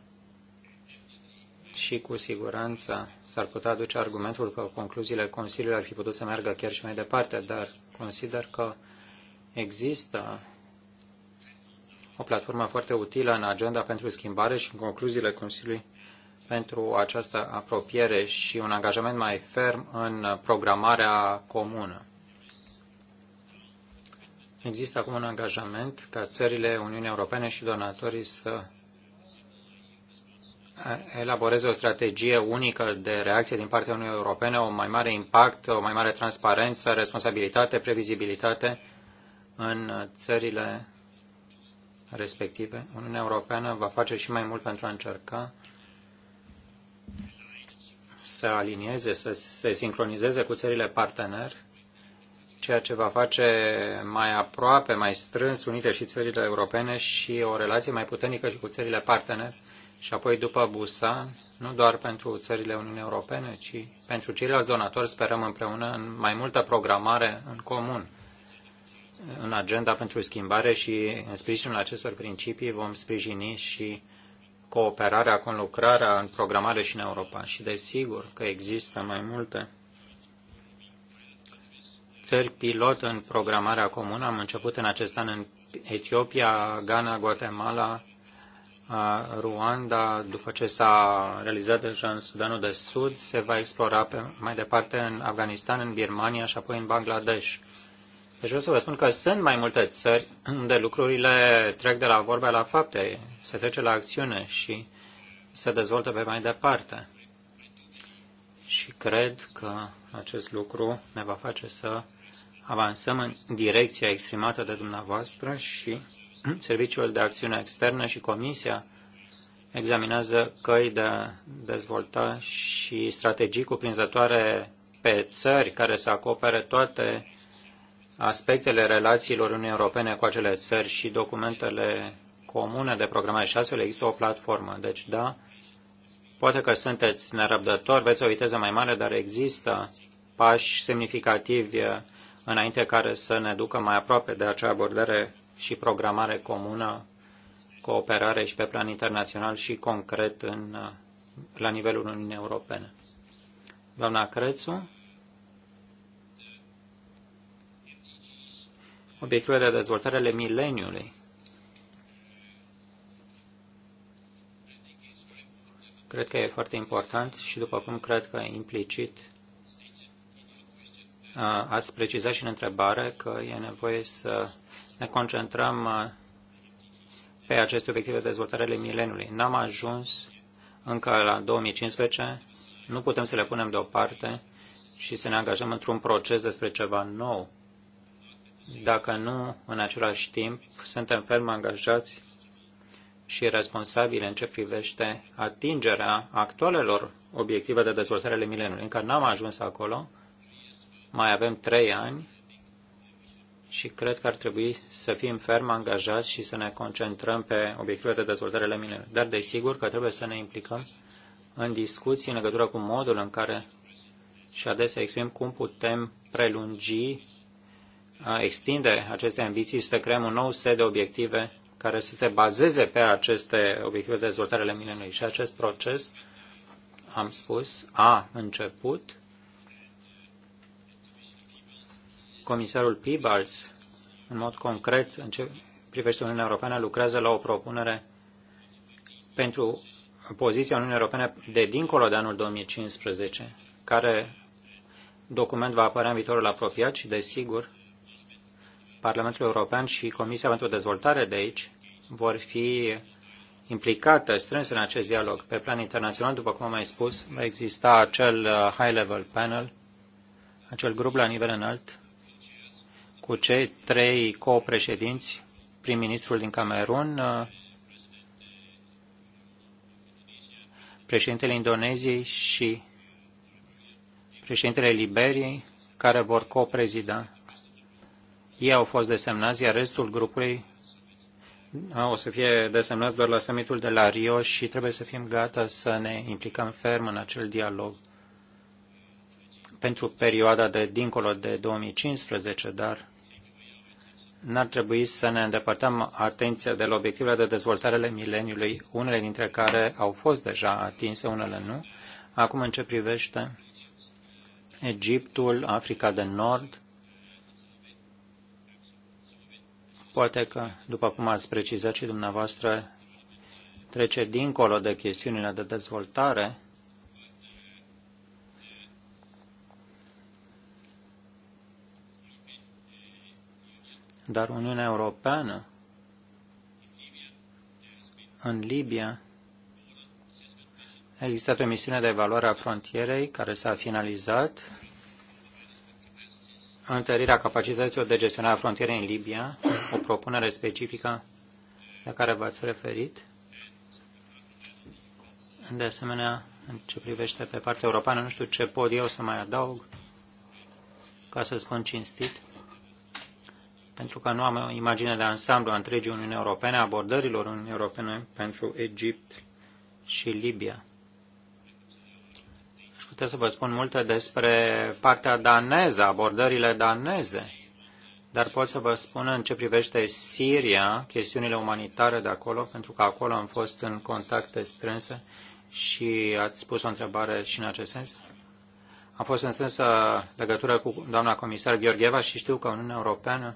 și cu siguranță s-ar putea aduce argumentul că concluziile Consiliului ar fi putut să meargă chiar și mai departe, dar consider că există o platformă foarte utilă în agenda pentru schimbare și în concluziile Consiliului pentru această apropiere și un angajament mai ferm în programarea comună. Există acum un angajament ca țările Uniunii Europene și donatorii să elaboreze o strategie unică de reacție din partea Uniunii Europene, o mai mare impact, o mai mare transparență, responsabilitate, previzibilitate în țările respective. Uniunea Europeană va face și mai mult pentru a încerca să alinieze, să se sincronizeze cu țările partener ceea ce va face mai aproape, mai strâns unite și țările europene și o relație mai puternică și cu țările partener și apoi după Busan, nu doar pentru țările Uniunii Europene, ci pentru ceilalți donatori sperăm împreună în mai multă programare în comun. În agenda pentru schimbare și în sprijinul acestor principii vom sprijini și cooperarea, conlucrarea în programare și în Europa. Și desigur că există mai multe țări pilot în programarea comună. Am început în acest an în Etiopia, Ghana, Guatemala, Ruanda, după ce s-a realizat deja în Sudanul de Sud, se va explora pe, mai departe în Afganistan, în Birmania și apoi în Bangladesh. Deci vreau să vă spun că sunt mai multe țări unde lucrurile trec de la vorbe la fapte, se trece la acțiune și se dezvoltă pe mai departe. Și cred că acest lucru ne va face să avansăm în direcția exprimată de dumneavoastră și Serviciul de Acțiune Externă și Comisia examinează căi de dezvolta și strategii cuprinzătoare pe țări care să acopere toate aspectele relațiilor Uniunii Europene cu acele țări și documentele comune de programare și astfel există o platformă. Deci, da, poate că sunteți nerăbdători, veți o viteză mai mare, dar există pași semnificativi înainte care să ne ducă mai aproape de acea abordare și programare comună, cooperare și pe plan internațional și concret în, la nivelul Uniunii Europene. Doamna Crețu? Obiectivele de dezvoltare ale mileniului. Cred că e foarte important și după cum cred că implicit Uh, ați precizat și în întrebare că e nevoie să ne concentrăm uh, pe aceste obiective de dezvoltare ale mileniului. N-am ajuns încă la 2015, nu putem să le punem deoparte și să ne angajăm într-un proces despre ceva nou. Dacă nu, în același timp, suntem ferm angajați și responsabile în ce privește atingerea actualelor obiective de dezvoltare ale mileniului. Încă n-am ajuns acolo, mai avem trei ani și cred că ar trebui să fim ferm angajați și să ne concentrăm pe obiectivele de dezvoltare ale minelor. Dar desigur că trebuie să ne implicăm în discuții în legătură cu modul în care și adesea exprim cum putem prelungi, extinde aceste ambiții și să creăm un nou set de obiective care să se bazeze pe aceste obiective de dezvoltare ale minelor. Și acest proces, am spus, a început comisarul Peebles, în mod concret, în ce privește Uniunea Europeană, lucrează la o propunere pentru poziția Uniunii Europene de dincolo de anul 2015, care document va apărea în viitorul apropiat și, desigur, Parlamentul European și Comisia pentru Dezvoltare de aici vor fi implicate strâns în acest dialog. Pe plan internațional, după cum am mai spus, va exista acel uh, high-level panel, acel grup la nivel înalt cu cei trei copreședinți, prim-ministrul din Camerun, uh, președintele Indoneziei și președintele Liberiei, care vor coprezida. Ei au fost desemnați, iar restul grupului o să fie desemnați doar la summitul de la Rio și trebuie să fim gata să ne implicăm ferm în acel dialog pentru perioada de dincolo de 2015, dar n-ar trebui să ne îndepărtăm atenția de la obiectivele de dezvoltare ale mileniului, unele dintre care au fost deja atinse, unele nu. Acum, în ce privește Egiptul, Africa de Nord, poate că, după cum ați precizat și dumneavoastră, trece dincolo de chestiunile de dezvoltare Dar Uniunea Europeană în Libia a existat o misiune de evaluare a frontierei care s-a finalizat. Întărirea capacităților de gestionare a frontierei în Libia, o propunere specifică la care v-ați referit. De asemenea, în ce privește pe partea europeană, nu știu ce pot eu să mai adaug, ca să spun cinstit pentru că nu am o imagine de ansamblu a întregii Uniunii Europene, abordărilor Uniunii Europene pentru Egipt și Libia. Aș putea să vă spun multe despre partea daneză, abordările daneze, dar pot să vă spun în ce privește Siria, chestiunile umanitare de acolo, pentru că acolo am fost în contacte strânse și ați pus o întrebare și în acest sens. Am fost în strânsă legătură cu doamna comisar Gheorgheva și știu că Uniunea Europeană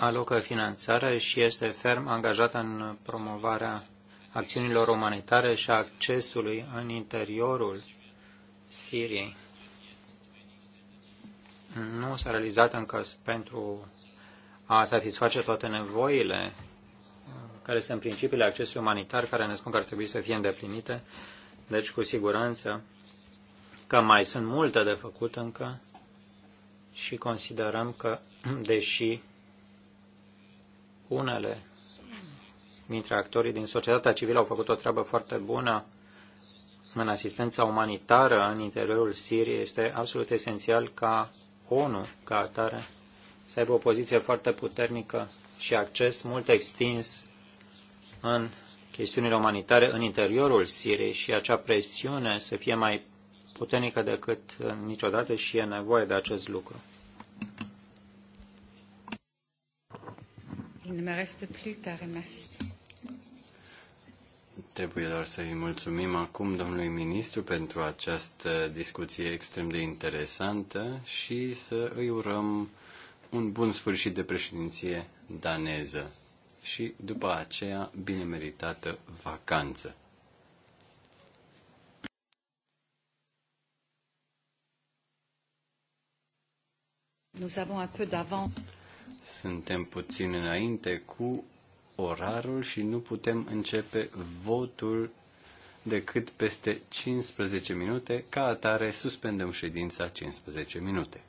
alocă finanțare și este ferm angajată în promovarea acțiunilor umanitare și a accesului în interiorul Siriei. Nu s-a realizat încă pentru a satisface toate nevoile care sunt principiile accesului umanitar care ne spun că ar trebui să fie îndeplinite. Deci, cu siguranță că mai sunt multe de făcut încă și considerăm că, deși unele dintre actorii din societatea civilă au făcut o treabă foarte bună în asistența umanitară în interiorul Siriei. Este absolut esențial ca ONU, ca atare, să aibă o poziție foarte puternică și acces mult extins în chestiunile umanitare în interiorul Siriei și acea presiune să fie mai puternică decât niciodată și e nevoie de acest lucru. Il ne reste plus qu'à remercier. Trebuie doar să-i mulțumim acum domnului ministru pentru această discuție extrem de interesantă și să îi urăm un bun sfârșit de președinție daneză și după aceea bine meritată vacanță. Nous avons un peu d'avance. Suntem puțin înainte cu orarul și nu putem începe votul decât peste 15 minute. Ca atare, suspendăm ședința 15 minute.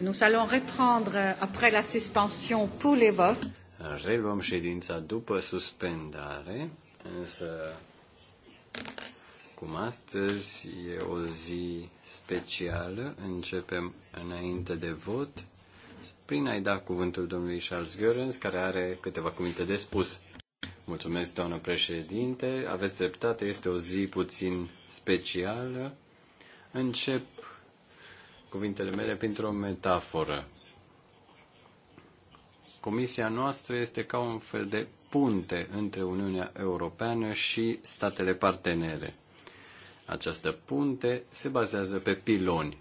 Nous allons reprendre euh, après la suspension pour les votes. Reluăm ședința după suspendare, însă cum astăzi e o zi specială, începem înainte de vot prin a-i da cuvântul domnului Charles Görens, care are câteva cuvinte de spus. Mulțumesc, doamnă președinte. Aveți dreptate, este o zi puțin specială. Încep cuvintele mele printr-o metaforă. Comisia noastră este ca un fel de punte între Uniunea Europeană și statele partenere. Această punte se bazează pe piloni.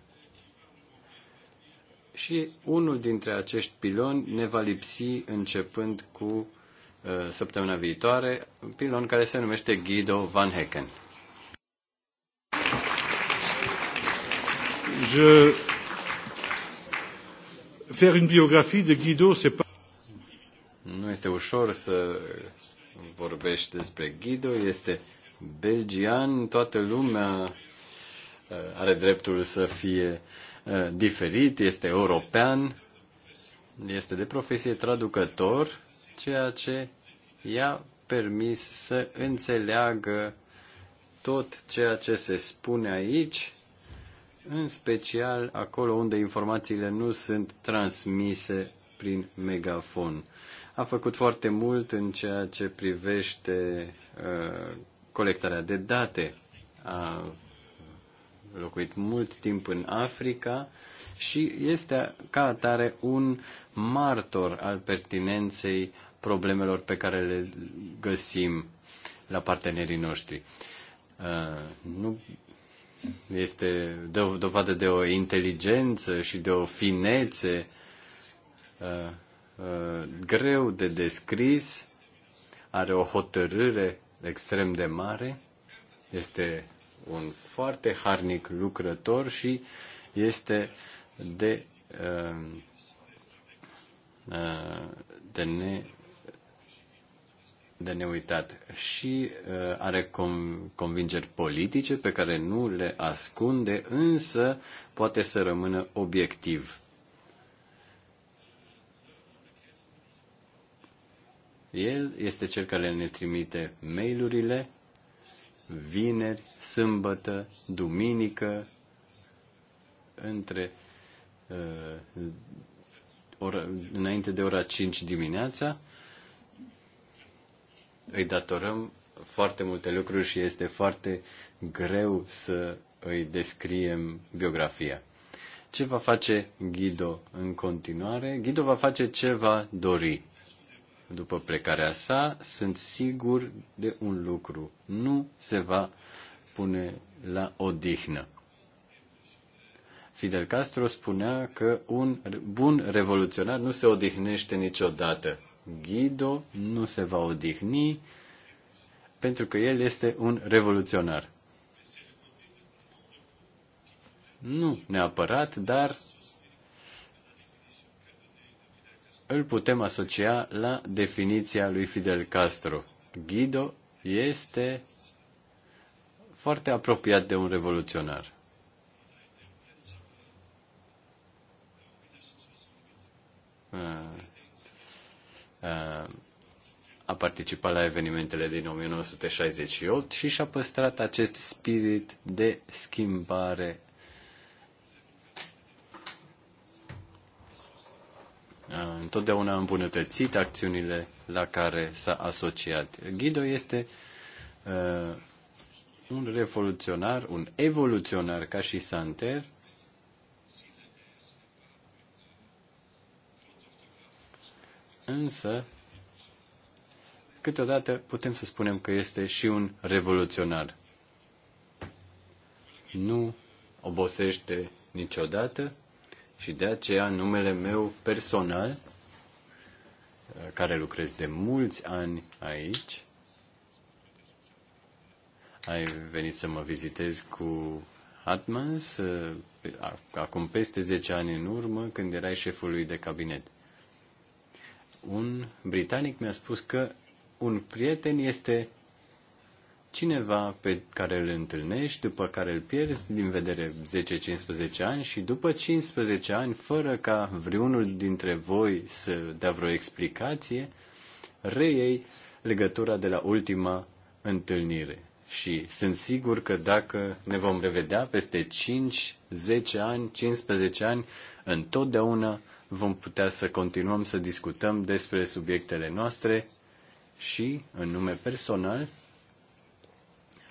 Și unul dintre acești piloni ne va lipsi începând cu uh, săptămâna viitoare, pilon care se numește Guido Van Hecken. Je... Faire une biografie de Guido, c'est pas... Nu este ușor să vorbești despre Guido, este belgian, toată lumea uh, are dreptul să fie uh, diferit, este european, este de profesie traducător, ceea ce i-a permis să înțeleagă tot ceea ce se spune aici în special acolo unde informațiile nu sunt transmise prin megafon. A făcut foarte mult în ceea ce privește uh, colectarea de date. A locuit mult timp în Africa și este ca atare un martor al pertinenței problemelor pe care le găsim la partenerii noștri. Uh, nu este dovadă de o inteligență și de o finețe uh, uh, greu de descris. Are o hotărâre extrem de mare. Este un foarte harnic lucrător și este de, uh, uh, de ne de neuitat și uh, are com- convingeri politice pe care nu le ascunde, însă poate să rămână obiectiv. El este cel care ne trimite mailurile vineri, sâmbătă, duminică, între uh, ora, înainte de ora 5 dimineața îi datorăm foarte multe lucruri și este foarte greu să îi descriem biografia. Ce va face Ghido în continuare? Ghido va face ce va dori. După plecarea sa, sunt sigur de un lucru. Nu se va pune la odihnă. Fidel Castro spunea că un bun revoluționar nu se odihnește niciodată. Guido nu se va odihni pentru că el este un revoluționar. Nu neapărat, dar îl putem asocia la definiția lui Fidel Castro. Guido este foarte apropiat de un revoluționar. Ah a participat la evenimentele din 1968 și și-a păstrat acest spirit de schimbare. Întotdeauna a îmbunătățit acțiunile la care s-a asociat. Guido este uh, un revoluționar, un evoluționar ca și Santer, însă câteodată putem să spunem că este și un revoluționar. Nu obosește niciodată și de aceea numele meu personal, care lucrez de mulți ani aici, ai venit să mă vizitezi cu Atmans eh, acum peste 10 ani în urmă, când erai lui de cabinet un britanic mi-a spus că un prieten este cineva pe care îl întâlnești, după care îl pierzi din vedere 10-15 ani și după 15 ani, fără ca vreunul dintre voi să dea vreo explicație, reiei legătura de la ultima întâlnire. Și sunt sigur că dacă ne vom revedea peste 5, 10 ani, 15 ani, întotdeauna vom putea să continuăm să discutăm despre subiectele noastre și, în nume personal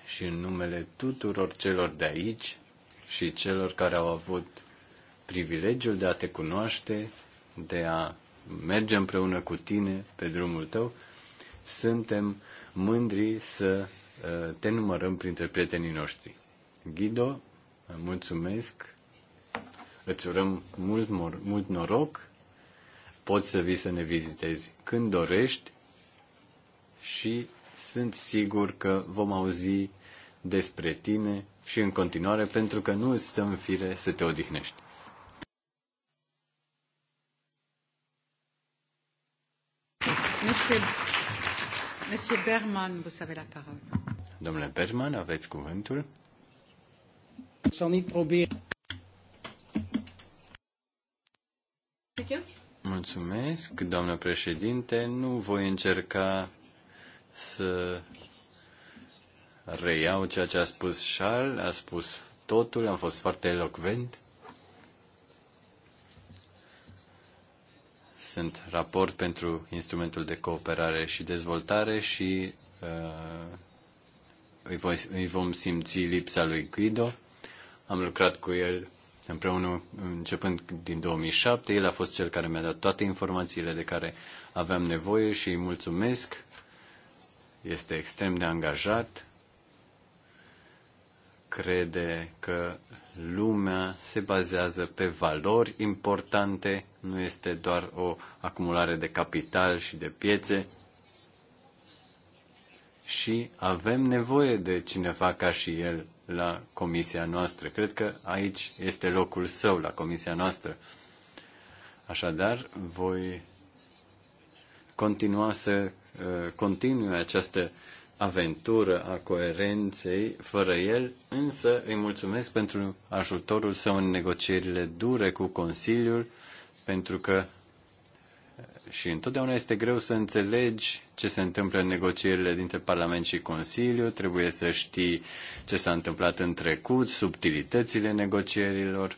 și în numele tuturor celor de aici și celor care au avut privilegiul de a te cunoaște, de a merge împreună cu tine pe drumul tău, suntem mândri să uh, te numărăm printre prietenii noștri. Guido, mulțumesc Îți urăm mult, mult noroc. Poți să vii să ne vizitezi când dorești și sunt sigur că vom auzi despre tine și în continuare pentru că nu îți stă în fire să te odihnești. Monsieur, Berman, vous avez la parole. Domnule Berman, aveți cuvântul. Mulțumesc, doamnă președinte. Nu voi încerca să reiau ceea ce a spus Charles. A spus totul, am fost foarte elocvent. Sunt raport pentru instrumentul de cooperare și dezvoltare și uh, îi, voi, îi vom simți lipsa lui Guido. Am lucrat cu el împreună începând din 2007. El a fost cel care mi-a dat toate informațiile de care aveam nevoie și îi mulțumesc. Este extrem de angajat. Crede că lumea se bazează pe valori importante, nu este doar o acumulare de capital și de piețe și avem nevoie de cineva ca și el la comisia noastră. Cred că aici este locul său la comisia noastră. Așadar, voi continua să uh, continue această aventură a coerenței fără el, însă îi mulțumesc pentru ajutorul său în negocierile dure cu Consiliul, pentru că și întotdeauna este greu să înțelegi ce se întâmplă în negocierile dintre Parlament și Consiliu, trebuie să știi ce s-a întâmplat în trecut, subtilitățile negocierilor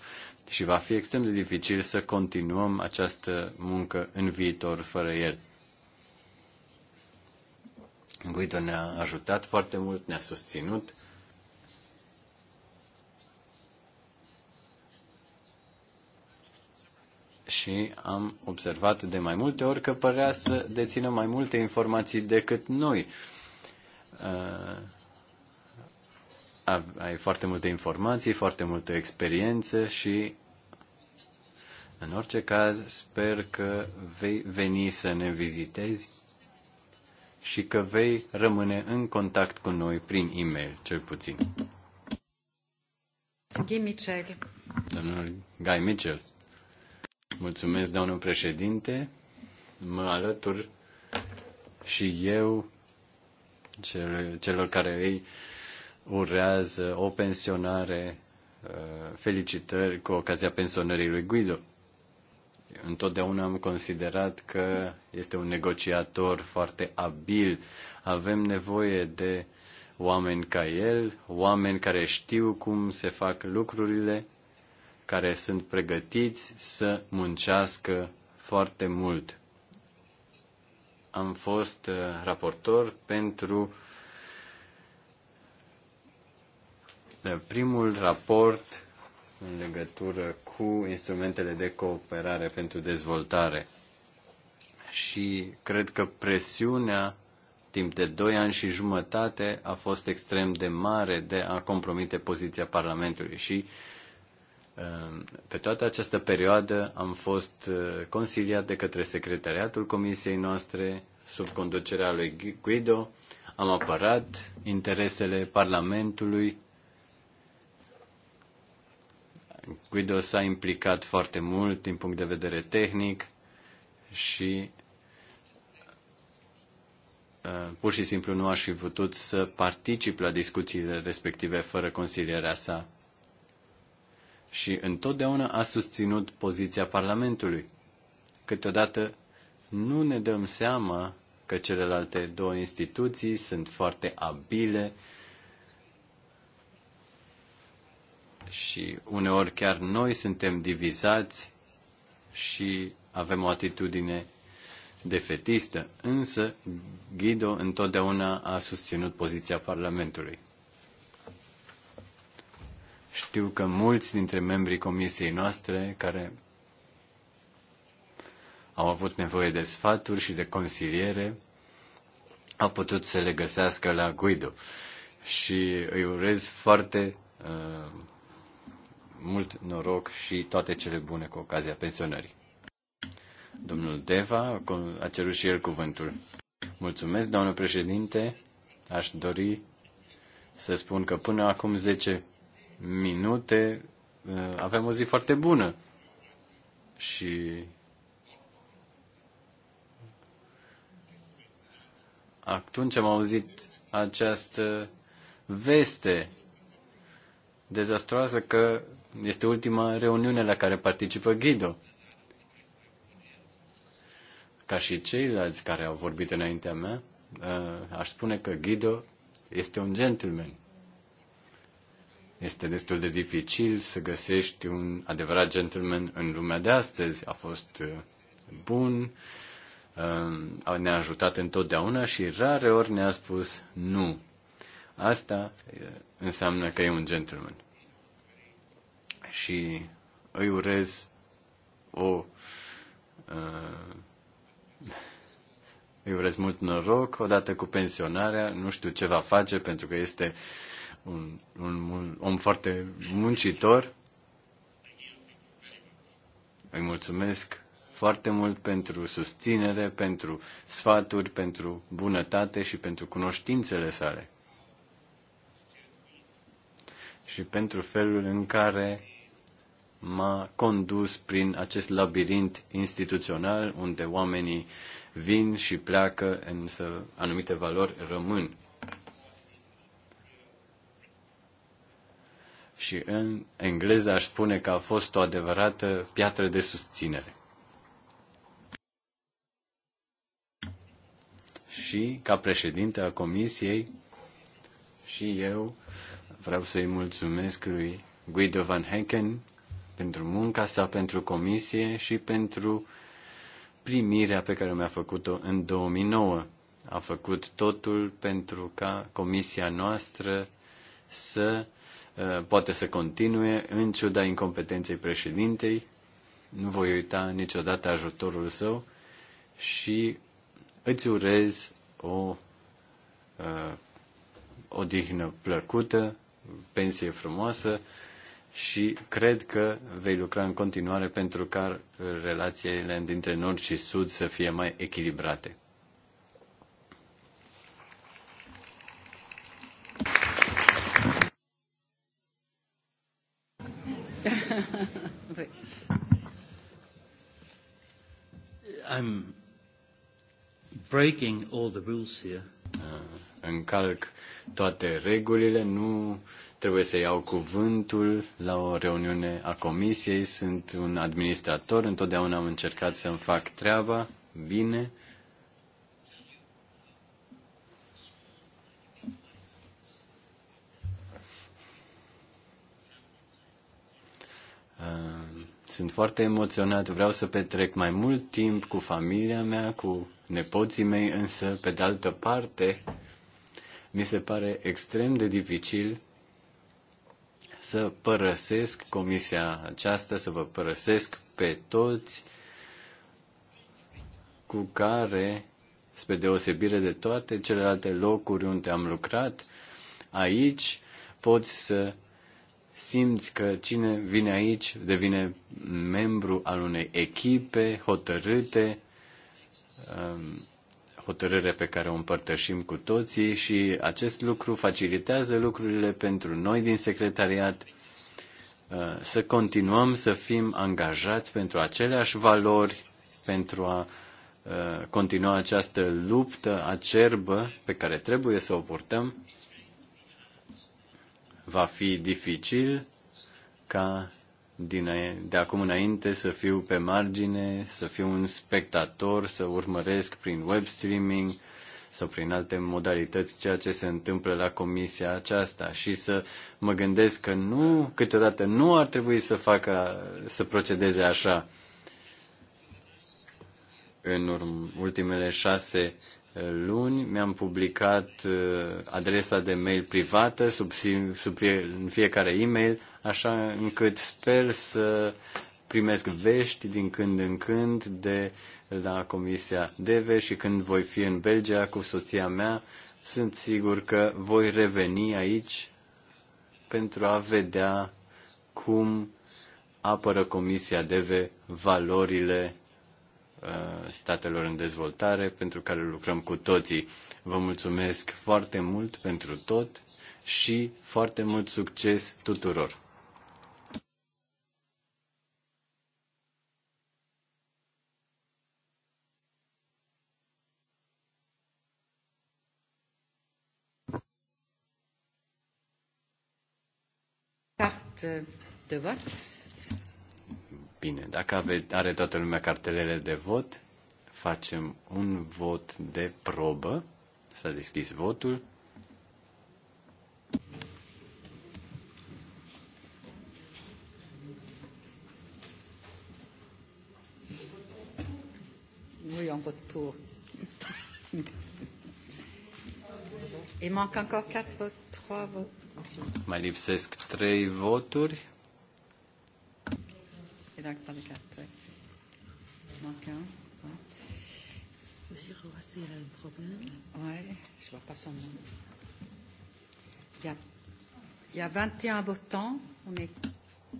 și va fi extrem de dificil să continuăm această muncă în viitor fără el. Guido ne-a ajutat foarte mult, ne-a susținut și am observat de mai multe ori că părea să dețină mai multe informații decât noi. Uh, ai foarte multe informații, foarte multă experiență și, în orice caz, sper că vei veni să ne vizitezi și că vei rămâne în contact cu noi prin e-mail, cel puțin. Guy Mitchell. Domnul Guy Mitchell. Mulțumesc, domnul președinte. Mă alătur și eu celor care îi urează o pensionare, uh, felicitări cu ocazia pensionării lui Guido. Întotdeauna am considerat că este un negociator foarte abil. Avem nevoie de oameni ca el, oameni care știu cum se fac lucrurile care sunt pregătiți să muncească foarte mult. Am fost uh, raportor pentru uh, primul raport în legătură cu instrumentele de cooperare pentru dezvoltare. Și cred că presiunea timp de doi ani și jumătate a fost extrem de mare de a compromite poziția Parlamentului și uh, Ehm, pe toată această perioadă am fost eh, consiliat de către secretariatul comisiei noastre, sub conducerea lui Guido, am apărat interesele Parlamentului. Guido s-a implicat foarte mult din punct de vedere tehnic și eh, pur și simplu nu aș fi putut să particip la discuțiile respective fără consilierea sa și întotdeauna a susținut poziția Parlamentului. Câteodată nu ne dăm seama că celelalte două instituții sunt foarte abile și uneori chiar noi suntem divizați și avem o atitudine defetistă, însă Guido întotdeauna a susținut poziția Parlamentului. Știu că mulți dintre membrii comisiei noastre care au avut nevoie de sfaturi și de consiliere au putut să le găsească la Guido. Și îi urez foarte uh, mult noroc și toate cele bune cu ocazia pensionării. Domnul Deva a cerut și el cuvântul. Mulțumesc, doamnă președinte. Aș dori să spun că până acum 10 minute uh, avem o zi foarte bună. Și atunci am auzit această veste dezastroasă că este ultima reuniune la care participă Guido. Ca și ceilalți care au vorbit înaintea mea, uh, aș spune că Guido este un gentleman. Este destul de dificil să găsești un adevărat gentleman în lumea de astăzi. A fost uh, bun, um, ne-a ajutat întotdeauna și rare ori ne-a spus nu. Asta uh, înseamnă că e un gentleman. Și îi urez o uh, îi urez mult noroc odată cu pensionarea, nu știu ce va face pentru că este un, un, un om foarte muncitor. Îi mulțumesc foarte mult pentru susținere, pentru sfaturi, pentru bunătate și pentru cunoștințele sale. Și pentru felul în care m-a condus prin acest labirint instituțional unde oamenii vin și pleacă, însă anumite valori rămân. și în engleză aș spune că a fost o adevărată piatră de susținere. Și ca președinte a comisiei și eu vreau să-i mulțumesc lui Guido Van Hecken pentru munca sa, pentru comisie și pentru primirea pe care mi-a făcut-o în 2009. A făcut totul pentru ca comisia noastră să Eh, poate să continue în ciuda incompetenței președintei. Nu voi uita niciodată ajutorul său și îți urez o eh, odihnă plăcută, pensie frumoasă și cred că vei lucra în continuare pentru ca relațiile dintre nord și sud să fie mai echilibrate. I'm breaking all the rules here. Ah, încalc toate regulile, nu trebuie să iau cuvântul la o reuniune a comisiei, sunt un administrator, întotdeauna am încercat să-mi fac treaba bine Sunt foarte emoționat, vreau să petrec mai mult timp cu familia mea, cu nepoții mei, însă, pe de altă parte, mi se pare extrem de dificil să părăsesc comisia aceasta, să vă părăsesc pe toți cu care, spre deosebire de toate celelalte locuri unde am lucrat, aici poți să simți că cine vine aici devine membru al unei echipe hotărâte, um, hotărâre pe care o împărtășim cu toții și acest lucru facilitează lucrurile pentru noi din secretariat uh, să continuăm să fim angajați pentru aceleași valori, pentru a uh, continua această luptă acerbă pe care trebuie să o purtăm va fi dificil ca din, de acum înainte să fiu pe margine, să fiu un spectator, să urmăresc prin web streaming sau prin alte modalități ceea ce se întâmplă la comisia aceasta și să mă gândesc că nu, câteodată nu ar trebui să facă, să procedeze așa. În ultimele șase luni mi-am publicat uh, adresa de mail privată sub, sub fie, în fiecare e-mail, așa încât sper să primesc vești din când în când de la Comisia DEVE și când voi fi în Belgia cu soția mea, sunt sigur că voi reveni aici pentru a vedea cum apără Comisia DEVE valorile Uh, statelor în dezvoltare, pentru care lucrăm cu toții. Vă mulțumesc foarte mult pentru tot și foarte mult succes tuturor! carte de vote. Bine, dacă ave, are toată lumea cartelele de vot, facem un vot de probă. S-a deschis votul. Oui, on vote pour. Il 4 Mai lipsesc 3 voturi direkt alle quatre. Manquant. Ouais. Monsieur Roas, il a un problème. Oui, je ne vois pas son nom. Il y a, il y a 21 votants. On est...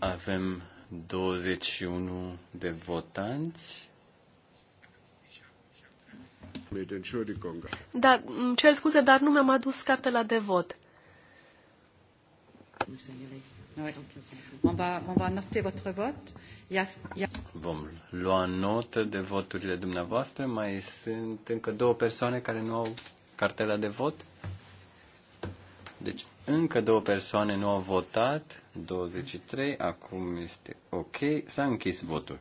Avem 21 de votanți. Da, îmi cer scuze, dar nu mi-am adus cartela de vot. Nu Vom lua notă de voturile dumneavoastră. Mai sunt încă două persoane care nu au cartela de vot. Deci, încă două persoane nu au votat. 23. Acum este ok. S-a închis votul.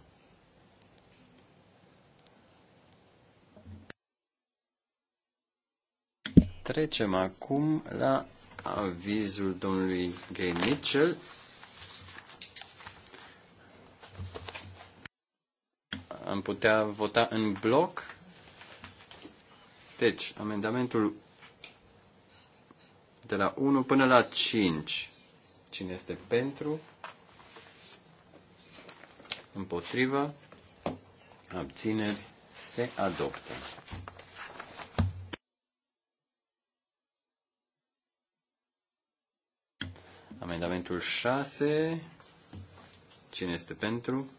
Trecem acum la avizul domnului Gay Mitchell. Am putea vota în bloc. Deci, amendamentul de la 1 până la 5. Cine este pentru? Împotrivă? Abțineri? Se adoptă. Amendamentul 6. Cine este pentru?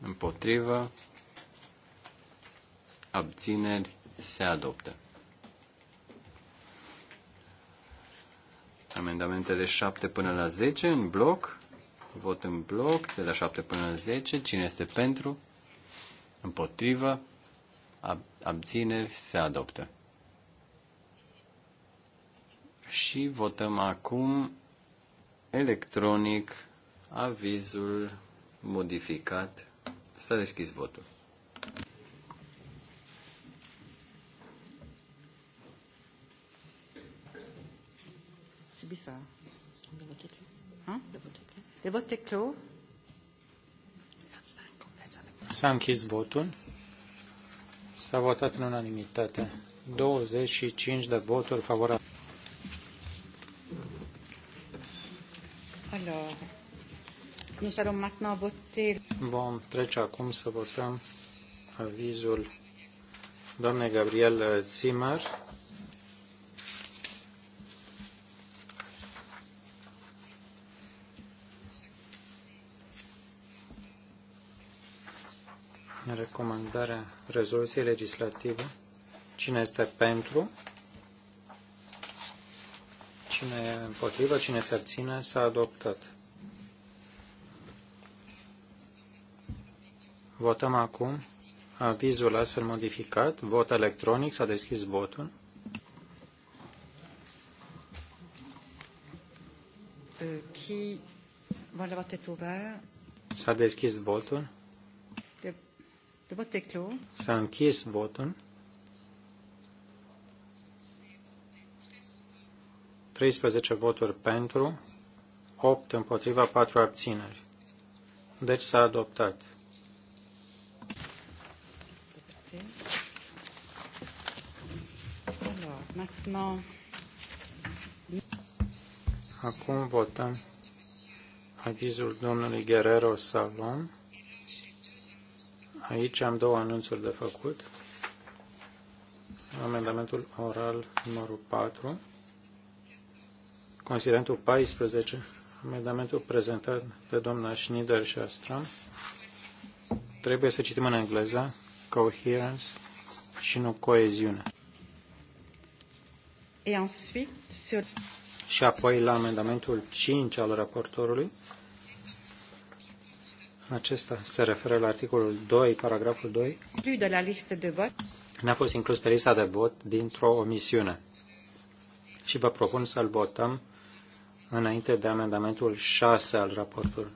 Împotrivă. Abțineri. Se adoptă. Amendamentele 7 până la 10 în bloc. Vot în bloc de la 7 până la 10. Cine este pentru? Împotrivă. Ab- abțineri. Se adoptă și votăm acum electronic avizul modificat. Să a deschis votul. C'est bizarre. De vote clos. Hein? Le vote clos. clos. S-a închis votul. S-a votat în unanimitate. 25 de voturi favorabile. Alors, nous allons maintenant voter. Vom trece acum să votăm avizul doamnei Gabriel Zimmer. Recomandarea rezoluției legislative. Cine este pentru? cine împotrivă, cine se abține, s-a adoptat. Votăm acum avizul astfel modificat. Vot electronic. S-a deschis votul. Euh, qui... S-a deschis votul. S-a închis votul. 13 voturi pentru, 8 împotriva, 4 abțineri. Deci s-a adoptat. Acum votăm avizul domnului Guerrero Salom. Aici am două anunțuri de făcut. Amendamentul oral numărul 4 Considerentul 14, amendamentul prezentat de doamna Schneider și Astram, trebuie să citim în engleză coherence și nu coeziune. Et ensuite, sur... Și apoi la amendamentul 5 al raportorului, acesta se referă la articolul 2, paragraful 2. De la listă de vot. N-a fost inclus pe lista de vot dintr-o omisiune. Și vă propun să-l votăm înainte de amendamentul 6 al raportului.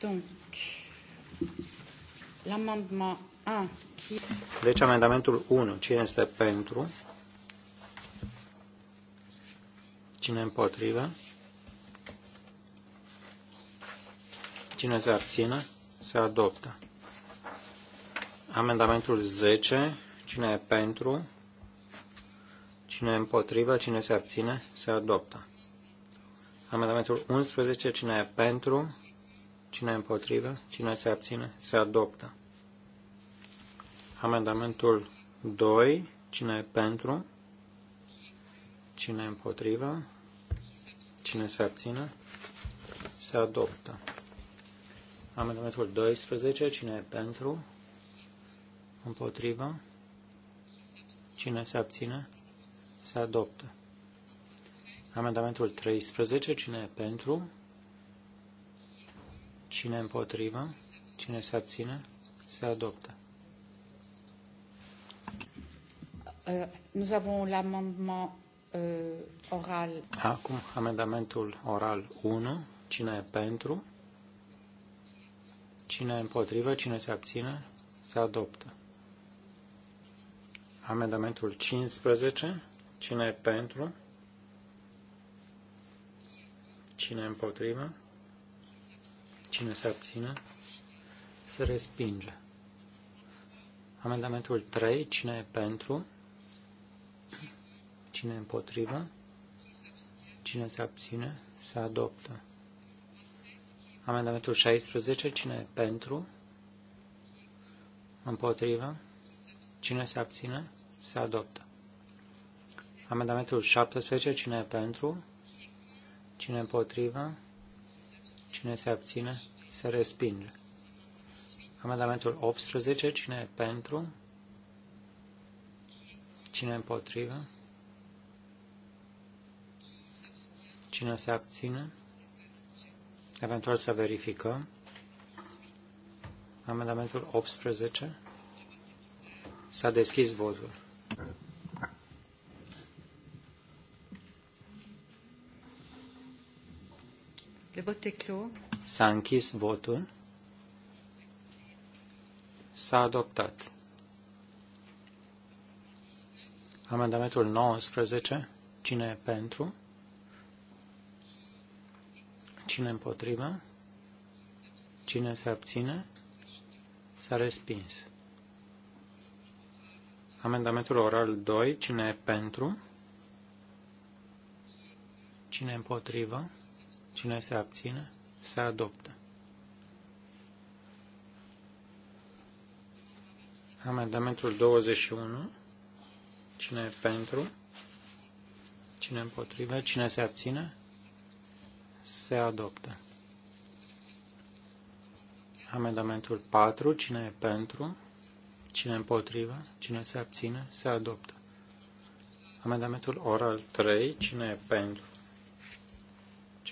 Donc, l'amendement 1 qui... Deci amendamentul 1, cine este pentru? Cine împotrivă? Cine se abține? Se adoptă. Amendamentul 10. Cine e pentru? Cine împotrivă, cine se abține, se adoptă. Amendamentul 11, cine e pentru, cine e împotrivă, cine se abține, se adoptă. Amendamentul 2, cine e pentru, cine e împotrivă, cine se abține, se adoptă. Amendamentul 12, cine e pentru, împotrivă, cine se abține, se adoptă. Amendamentul 13. Cine e pentru? Cine împotrivă? Cine se abține? Se adoptă. Uh, avem avons uh, oral. Acum, amendamentul oral 1. Cine e pentru? Cine e împotrivă? Cine se abține? Se adoptă. Amendamentul 15. Cine e pentru? Cine e împotrivă? Cine se abține? Se respinge. Amendamentul 3. Cine e pentru? Cine e împotrivă? Cine se abține? Se adoptă. Amendamentul 16. Cine e pentru? Împotrivă? Cine se abține? Se adoptă. Amendamentul 17, cine e pentru? Cine e împotrivă? Cine se abține? Se respinge. Amendamentul 18, cine e pentru? Cine e împotrivă? Cine se abține? Eventual să verificăm. Amendamentul 18. S-a deschis votul. S-a închis votul. S-a adoptat. Amendamentul 19. Cine e pentru? Cine împotrivă? Cine se abține? S-a respins. Amendamentul oral 2. Cine e pentru? Cine împotrivă? Cine se abține? Se adoptă. Amendamentul 21. Cine e pentru? Cine împotrivă? Cine se abține? Se adoptă. Amendamentul 4. Cine e pentru? Cine împotrivă? Cine se abține? Se adoptă. Amendamentul oral 3. Cine e pentru?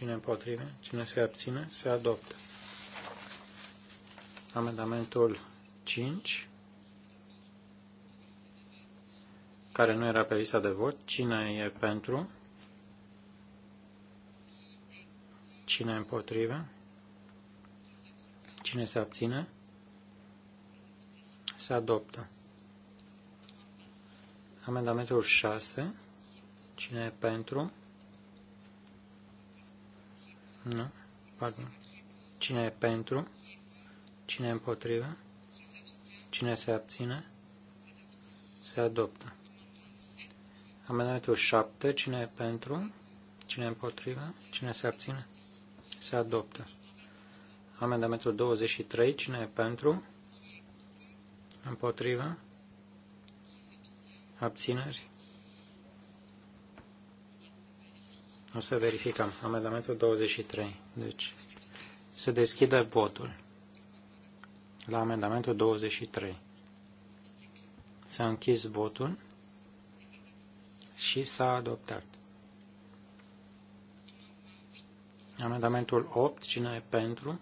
cine împotrivă, cine se abține, se adoptă. Amendamentul 5, care nu era pe lista de vot, cine e pentru, cine împotrivă, cine se abține, se adoptă. Amendamentul 6, cine e pentru, nu. Pardon. Cine e pentru? Cine e împotrivă? Cine se abține? Se adoptă. Amendamentul 7. Cine e pentru? Cine e împotrivă? Cine se abține? Se adoptă. Amendamentul 23. Cine e pentru? Împotrivă? Abțineri? O să verificăm. Amendamentul 23. Deci, se deschide votul la amendamentul 23. S-a închis votul și s-a adoptat. Amendamentul 8. Cine e pentru?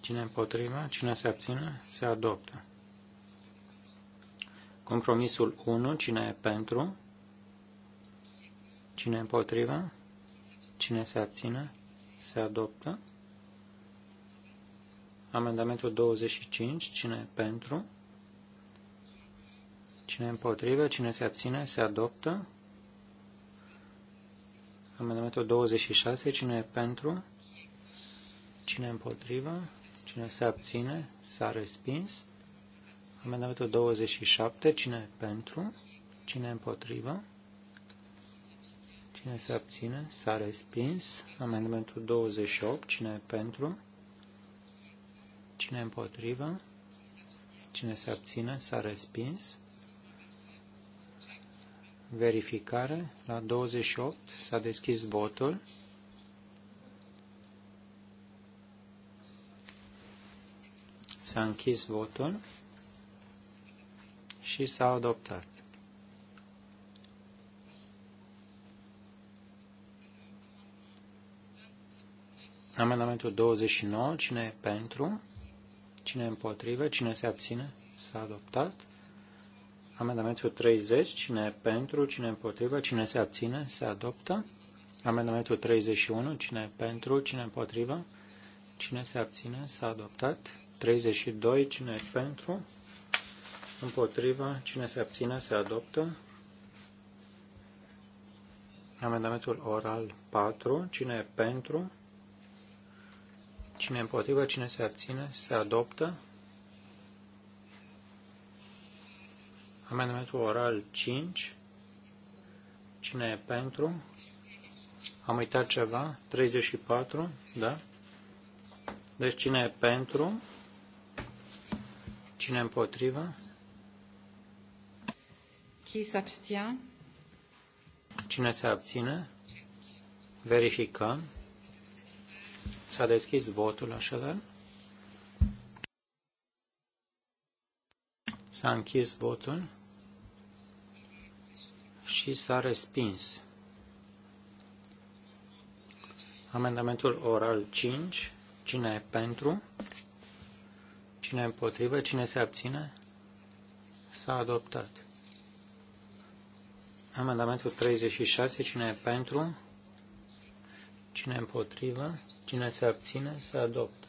Cine împotrivă? Cine se abține? Se adoptă. Compromisul 1. Cine e pentru? Cine împotriva? Cine se abține? Se adoptă. Amendamentul 25. Cine pentru? Cine împotrivă? Cine se abține? Se adoptă. Amendamentul 26. Cine e pentru? Cine împotrivă? Cine se abține? S-a respins. Amendamentul 27. Cine e pentru? Cine împotrivă? Cine se abține? S-a respins. Amendamentul 28. Cine e pentru? Cine e împotrivă? Cine se abține? S-a respins. Verificare. La 28 s-a deschis votul. S-a închis votul și s-a adoptat. Amendamentul 29, cine e pentru? Cine e împotrivă? Cine se abține? S-a adoptat. Amendamentul 30, cine e pentru? Cine e împotrivă? Cine se abține? Se adoptă. Amendamentul 31, cine e pentru? Cine e împotrivă? Cine se abține? S-a adoptat. 32, cine e pentru? Împotrivă, cine se abține? Se adoptă. Amendamentul oral 4, cine e pentru? Cine împotrivă, cine se abține, se adoptă. Amendamentul oral 5. Cine e pentru? Am uitat ceva. 34, da? Deci cine e pentru? Cine împotrivă? se abține? Cine se abține? Verificăm. S-a deschis votul așadar. S-a închis votul și s-a respins. Amendamentul oral 5. Cine e pentru? Cine e împotrivă? Cine se abține? S-a adoptat. Amendamentul 36. Cine e pentru? Cine împotrivă? Cine se abține? Se adoptă.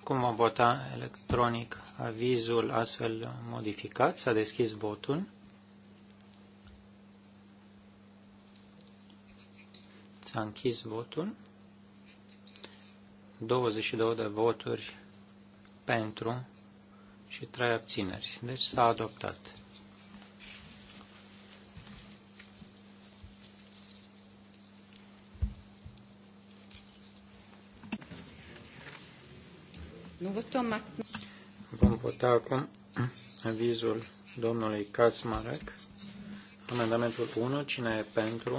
Acum vom vota electronic avizul astfel modificat. S-a deschis votul. S-a închis votul. 22 de voturi pentru și 3 abțineri. Deci s-a adoptat. Vom vota acum avizul domnului Kaczmarek. Amendamentul 1. Cine e pentru?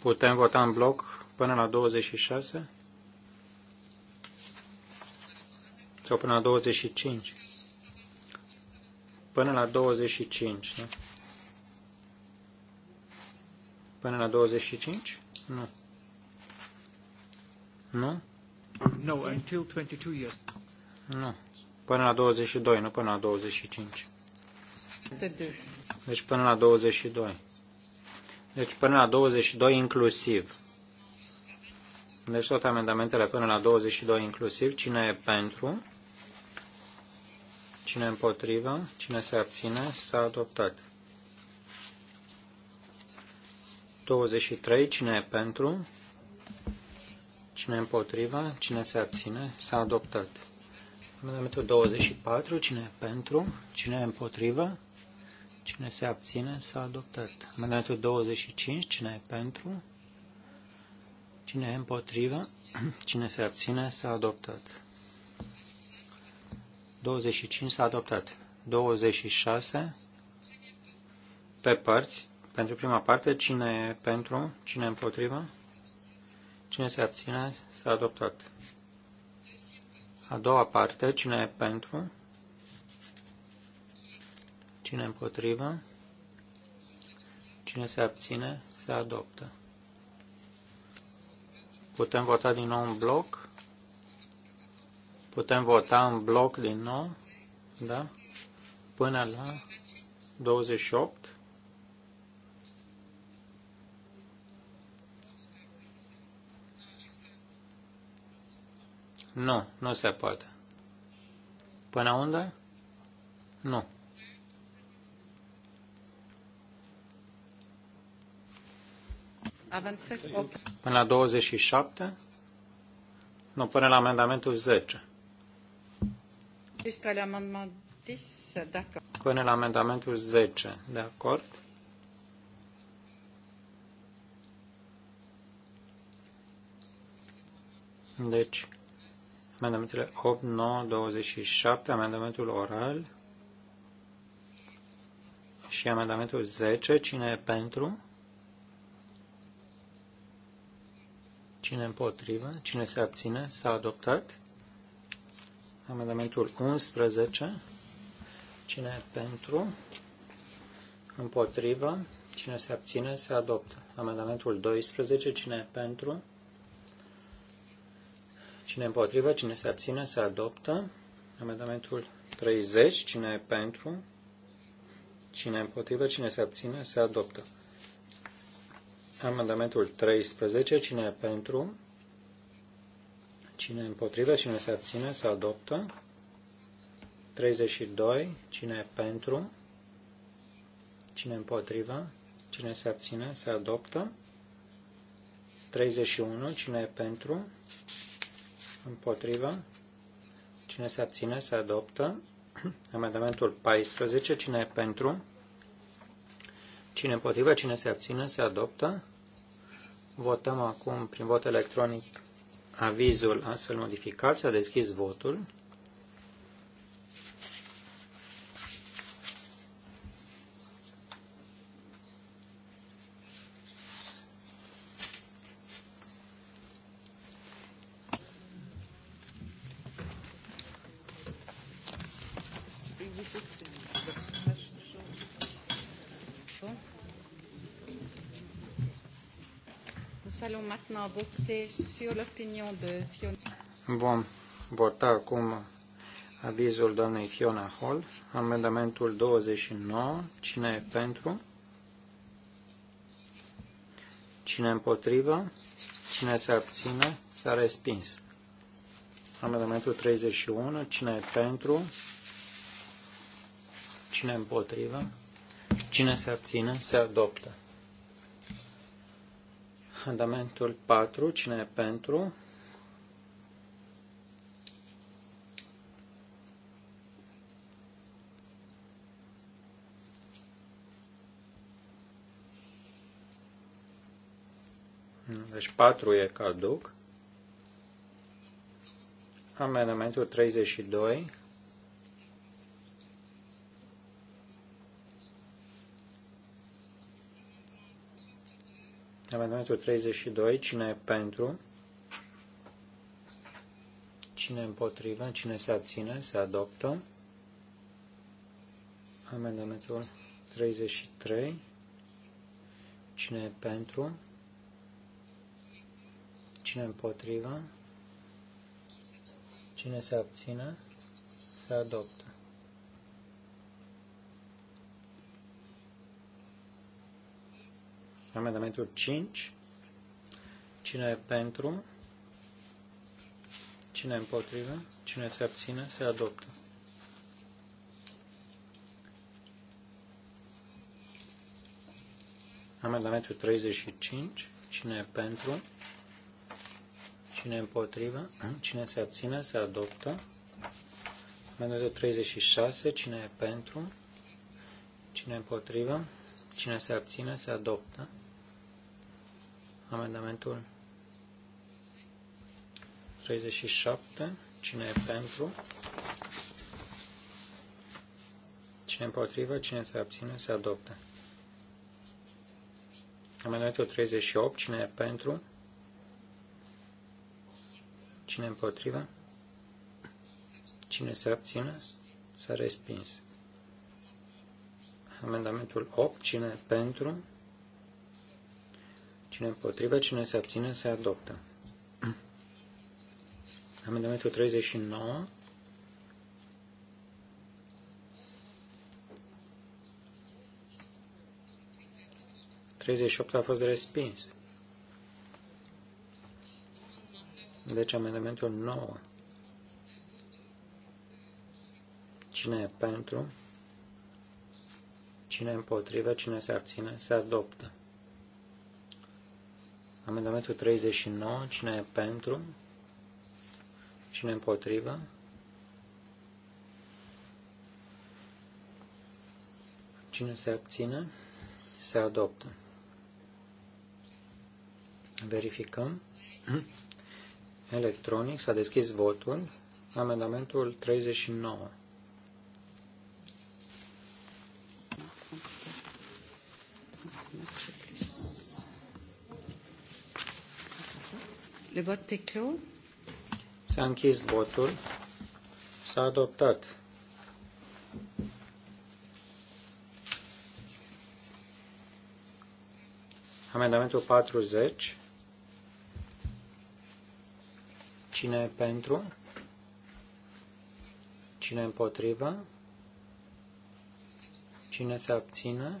Putem vota în bloc până la 26? Sau până la 25? Până la 25, da? Până la 25? Nu. Nu? No, until 22 years. Nu. Până la 22, nu până la 25. Deci până la 22. Deci până la 22 inclusiv. Deci toate amendamentele până la 22 inclusiv. Cine e pentru? Cine împotrivă? Cine se abține? S-a adoptat. 23. Cine e pentru? Cine e împotriva? Cine se abține? S-a adoptat. Amendamentul 24. Cine e pentru? Cine e împotriva? Cine se abține? S-a adoptat. Amendamentul 25. Cine e pentru? Cine e împotriva? Cine se abține? S-a adoptat. 25 s-a adoptat. 26 pe părți, pentru prima parte, cine e pentru, cine e împotrivă, cine se abține, s-a adoptat. A doua parte, cine e pentru, cine e împotrivă, cine se abține, se adoptă. Putem vota din nou în bloc? Putem vota în bloc din nou? Da? Până la 28. Nu, nu se poate. Până unde? Nu. Până la 27? Nu, până la amendamentul 10. Până la amendamentul 10, de acord? Deci, amendamentele 8, 9, 27, amendamentul oral și amendamentul 10. Cine e pentru? Cine împotrivă? Cine se abține? S-a adoptat. Amendamentul 11. Cine e pentru? Împotrivă? Cine se abține? Se adoptă. Amendamentul 12. Cine e pentru? Cine împotrivă, cine se abține, se adoptă. Amendamentul 30, cine e pentru, cine împotrivă, cine se abține, se adoptă. Amendamentul 13, cine e pentru, cine împotrivă, cine se abține, se adoptă. 32, cine e pentru, cine împotrivă, cine se abține, se adoptă. 31, cine e pentru, Împotrivă. cine se abține, se adoptă. Amendamentul 14, cine e pentru, cine împotrivă, cine se abține, se adoptă. Votăm acum prin vot electronic avizul astfel modificat. S-a deschis votul. voter sur l'opinion de Fiona. Vom vota acum avizul doamnei Fiona Hall, amendamentul 29. Cine e pentru? Cine împotrivă? Cine se abține? S-a respins. Amendamentul 31. Cine e pentru? Cine împotrivă? Cine se abține? Se adoptă. Amendamentul 4. Cine e pentru? Deci 4 e caduc. Amendamentul 32. Amendamentul 32. Cine e pentru? Cine împotrivă? Cine se abține? Se adoptă. Amendamentul 33. Cine e pentru? Cine împotrivă? Cine se abține? Se adoptă. Amendamentul 5. Cine e pentru? Cine e împotrivă? Cine se abține? Se adoptă. Amendamentul 35. Cine e pentru? Cine e împotrivă? Cine se abține? Se adoptă. Amendamentul 36. Cine e pentru? Cine e împotrivă? Cine se abține? Se adoptă. Amendamentul 37. Cine e pentru? Cine împotrivă? Cine se abține? Se adoptă. Amendamentul 38. Cine e pentru? Cine împotrivă? Cine se abține? S-a respins. Amendamentul 8. Cine pentru? Cine împotrivă, cine se abține, se adoptă. Amendamentul 39. Treizeci a fost respins. Deci amendamentul 9. Cine e pentru? Cine e împotrivă? Cine se abține? Se adoptă. Amendamentul 39, cine e pentru? Cine împotrivă? Cine se abține? Se adoptă. Verificăm. Electronic s-a deschis votul. Amendamentul 39. Le vot est clos. S-a închis votul. S-a adoptat. Amendamentul 40. Cine e pentru? Cine e împotrivă? Cine se abține?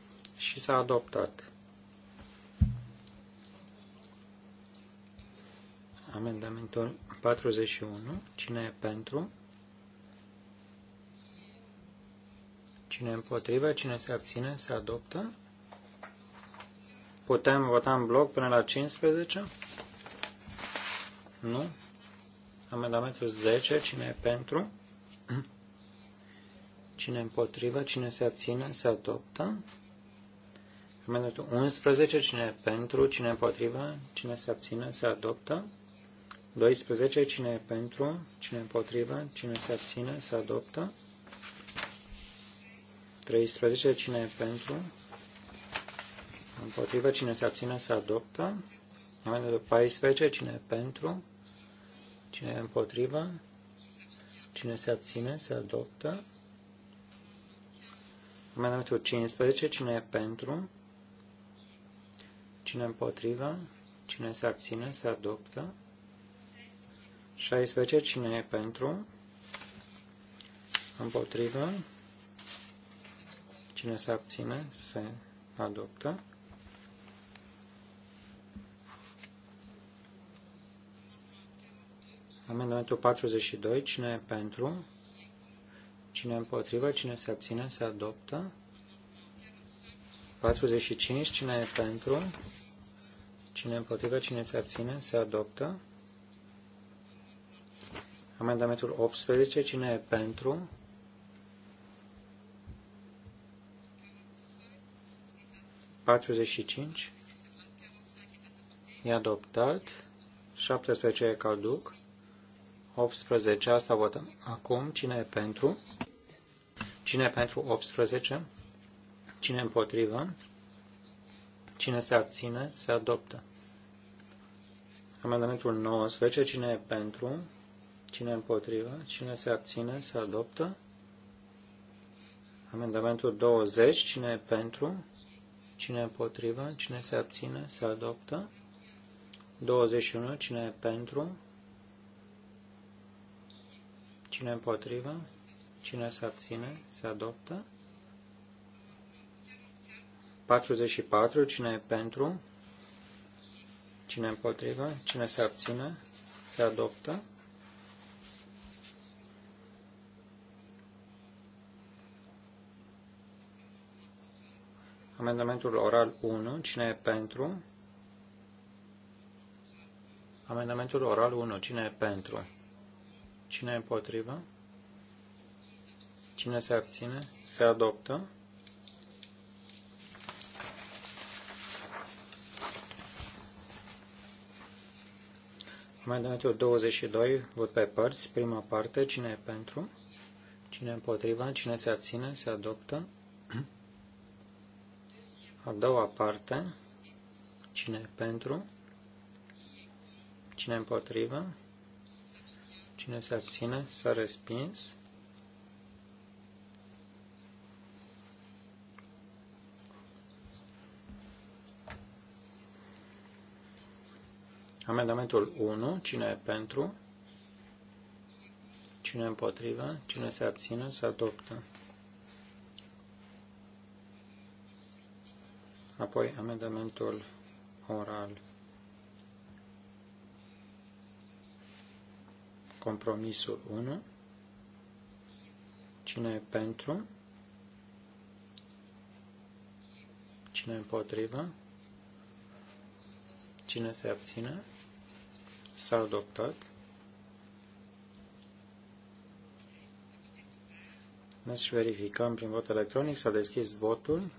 și s-a adoptat. Amendamentul 41. Cine e pentru? Cine e împotrivă? Cine se abține? Se adoptă. Putem vota în bloc până la 15? Nu? Amendamentul 10. Cine e pentru? Cine împotrivă? Cine se abține? Se adoptă. Amendamentul 11, cine e pentru, cine împotrivă, cine se abține, se adoptă. 12, cine e pentru, cine împotrivă, cine se abține, se adoptă. 13, cine e pentru, împotrivă, cine se abține, se adoptă. Amendamentul 14, cine e pentru, cine e împotrivă, cine se abține, se adoptă. Amendamentul 15, cine e pentru, Cine împotrivă? Cine se abține? Se adoptă. 16. Cine e pentru? Împotrivă? Cine se abține? Se adoptă. Amendamentul 42. Cine e pentru? Cine împotrivă? Cine se abține? Se adoptă. 45. Cine e pentru? Cine împotrivă, cine se abține, se adoptă. Amendamentul 18. Cine e pentru? E adoptat. 17 e caduc. 18. Asta votăm. Acum, cine e pentru? Cine e pentru 18? Cine împotrivă? Cine se abține, se adoptă. Amendamentul 19. Cine e pentru? Cine împotrivă? Cine se abține, se adoptă. Amendamentul 20. Cine e pentru? Cine împotrivă? Cine se abține, se adoptă. 21. Cine e pentru? Cine împotrivă? Cine se abține, se adoptă. 44. Cine e pentru? Cine e împotrivă? Cine se abține? Se adoptă. Amendamentul oral 1. Cine e pentru? Amendamentul oral 1. Cine e pentru? Cine e împotrivă? Cine se abține? Se adoptă. eu 22, vot pe părți, prima parte, cine e pentru, cine împotriva, cine se abține, se adoptă. A doua parte, cine e pentru, cine împotriva, cine se abține, s-a respins. Amendamentul 1. Cine e pentru? Cine împotrivă? Cine se abține? Se adoptă. Apoi amendamentul oral. Compromisul 1. Cine e pentru? Cine împotrivă? Cine se abține? S-a adoptat. Deci verificăm prin vot electronic. S-a deschis votul.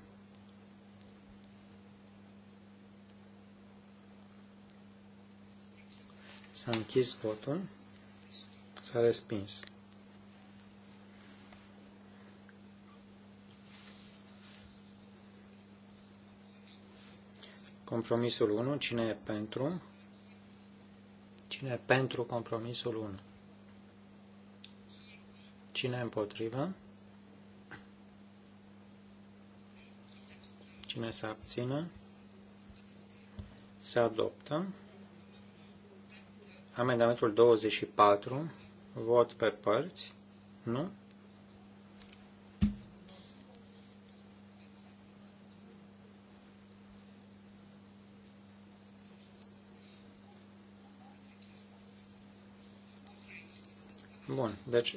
S-a închis votul. S-a respins. Compromisul 1. Cine e pentru? Cine pentru compromisul 1? Cine împotrivă? Cine se abțină? Se adoptă. Amendamentul 24, vot pe părți, nu? Bun, deci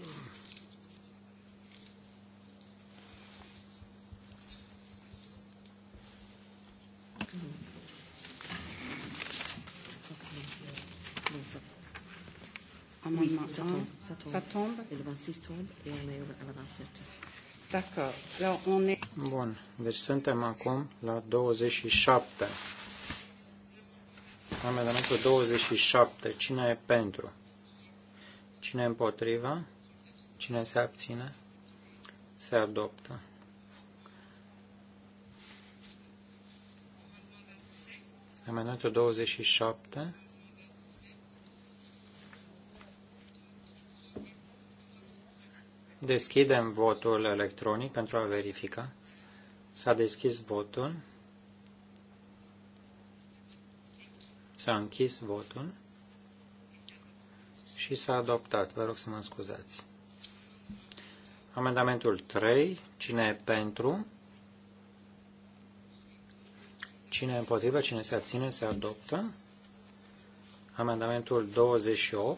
27. Bun. Deci suntem acum la 27. Amendamentul 27. Cine e pentru? Cine împotrivă? Cine se abține? Se adoptă. Amenatul 27. Deschidem votul electronic pentru a verifica. S-a deschis votul. S-a închis votul și s-a adoptat. Vă rog să mă scuzați. Amendamentul 3. Cine e pentru? Cine e împotrivă? Cine se abține? Se adoptă. Amendamentul 28.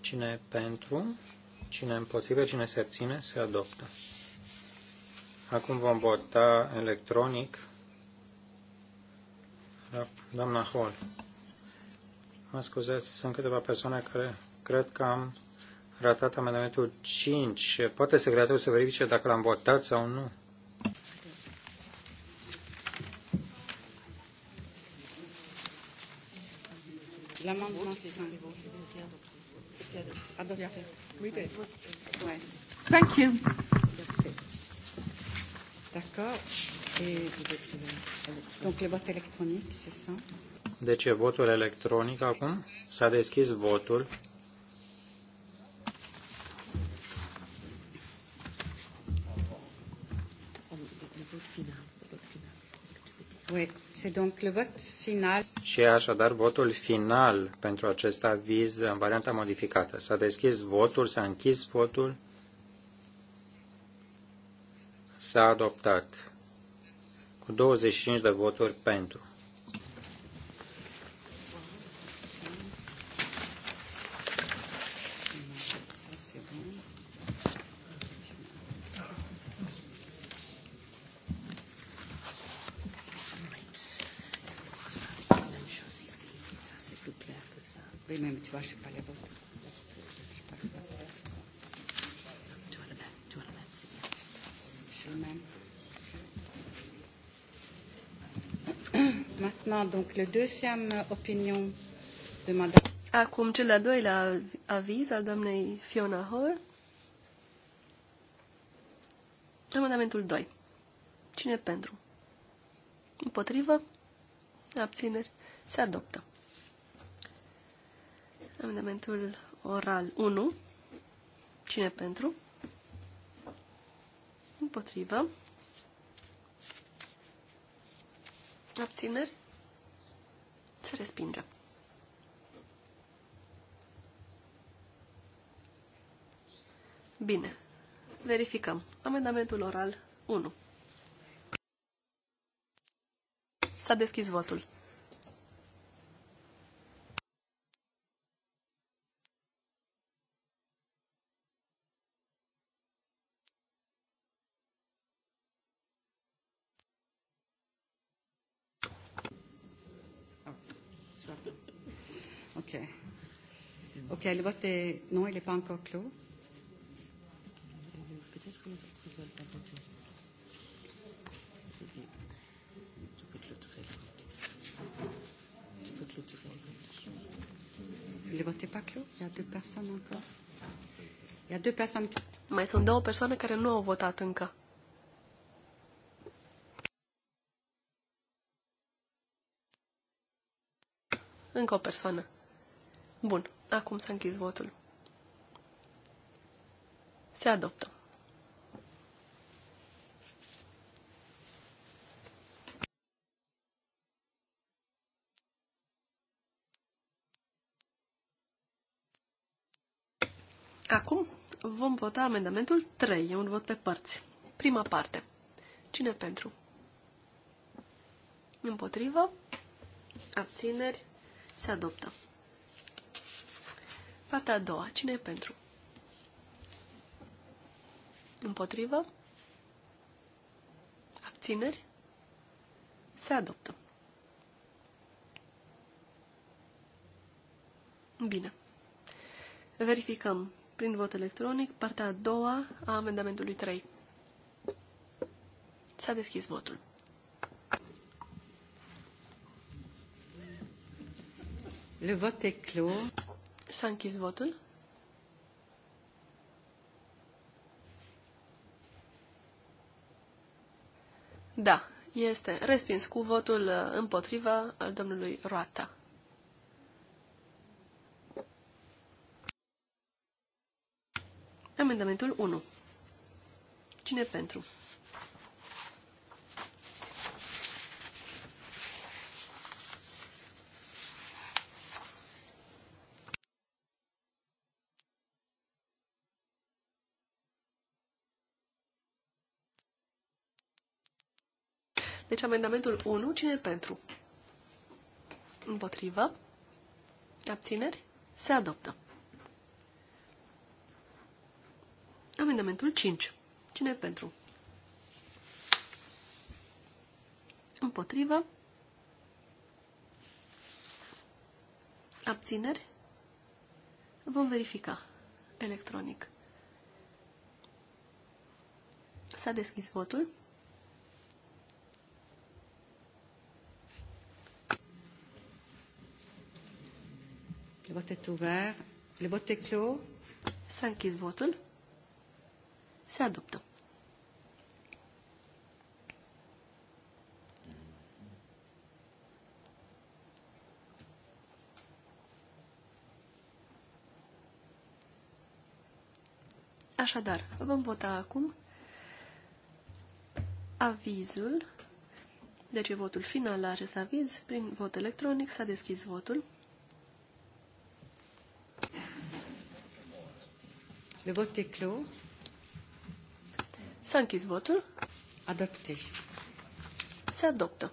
Cine e pentru? Cine e împotrivă? Cine se abține? Se adoptă. Acum vom vota electronic. Doamna Hall. Mă scuzați, sunt câteva persoane care cred că am ratat amendamentul 5. Poate secretarul să verifice dacă l-am votat sau nu. Thank you. D'accord. Et donc le vote électronique, c'est ça deci e votul electronic acum. S-a deschis votul. Și așadar votul final pentru acest aviz în varianta modificată. S-a deschis votul, s-a închis votul, s-a adoptat cu 25 de voturi pentru. ваши поля будут. donc, le deuxième opinion de Madame. Acum, cel de-al doilea aviz al doamnei Fiona Hall. Amendamentul 2. Cine pentru? Împotrivă? Abțineri? Se adoptă. Amendamentul oral 1. Cine pentru? Împotrivă. Abțineri? Se respinge. Bine. Verificăm. Amendamentul oral 1. S-a deschis votul. le vote est... Non, il n'est pas encore clos. Peut-être que les autres veulent pas voter. Tu peux clôturer le vote. Tu peux clôturer le vote. vote pas clos. Il y a deux personnes encore. Il y a deux personnes qui... Mai sunt două persoane care nu au votat încă. Încă o persoană. Bun, acum s-a închis votul. Se adoptă. Acum vom vota amendamentul 3. E un vot pe părți. Prima parte. Cine pentru? Împotrivă? Abțineri? Se adoptă. Partea a doua. Cine e pentru? Împotrivă? Abțineri? Se adoptă. Bine. Verificăm prin vot electronic partea a doua a amendamentului 3. S-a deschis votul. Le vot est clos. S-a închis votul. Da, este respins cu votul uh, împotrivă al domnului Roata. Amendamentul 1. Cine pentru? Deci amendamentul 1, cine pentru? Împotrivă. Abțineri? Se adoptă. Amendamentul 5. Cine pentru? Împotrivă. Abțineri? Vom verifica electronic. S-a deschis votul. Le vot est ouvert. Le vot est clos. S-a închis votul. Se adoptă. Așadar, vom vota acum avizul, deci votul final la acest aviz, prin vot electronic s-a deschis votul. Le vot est clos. S-a închis votul. Adopté. Se adoptă.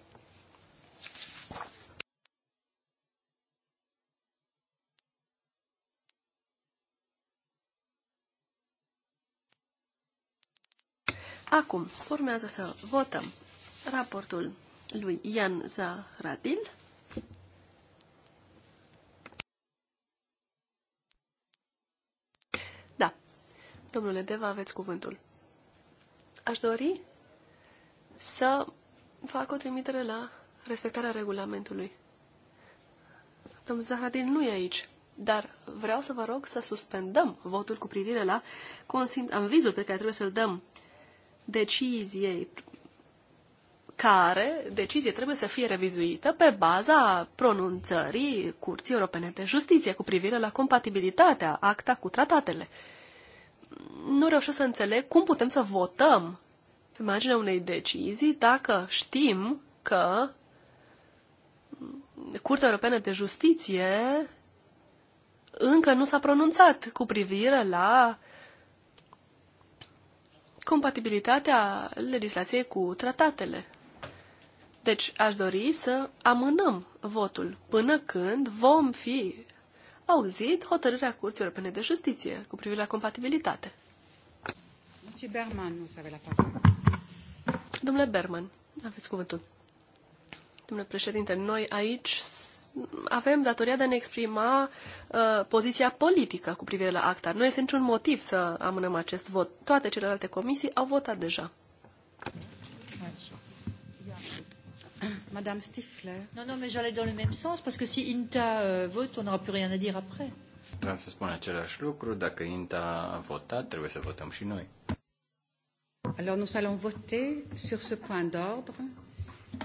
Acum, urmează să votăm raportul lui Ian Zahradil Domnule Deva, aveți cuvântul. Aș dori să fac o trimitere la respectarea regulamentului. Domnul Zahradil nu e aici, dar vreau să vă rog să suspendăm votul cu privire la consint, avizul pe care trebuie să-l dăm deciziei care decizie trebuie să fie revizuită pe baza pronunțării Curții Europene de Justiție cu privire la compatibilitatea acta cu tratatele nu reușesc să înțeleg cum putem să votăm pe marginea unei decizii dacă știm că Curtea Europeană de Justiție încă nu s-a pronunțat cu privire la compatibilitatea legislației cu tratatele. Deci aș dori să amânăm votul până când vom fi auzit hotărârea Curții Europene de Justiție cu privire la compatibilitate. Berman nu se la Domnule Berman, aveți cuvântul. Domnule președinte, noi aici avem datoria de a ne exprima uh, poziția politică cu privire la acta. Nu este niciun motiv să amânăm acest vot. Toate celelalte comisii au votat deja. Madame Stifler. Non, non, mais j'allais dans le même sens, parce que si INTA euh, vote, on n'aura plus rien à dire après. Vreau să spun același lucru, dacă INTA a votat, trebuie să votăm și noi. Alors nous allons voter sur ce point d'ordre.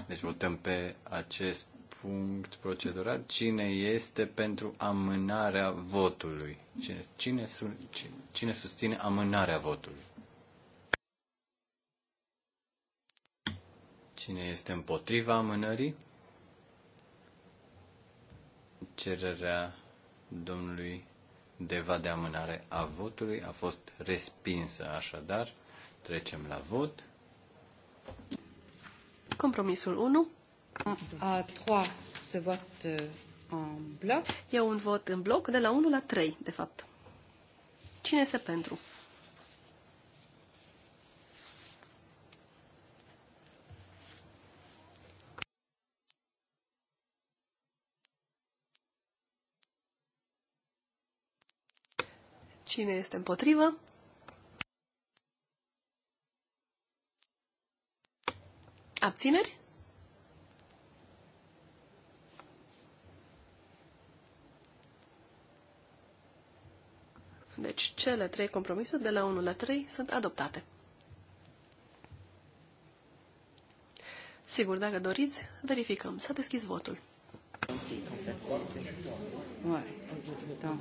Deci votăm pe acest punct procedural. Cine este pentru amânarea votului? Cine, cine, cine susține amânarea votului? Cine este împotriva amânării? Cererea domnului Deva de amânare a votului a fost respinsă, așadar trecem la vot. Compromisul 1. A 3 se vote uh, în bloc. E un vot în bloc de la 1 la 3, de fapt. Cine este pentru? Cine este împotrivă? Abțineri? Deci cele trei compromisuri de la 1 la 3 sunt adoptate. Sigur, dacă doriți, verificăm. S-a deschis votul. Da,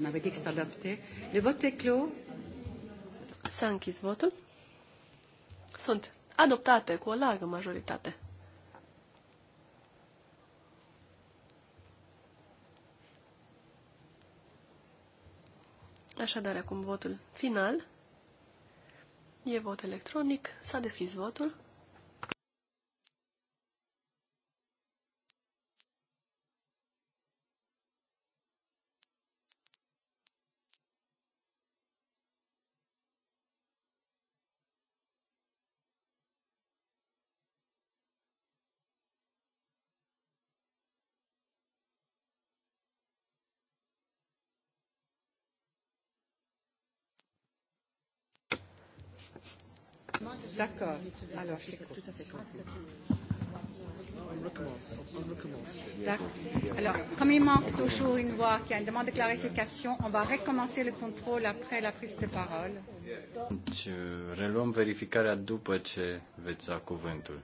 On avait dit que Le vote est S-a închis votul. Sunt adoptate cu o largă majoritate. Așadar, acum votul final. E vot electronic. S-a deschis votul. D'accord. Alors, c'est tout à fait On recommence. On recommence. Alors, comme il manque toujours une voix qui a une demande de clarification, on va recommencer le contrôle après la prise de parole. Deci, reluăm verificarea după ce veți da cuvântul.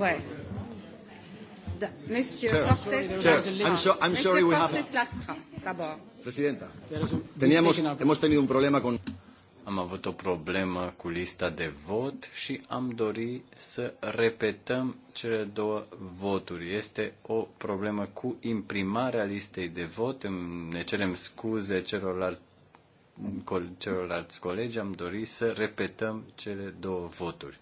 Ouais. Da. Monsieur Cortés. I'm, so, I'm sorry we have. Presidenta, teníamos, hemos tenido un problema con am avut o problemă cu lista de vot și am dori să repetăm cele două voturi. Este o problemă cu imprimarea listei de vot. Ne cerem scuze celorlalți celorlalți colegi, am dorit să repetăm cele două voturi.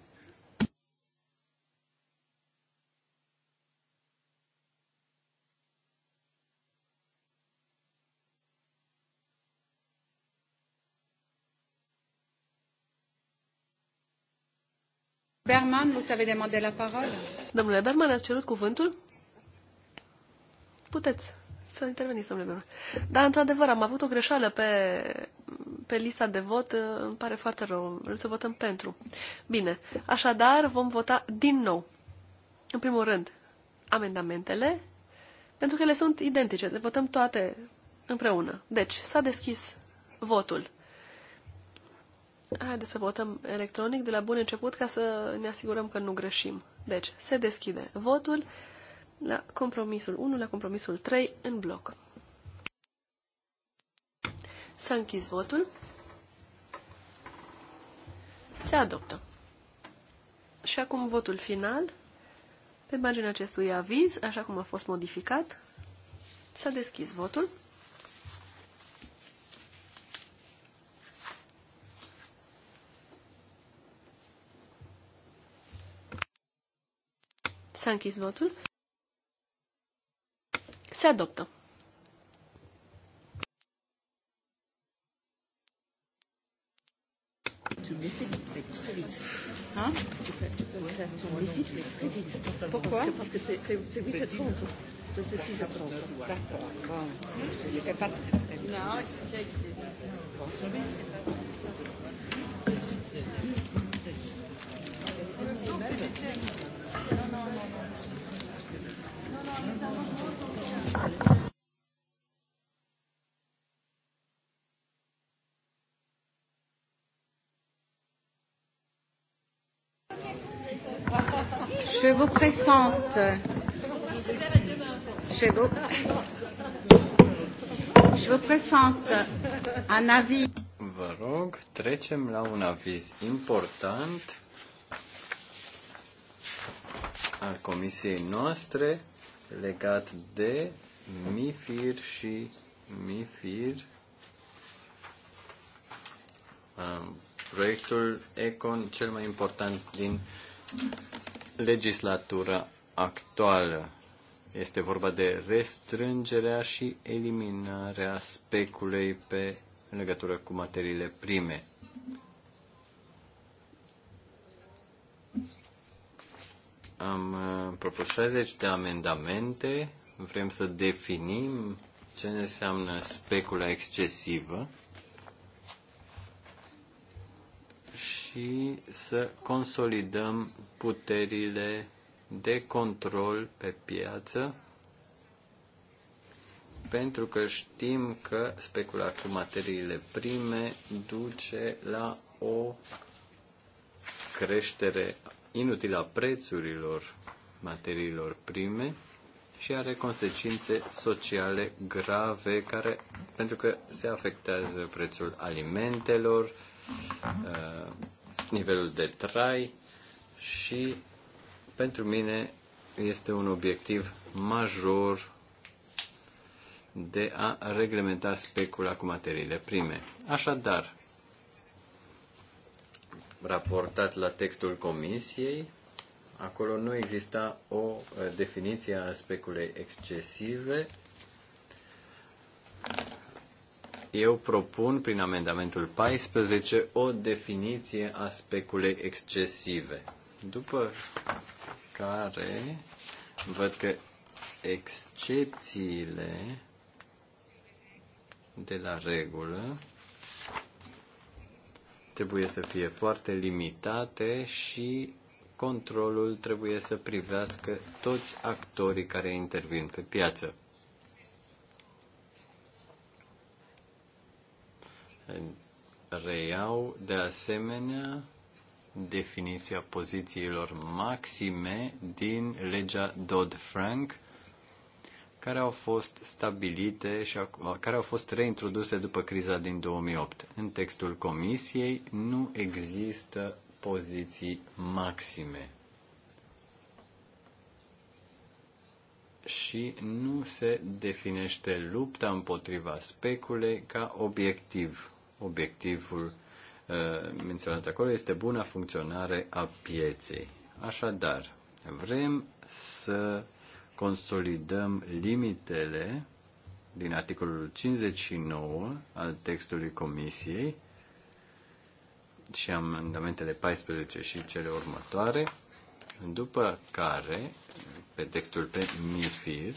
Berman, vous avez demandé la parole? Domnule Berman, ați cerut cuvântul? Puteți să interveniți, domnule Berman. Da, într-adevăr, am avut o greșeală pe, pe lista de vot. Îmi pare foarte rău. Vrem să votăm pentru. Bine. Așadar, vom vota din nou. În primul rând, amendamentele, pentru că ele sunt identice. Le votăm toate împreună. Deci, s-a deschis votul. Haideți să votăm electronic de la bun început ca să ne asigurăm că nu greșim. Deci, se deschide votul la compromisul 1, la compromisul 3 în bloc. S-a închis votul. Se adoptă. Și acum votul final. Pe marginea acestui aviz, așa cum a fost modificat, s-a deschis votul. S-a închis votul. Se adoptă. Pourquoi Parce que c'est 8 et 30. C'est 6 et 30. D'accord. Bon, je ne pas très Non, c'est déjà écrit. Bon, ça va. Je vous présente. Je vous, je vous présente un avis. Vă rog, trecem la un aviz important al comisiei noastre legat de MIFIR și MIFIR, um, proiectul ECON cel mai important din legislatura actuală. Este vorba de restrângerea și eliminarea speculei pe în legătură cu materiile prime. Am uh, propus 60 de amendamente. Vrem să definim ce înseamnă specula excesivă și să consolidăm puterile de control pe piață pentru că știm că specula cu materiile prime duce la o creștere inutil a prețurilor materiilor prime și are consecințe sociale grave care, pentru că se afectează prețul alimentelor, uh, nivelul de trai și pentru mine este un obiectiv major de a reglementa specula cu materiile prime. Așadar, raportat la textul comisiei, acolo nu exista o eh, definiție a speculei excesive. Eu propun prin amendamentul 14 o definiție a speculei excesive, după care văd că excepțiile de la regulă trebuie să fie foarte limitate și controlul trebuie să privească toți actorii care intervin pe piață. Reiau de asemenea definiția pozițiilor maxime din legea Dodd-Frank care au fost stabilite și care au fost reintroduse după criza din 2008. În textul Comisiei nu există poziții maxime și nu se definește lupta împotriva speculei ca obiectiv. Obiectivul uh, menționat acolo este buna funcționare a pieței. Așadar, vrem să consolidăm limitele din articolul 59 al textului Comisiei și amendamentele 14 și cele următoare, după care, pe textul pe MIFIR,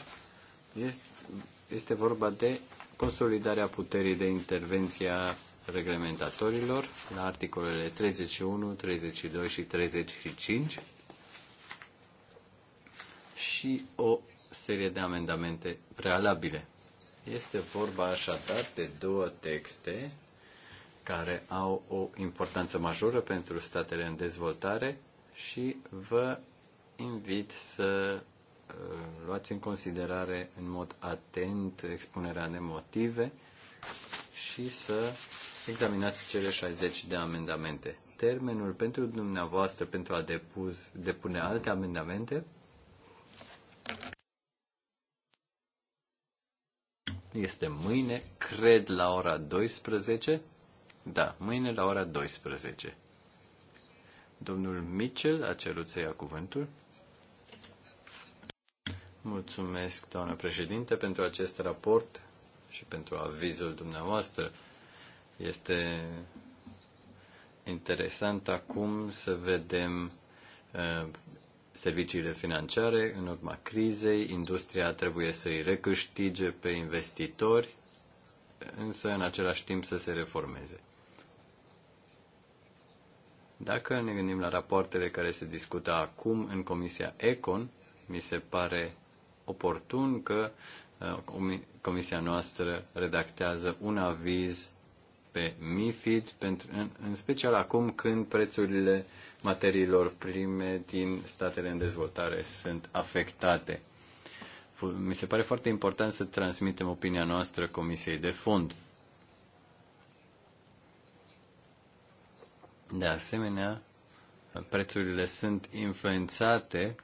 este, vorba de consolidarea puterii de intervenție a reglementatorilor la articolele 31, 32 și 35 și o serie de amendamente prealabile. Este vorba așadar de două texte care au o importanță majoră pentru statele în dezvoltare și vă invit să uh, luați în considerare în mod atent expunerea de motive și să examinați cele 60 de amendamente. Termenul pentru dumneavoastră pentru a depune alte amendamente este mâine, cred, la ora 12. Da, mâine la ora 12. Domnul Mitchell a cerut să ia cuvântul. Mulțumesc, doamnă președinte, pentru acest raport și pentru avizul dumneavoastră. Este interesant acum să vedem uh, serviciile financiare, în urma crizei, industria trebuie să îi recâștige pe investitori, însă în același timp să se reformeze. Dacă ne gândim la rapoartele care se discută acum în Comisia Econ, mi se pare oportun că uh, Comisia noastră redactează un aviz pe MIFID, pentru, în, în special acum când prețurile materiilor prime din statele în dezvoltare sunt afectate. Mi se pare foarte important să transmitem opinia noastră Comisiei de Fond. De asemenea, prețurile sunt influențate,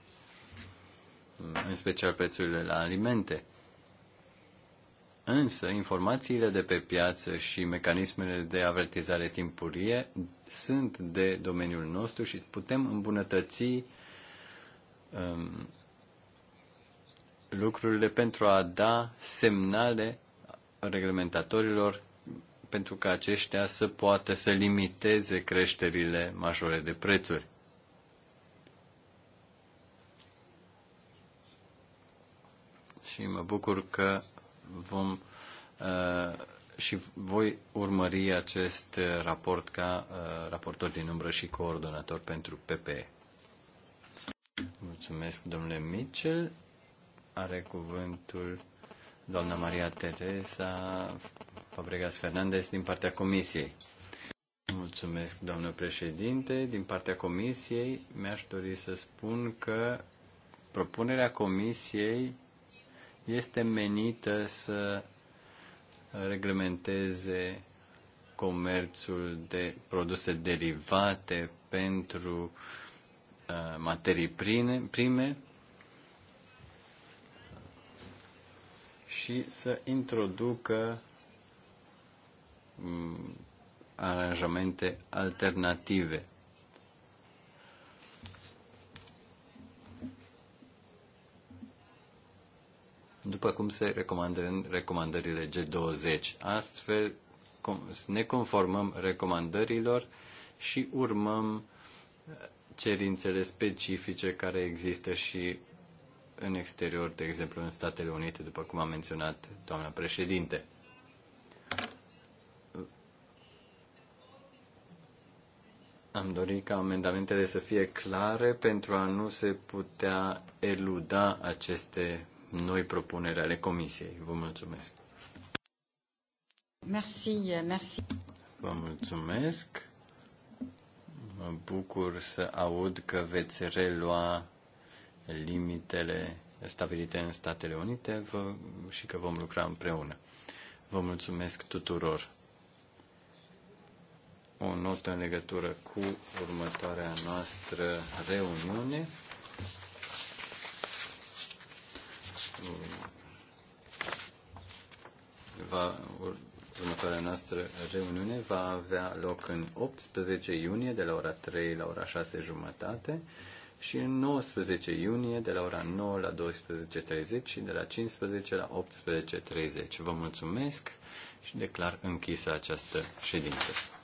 în special prețurile la alimente, însă informațiile de pe piață și mecanismele de avertizare timpurie sunt de domeniul nostru și putem îmbunătăți um, lucrurile pentru a da semnale reglementatorilor pentru ca aceștia să poată să limiteze creșterile majore de prețuri. Și mă bucur că vom uh, și voi urmări acest uh, raport ca uh, raportor din umbră și coordonator pentru PPE. Mulțumesc, domnule Mitchell. Are cuvântul doamna Maria Teresa Fabregas Fernandez din partea Comisiei. Mulțumesc, doamnă președinte. Din partea Comisiei mi-aș dori să spun că propunerea Comisiei este menită să reglementeze comerțul de produse derivate pentru uh, materii prime și să introducă mm, aranjamente alternative după cum se recomandă în recomandările G20. Astfel, ne conformăm recomandărilor și urmăm uh, cerințele specifice care există și în exterior, de exemplu în Statele Unite, după cum a menționat doamna președinte. Am dorit ca amendamentele să fie clare pentru a nu se putea eluda aceste noi propuneri ale Comisiei. Vă mulțumesc. Merci, merci. Vă mulțumesc. Mă bucur să aud că veți relua limitele stabilite în Statele Unite vă, și că vom lucra împreună. Vă mulțumesc tuturor. O notă în legătură cu următoarea noastră reuniune. va, următoarea noastră reuniune va avea loc în 18 iunie de la ora 3 la ora 6 jumătate și în 19 iunie de la ora 9 la 12.30 și de la 15 la 18.30. Vă mulțumesc și declar închisă această ședință.